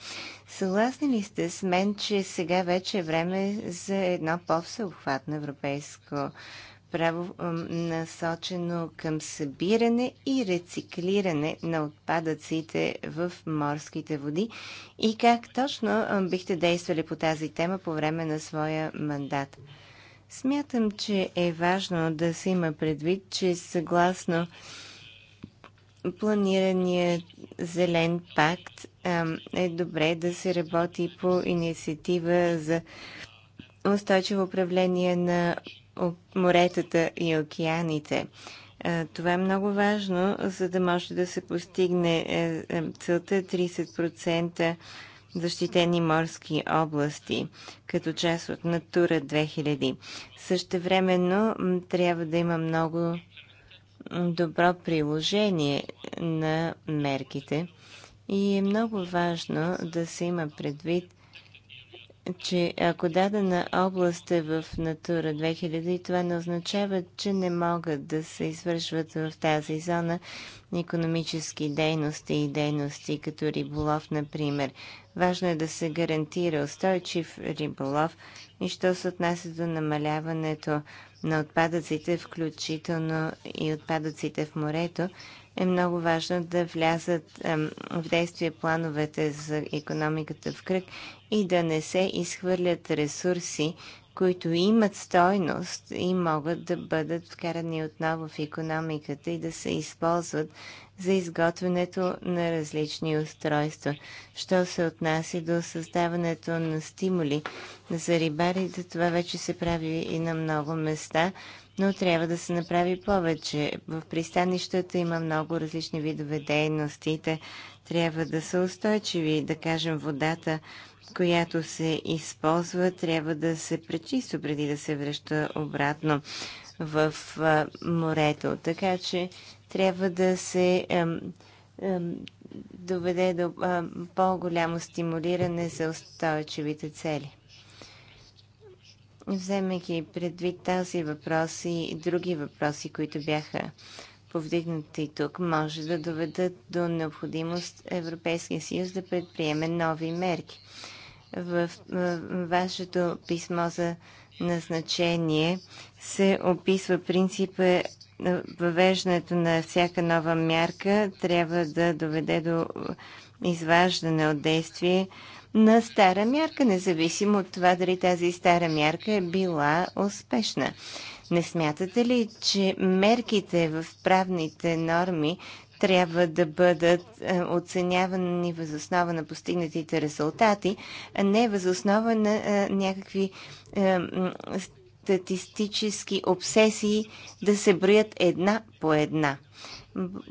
Съгласни ли сте с мен, че сега вече е време за едно по-всеобхватно европейско право насочено към събиране и рециклиране на отпадъците в морските води и как точно бихте действали по тази тема по време на своя мандат. Смятам, че е важно да се има предвид, че съгласно планирания зелен пакт е добре да се работи по инициатива за устойчиво управление на моретата и океаните. Това е много важно, за да може да се постигне е, е, целта 30% е защитени морски области, като част от Натура 2000. Същевременно трябва да има много добро приложение на мерките и е много важно да се има предвид че ако дадена област е в Натура 2000, това не означава, че не могат да се извършват в тази зона економически дейности и дейности като риболов, например. Важно е да се гарантира устойчив риболов и що се отнася до намаляването на отпадъците, включително и отпадъците в морето, е много важно да влязат в действие плановете за економиката в кръг и да не се изхвърлят ресурси, които имат стойност и могат да бъдат вкарани отново в економиката и да се използват за изготвянето на различни устройства. Що се отнася до създаването на стимули за рибарите, това вече се прави и на много места но трябва да се направи повече. В пристанищата има много различни видове дейностите. Трябва да са устойчиви, да кажем водата, която се използва, трябва да се пречиства преди да се връща обратно в а, морето. Така че трябва да се ам, ам, доведе до по-голямо стимулиране за устойчивите цели вземайки предвид този въпрос и други въпроси, които бяха повдигнати тук, може да доведат до необходимост Европейския съюз да предприеме нови мерки. В вашето писмо за назначение се описва принципа е, въвеждането на всяка нова мярка трябва да доведе до изваждане от действие на стара мярка, независимо от това дали тази стара мярка е била успешна. Не смятате ли, че мерките в правните норми трябва да бъдат е, оценявани възоснова на постигнатите резултати, а не възоснова на е, някакви е, статистически обсесии да се броят една по една.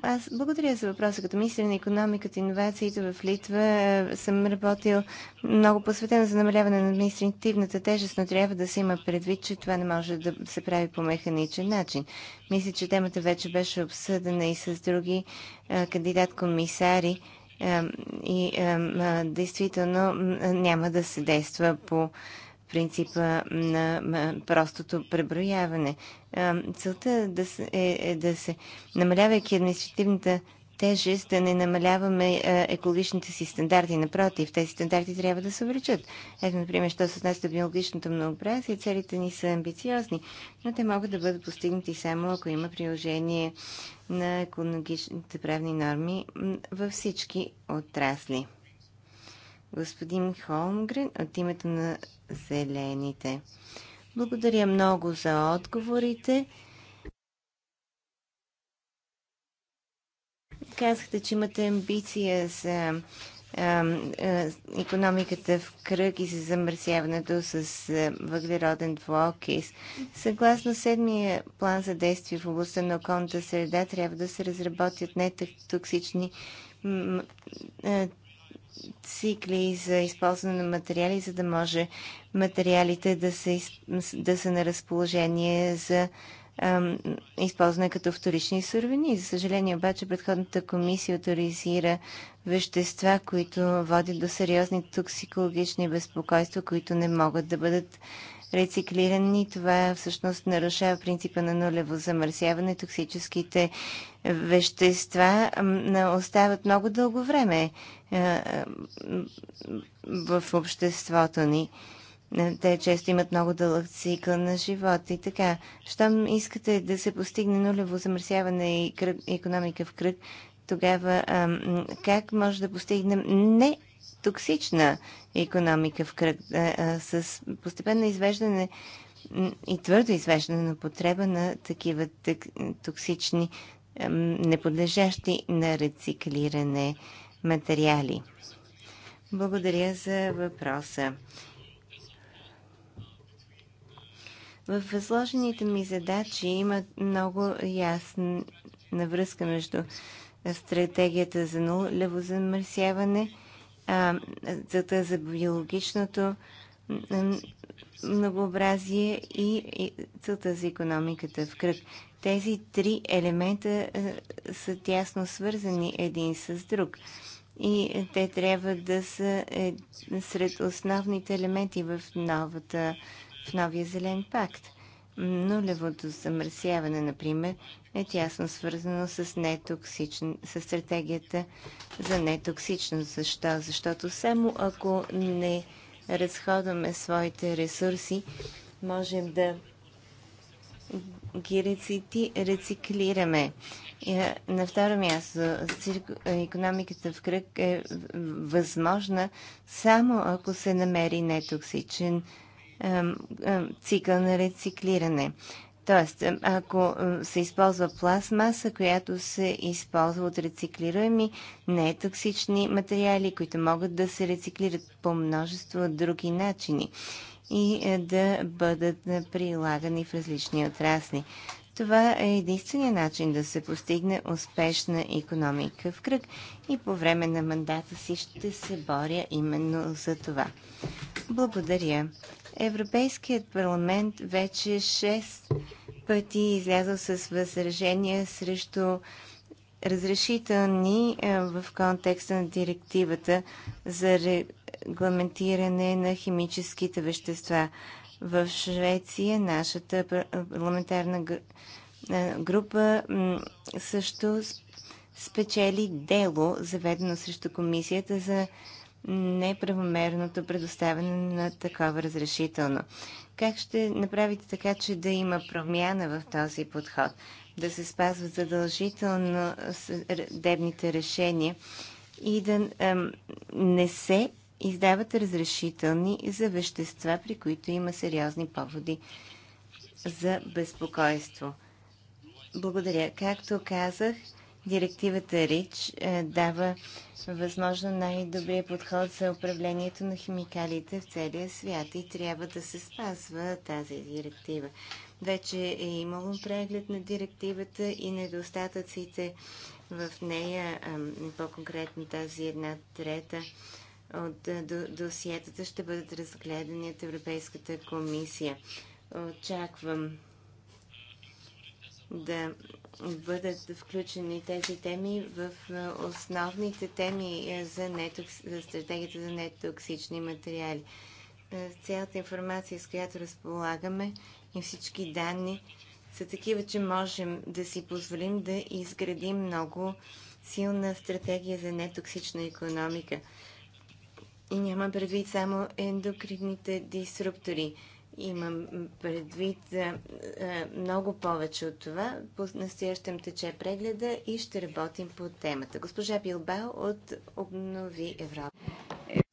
Аз благодаря за въпроса. Като министър на економиката и инновациите в Литва е, съм работил много посветено за намаляване на административната тежест, но трябва да се има предвид, че това не може да се прави по механичен начин. Мисля, че темата вече беше обсъдена и с други е, кандидат-комисари и е, действително няма да се действа по принципа на простото преброяване. Целта е да се, е, е да се, намалявайки административната тежест, да не намаляваме екологичните си стандарти. Напротив, тези стандарти трябва да се увеличат. Ето, например, що се отнася до биологичното многообразие, целите ни са амбициозни, но те могат да бъдат постигнати само ако има приложение на екологичните правни норми във всички отрасли господин Холмгрен от името на Зелените. Благодаря много за отговорите. Казахте, че имате амбиция за економиката в кръг и за замърсяването с въглероден двуокис. Съгласно седмия план за действие в областта на околната среда трябва да се разработят нетоксични цикли за използване на материали, за да може материалите да са, да са на разположение за ам, използване като вторични суровини. За съжаление обаче предходната комисия авторизира вещества, които водят до сериозни токсикологични безпокойства, които не могат да бъдат рециклирани. Това всъщност нарушава принципа на нулево замърсяване. Токсическите вещества остават много дълго време е, е, в обществото ни. Е, те често имат много дълъг цикъл на живот и така. Щом искате да се постигне нулево замърсяване и кръг, економика в кръг, тогава как може да постигнем не токсична економика в кръг а, с постепенно извеждане и твърдо извеждане на потреба на такива токсични неподлежащи на рециклиране материали. Благодаря за въпроса. В възложените ми задачи има много ясна връзка между стратегията за нулево замърсяване, целта за биологичното многообразие и целта за економиката в кръг. Тези три елемента е, са тясно свързани един с друг и е, те трябва да са е, сред основните елементи в, новата, в новия зелен пакт. Нулевото замърсяване, например, е тясно свързано с, нетоксичен, с стратегията за нетоксичност. Защо? Защото само ако не разходваме своите ресурси, можем да ги рецити, рециклираме. Е, на второ място, економиката в кръг е възможна само ако се намери нетоксичен цикъл на рециклиране. Тоест, ако се използва пластмаса, която се използва от рециклируеми нетоксични материали, които могат да се рециклират по множество други начини и е, да бъдат е, прилагани в различни отрасли. Това е единствения начин да се постигне успешна економика в кръг и по време на мандата си ще се боря именно за това. Благодаря. Европейският парламент вече 6 пъти е излязъл с възражения срещу разрешителни в контекста на директивата за регламентиране на химическите вещества. В Швеция нашата парламентарна група също спечели дело, заведено срещу комисията за неправомерното предоставяне на такова разрешително. Как ще направите така, че да има промяна в този подход? Да се спазват задължително дебните решения и да не се издават разрешителни за вещества, при които има сериозни поводи за безпокойство. Благодаря. Както казах, директивата РИЧ е, дава възможно най-добрия подход за управлението на химикалите в целия свят и трябва да се спазва тази директива. Вече е имало преглед на директивата и недостатъците в нея, по-конкретно тази една трета от е, досиетата ще бъдат разгледани от Европейската комисия. Очаквам да бъдат включени тези теми в е, основните теми е, за, стратегията за нетоксични материали. Цялата информация, с която разполагаме и всички данни са такива, че можем да си позволим да изградим много силна стратегия за нетоксична економика. И нямам предвид само ендокринните дисруптори. Имам предвид а, а, много повече от това. По настоящем тече прегледа и ще работим по темата. Госпожа Билбао от Обнови Европа.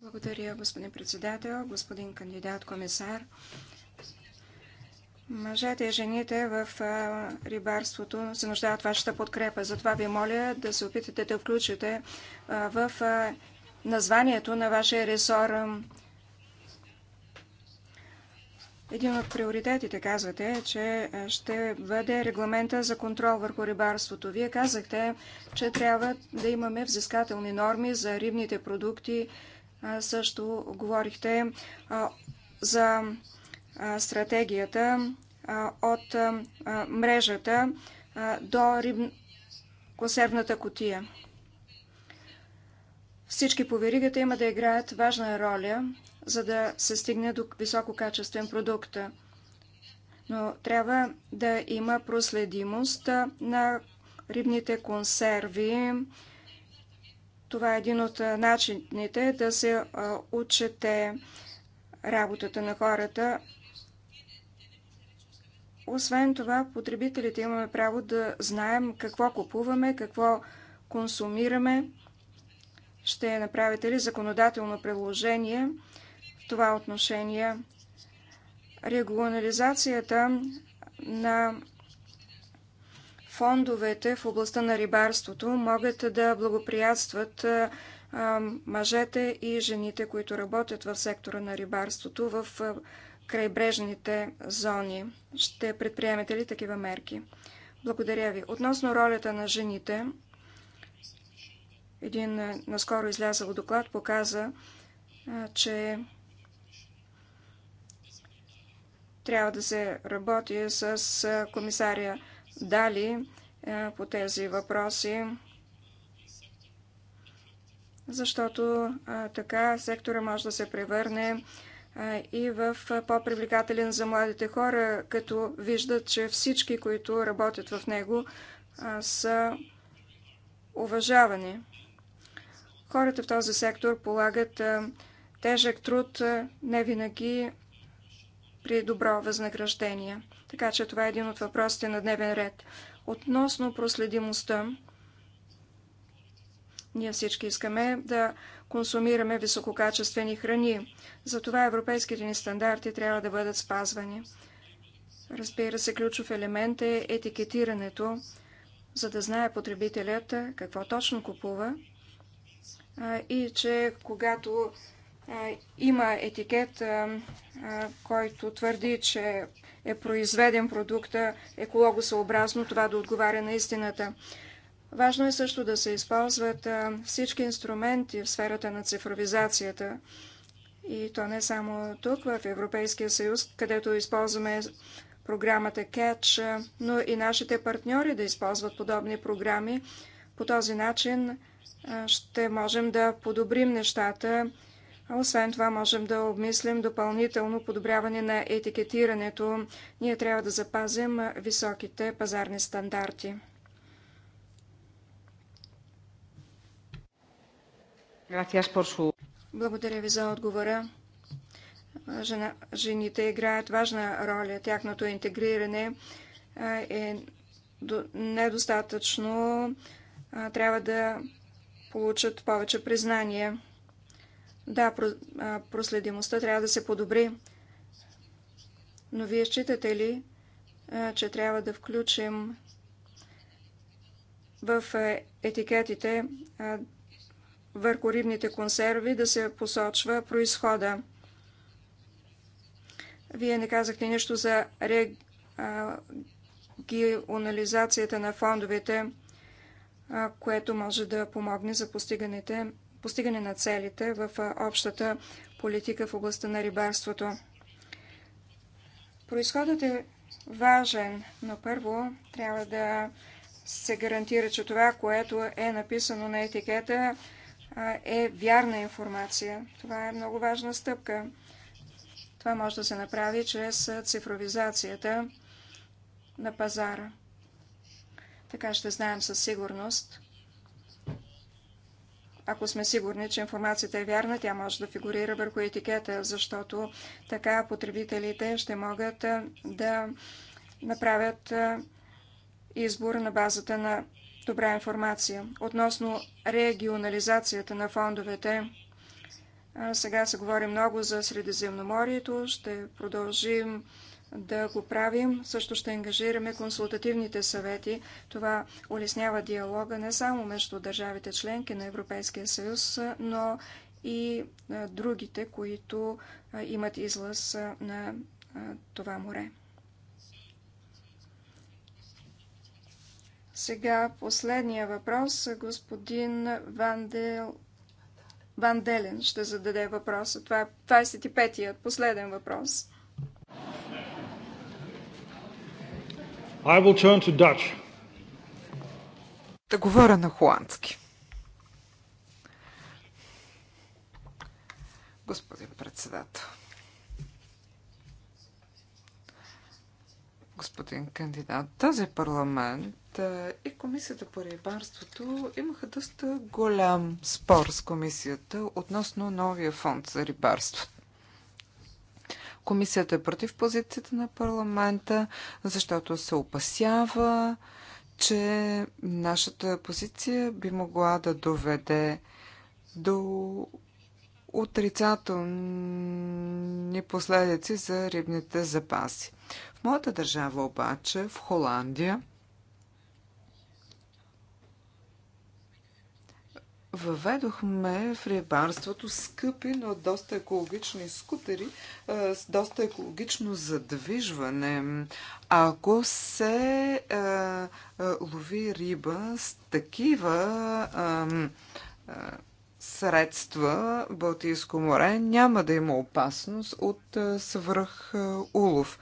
Благодаря, господин председател, господин кандидат комисар. Мъжете и жените в рибарството се нуждаят вашата подкрепа. Затова ви моля да се опитате да включите в названието на вашия ресор. Един от приоритетите, казвате, е, че ще бъде регламента за контрол върху рибарството. Вие казахте, че трябва да имаме взискателни норми за рибните продукти. Също говорихте за стратегията от мрежата до риб... консервната котия. Всички по веригата има да играят важна роля, за да се стигне до висококачествен продукт. Но трябва да има проследимост на рибните консерви. Това е един от начините да се учете работата на хората. Освен това, потребителите имаме право да знаем какво купуваме, какво консумираме. Ще направите ли законодателно предложение в това отношение? Регионализацията на фондовете в областта на рибарството могат да благоприятстват мъжете и жените, които работят в сектора на рибарството в крайбрежните зони. Ще предприемете ли такива мерки? Благодаря ви. Относно ролята на жените, един е, наскоро излязъл доклад показа, е, че трябва да се работи с е, комисаря Дали по тези въпроси, защото така сектора може да се превърне и в по-привлекателен за младите хора, като виждат, че всички, които работят в него, са уважавани. Хората в този сектор полагат тежък труд, не винаги при добро възнаграждение. Така че това е един от въпросите на дневен ред. Относно проследимостта, ние всички искаме да консумираме висококачествени храни. Затова европейските ни стандарти трябва да бъдат спазвани. Разбира се, ключов елемент е етикетирането, за да знае потребителят какво точно купува и че когато има етикет, който твърди, че е произведен продукта екологосъобразно, това да отговаря на истината. Важно е също да се използват всички инструменти в сферата на цифровизацията. И то не само тук, в Европейския съюз, където използваме програмата CATCH, но и нашите партньори да използват подобни програми. По този начин ще можем да подобрим нещата. Освен това, можем да обмислим допълнително подобряване на етикетирането. Ние трябва да запазим високите пазарни стандарти. Благодаря ви за отговора. Жена, жените играят важна роля. Тяхното интегриране е недостатъчно. Трябва да получат повече признание. Да, проследимостта трябва да се подобри, но вие считате ли, че трябва да включим в етикетите върху рибните консерви да се посочва происхода. Вие не казахте нищо за регионализацията на фондовете което може да помогне за постигане на целите в общата политика в областта на рибарството. Произходът е важен, но първо трябва да се гарантира, че това, което е написано на етикета, е вярна информация. Това е много важна стъпка. Това може да се направи чрез цифровизацията на пазара. Така ще знаем със сигурност. Ако сме сигурни, че информацията е вярна, тя може да фигурира върху етикета, защото така потребителите ще могат да направят избор на базата на добра информация. Относно регионализацията на фондовете, сега се говори много за Средиземноморието. Ще продължим да го правим. Също ще ангажираме консултативните съвети. Това улеснява диалога не само между държавите членки на Европейския съюз, но и другите, които имат излъз на това море. Сега последния въпрос. Господин Вандел... Ван Делен ще зададе въпроса. Това е 25-ият, последен въпрос. I will turn to Dutch. Да говоря на холандски. Господин председател. Господин кандидат, този парламент и Комисията по рибарството имаха доста голям спор с комисията относно новия фонд за рибарството. Комисията е против позицията на парламента, защото се опасява, че нашата позиция би могла да доведе до отрицателни последици за рибните запаси. В моята държава обаче, в Холандия, въведохме в рибарството скъпи, но доста екологични скутери с доста екологично задвижване. Ако се а, а, лови риба с такива средства в Балтийско море няма да има опасност от свръх улов.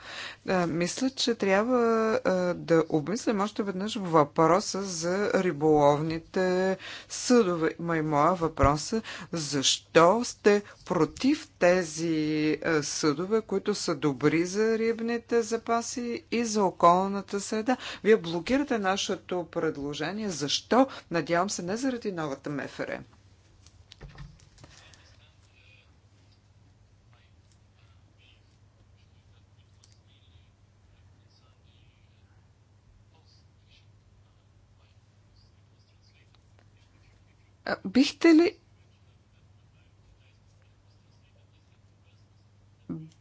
Мисля, че трябва да обмислим още веднъж въпроса за риболовните съдове. Май моя въпрос е защо сте против тези съдове, които са добри за рибните запаси и за околната среда? Вие блокирате нашето предложение. Защо? Надявам се не заради новата МФР. бихте ли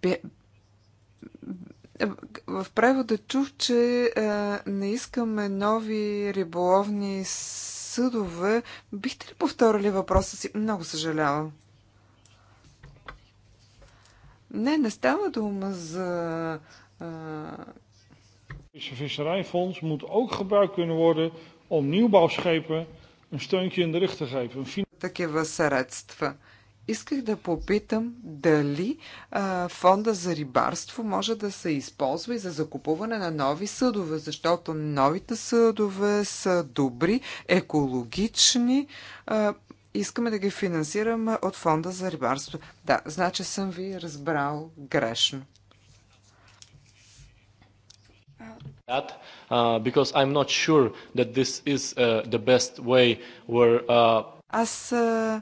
бе, в превода чух, че а, не искаме нови риболовни съдове. Бихте ли повторили въпроса си? Много съжалявам. Не, не става дума за. А... Visserijfonds moet ook gebruikt kunnen worden om nieuwbouwschepen такива средства. Исках да попитам дали а, фонда за рибарство може да се използва и за закупуване на нови съдове, защото новите съдове са добри, екологични. А, искаме да ги финансираме от фонда за рибарство. Да, значи съм ви разбрал грешно. that uh, because I'm not sure that this is uh, the best way where uh... As uh,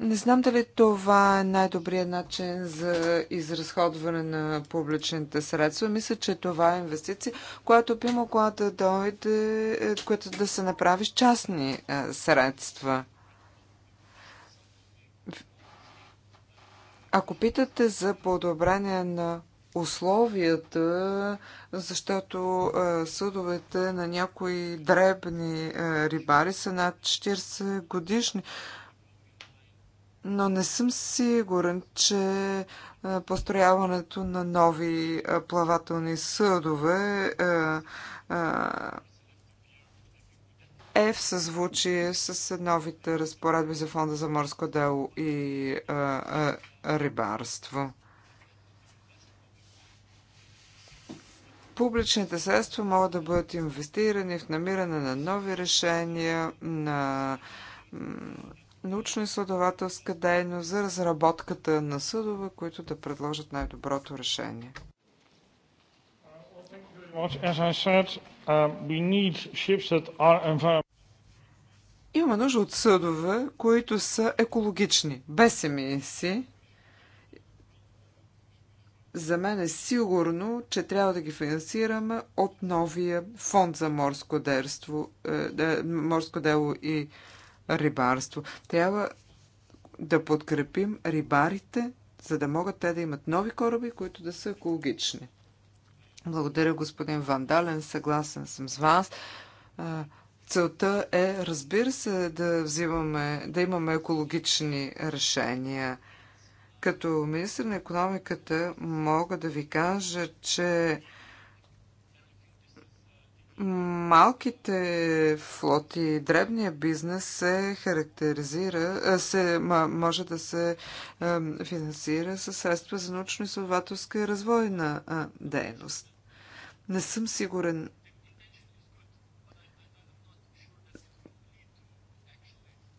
не знам дали това е най-добрият начин за изразходване на публичните средства. Мисля, че това е инвестиция, която би могла да дойде, е, която да се направи с частни е, средства. Ако питате за подобрение на условията, защото съдовете на някои дребни рибари са над 40 годишни. Но не съм сигурен, че построяването на нови плавателни съдове е в съзвучие с новите разпоредби за Фонда за морско дело и рибарство. публичните средства могат да бъдат инвестирани в намиране на нови решения, на научно-изследователска дейност, за разработката на съдове, които да предложат най-доброто решение. Има нужда от съдове, които са екологични, без емисии, за мен е сигурно, че трябва да ги финансираме от новия фонд за морско, дерство, е, морско дело и рибарство. Трябва да подкрепим рибарите, за да могат те да имат нови кораби, които да са екологични. Благодаря, господин Вандален. Съгласен съм с вас. Е, целта е, разбира се, да, взимаме, да имаме екологични решения – като министр на економиката мога да ви кажа, че малките флоти, дребния бизнес се характеризира, се, може да се финансира със средства за научно-изследователска и развойна дейност. Не съм сигурен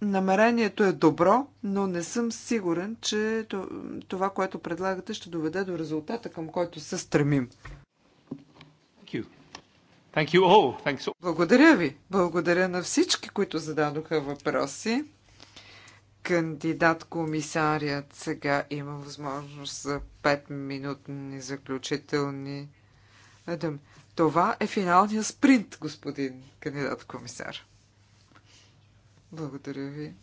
намерението е добро, но не съм сигурен, че това, което предлагате, ще доведе до резултата, към който се стремим. Thank you. Thank you all. Thanks. Благодаря ви. Благодаря на всички, които зададоха въпроси. Кандидат комисарият сега има възможност за 5-минутни заключителни. Това е финалният спринт, господин кандидат комисар. Благодаря ви.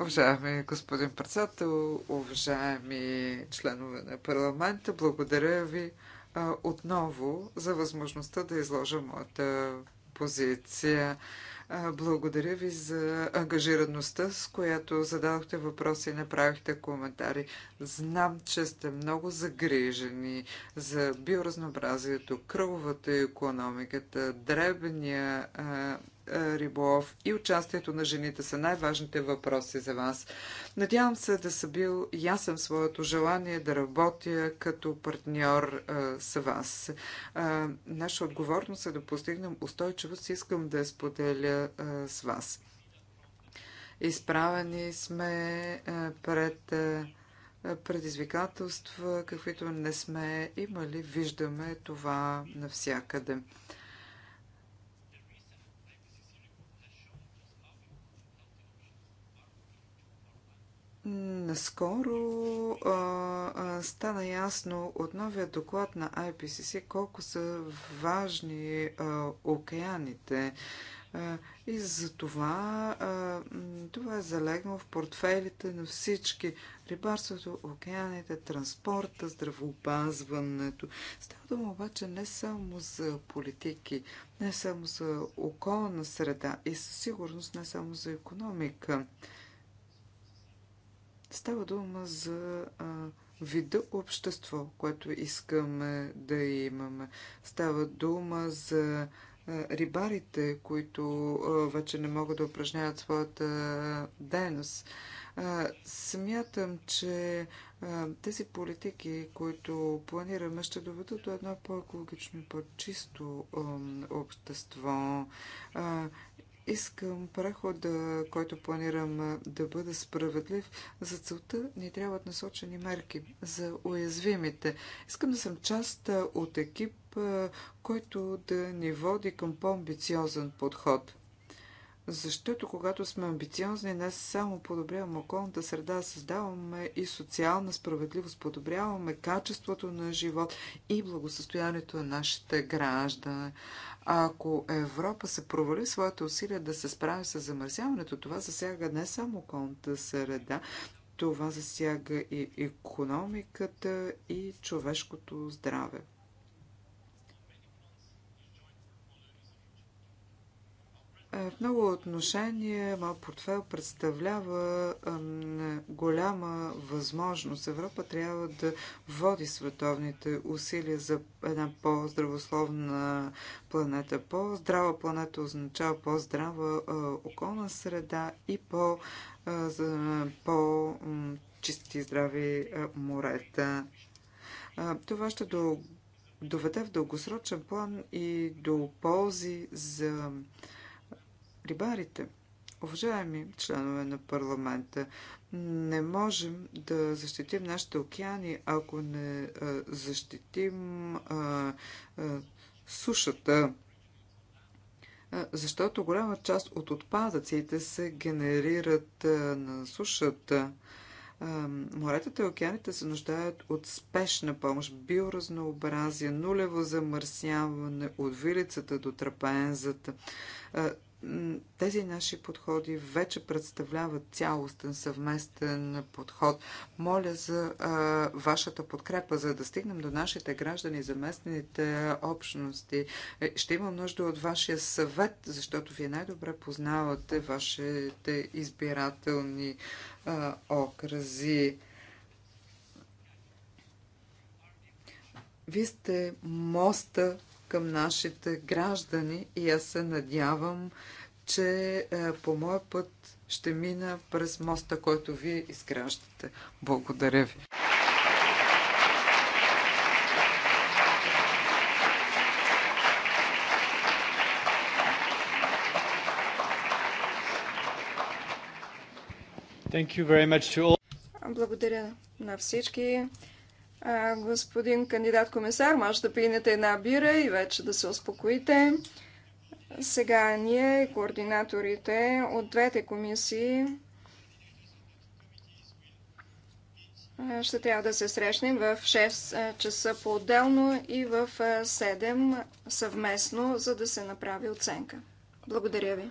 Уважаеми господин председател, уважаеми членове на парламента, благодаря ви а, отново за възможността да изложа моята позиция. А, благодаря ви за ангажираността, с която зададохте въпроси и направихте коментари. Знам, че сте много загрижени за биоразнообразието, кръговата економиката, дребния а, риболов и участието на жените са най-важните въпроси за вас. Надявам се да съм бил ясен в своето желание да работя като партньор с вас. Наша отговорност е да постигнем устойчивост и искам да я споделя с вас. Изправени сме пред предизвикателства, каквито не сме имали, виждаме това навсякъде. Наскоро а, а, стана ясно от новия доклад на IPCC колко са важни а, океаните. А, и за това а, това е залегнало в портфелите на всички. Рибарството, океаните, транспорта, здравеопазването. Става дума обаче не само за политики, не само за околна среда и със сигурност не само за економика. Става дума за а, вида общество, което искаме да имаме. Става дума за а, рибарите, които а, вече не могат да упражняват своята дейност. А, смятам, че а, тези политики, които планираме, ще доведат до едно по-екологично и по-чисто общество. Искам прехода, който планирам да бъде справедлив. За целта ни трябват насочени мерки за уязвимите. Искам да съм част от екип, който да ни води към по-амбициозен подход. Защото когато сме амбициозни, не само подобряваме околната среда, създаваме и социална справедливост, подобряваме качеството на живот и благосъстоянието на нашите граждани. А ако Европа се провали своите усилия да се справи с замърсяването, това засяга не само околната среда, това засяга и економиката и човешкото здраве. Е, в много отношения моят портфел представлява голяма възможност. Европа трябва да води световните усилия за една по-здравословна планета. По-здрава планета означава по-здрава е, околна среда и по- е, по-чисти и здрави морета. Това ще доведе в дългосрочен план и до ползи за при барите. Уважаеми членове на парламента, не можем да защитим нашите океани, ако не защитим а, а, сушата, защото голяма част от отпадъците се генерират на сушата. Моретата и океаните се нуждаят от спешна помощ, биоразнообразие, нулево замърсяване от вилицата до трапензата тези наши подходи вече представляват цялостен съвместен подход. Моля за а, вашата подкрепа, за да стигнем до нашите граждани, за местните общности. Е, ще имам нужда от вашия съвет, защото вие най-добре познавате вашите избирателни а, окрази. Вие сте моста към нашите граждани и аз се надявам, че е, по моя път ще мина през моста, който вие изграждате. Благодаря ви. Благодаря на всички. А, господин кандидат комисар, може да пинете една бира и вече да се успокоите. Сега ние, координаторите от двете комисии, ще трябва да се срещнем в 6 часа по-отделно и в 7 съвместно, за да се направи оценка. Благодаря ви.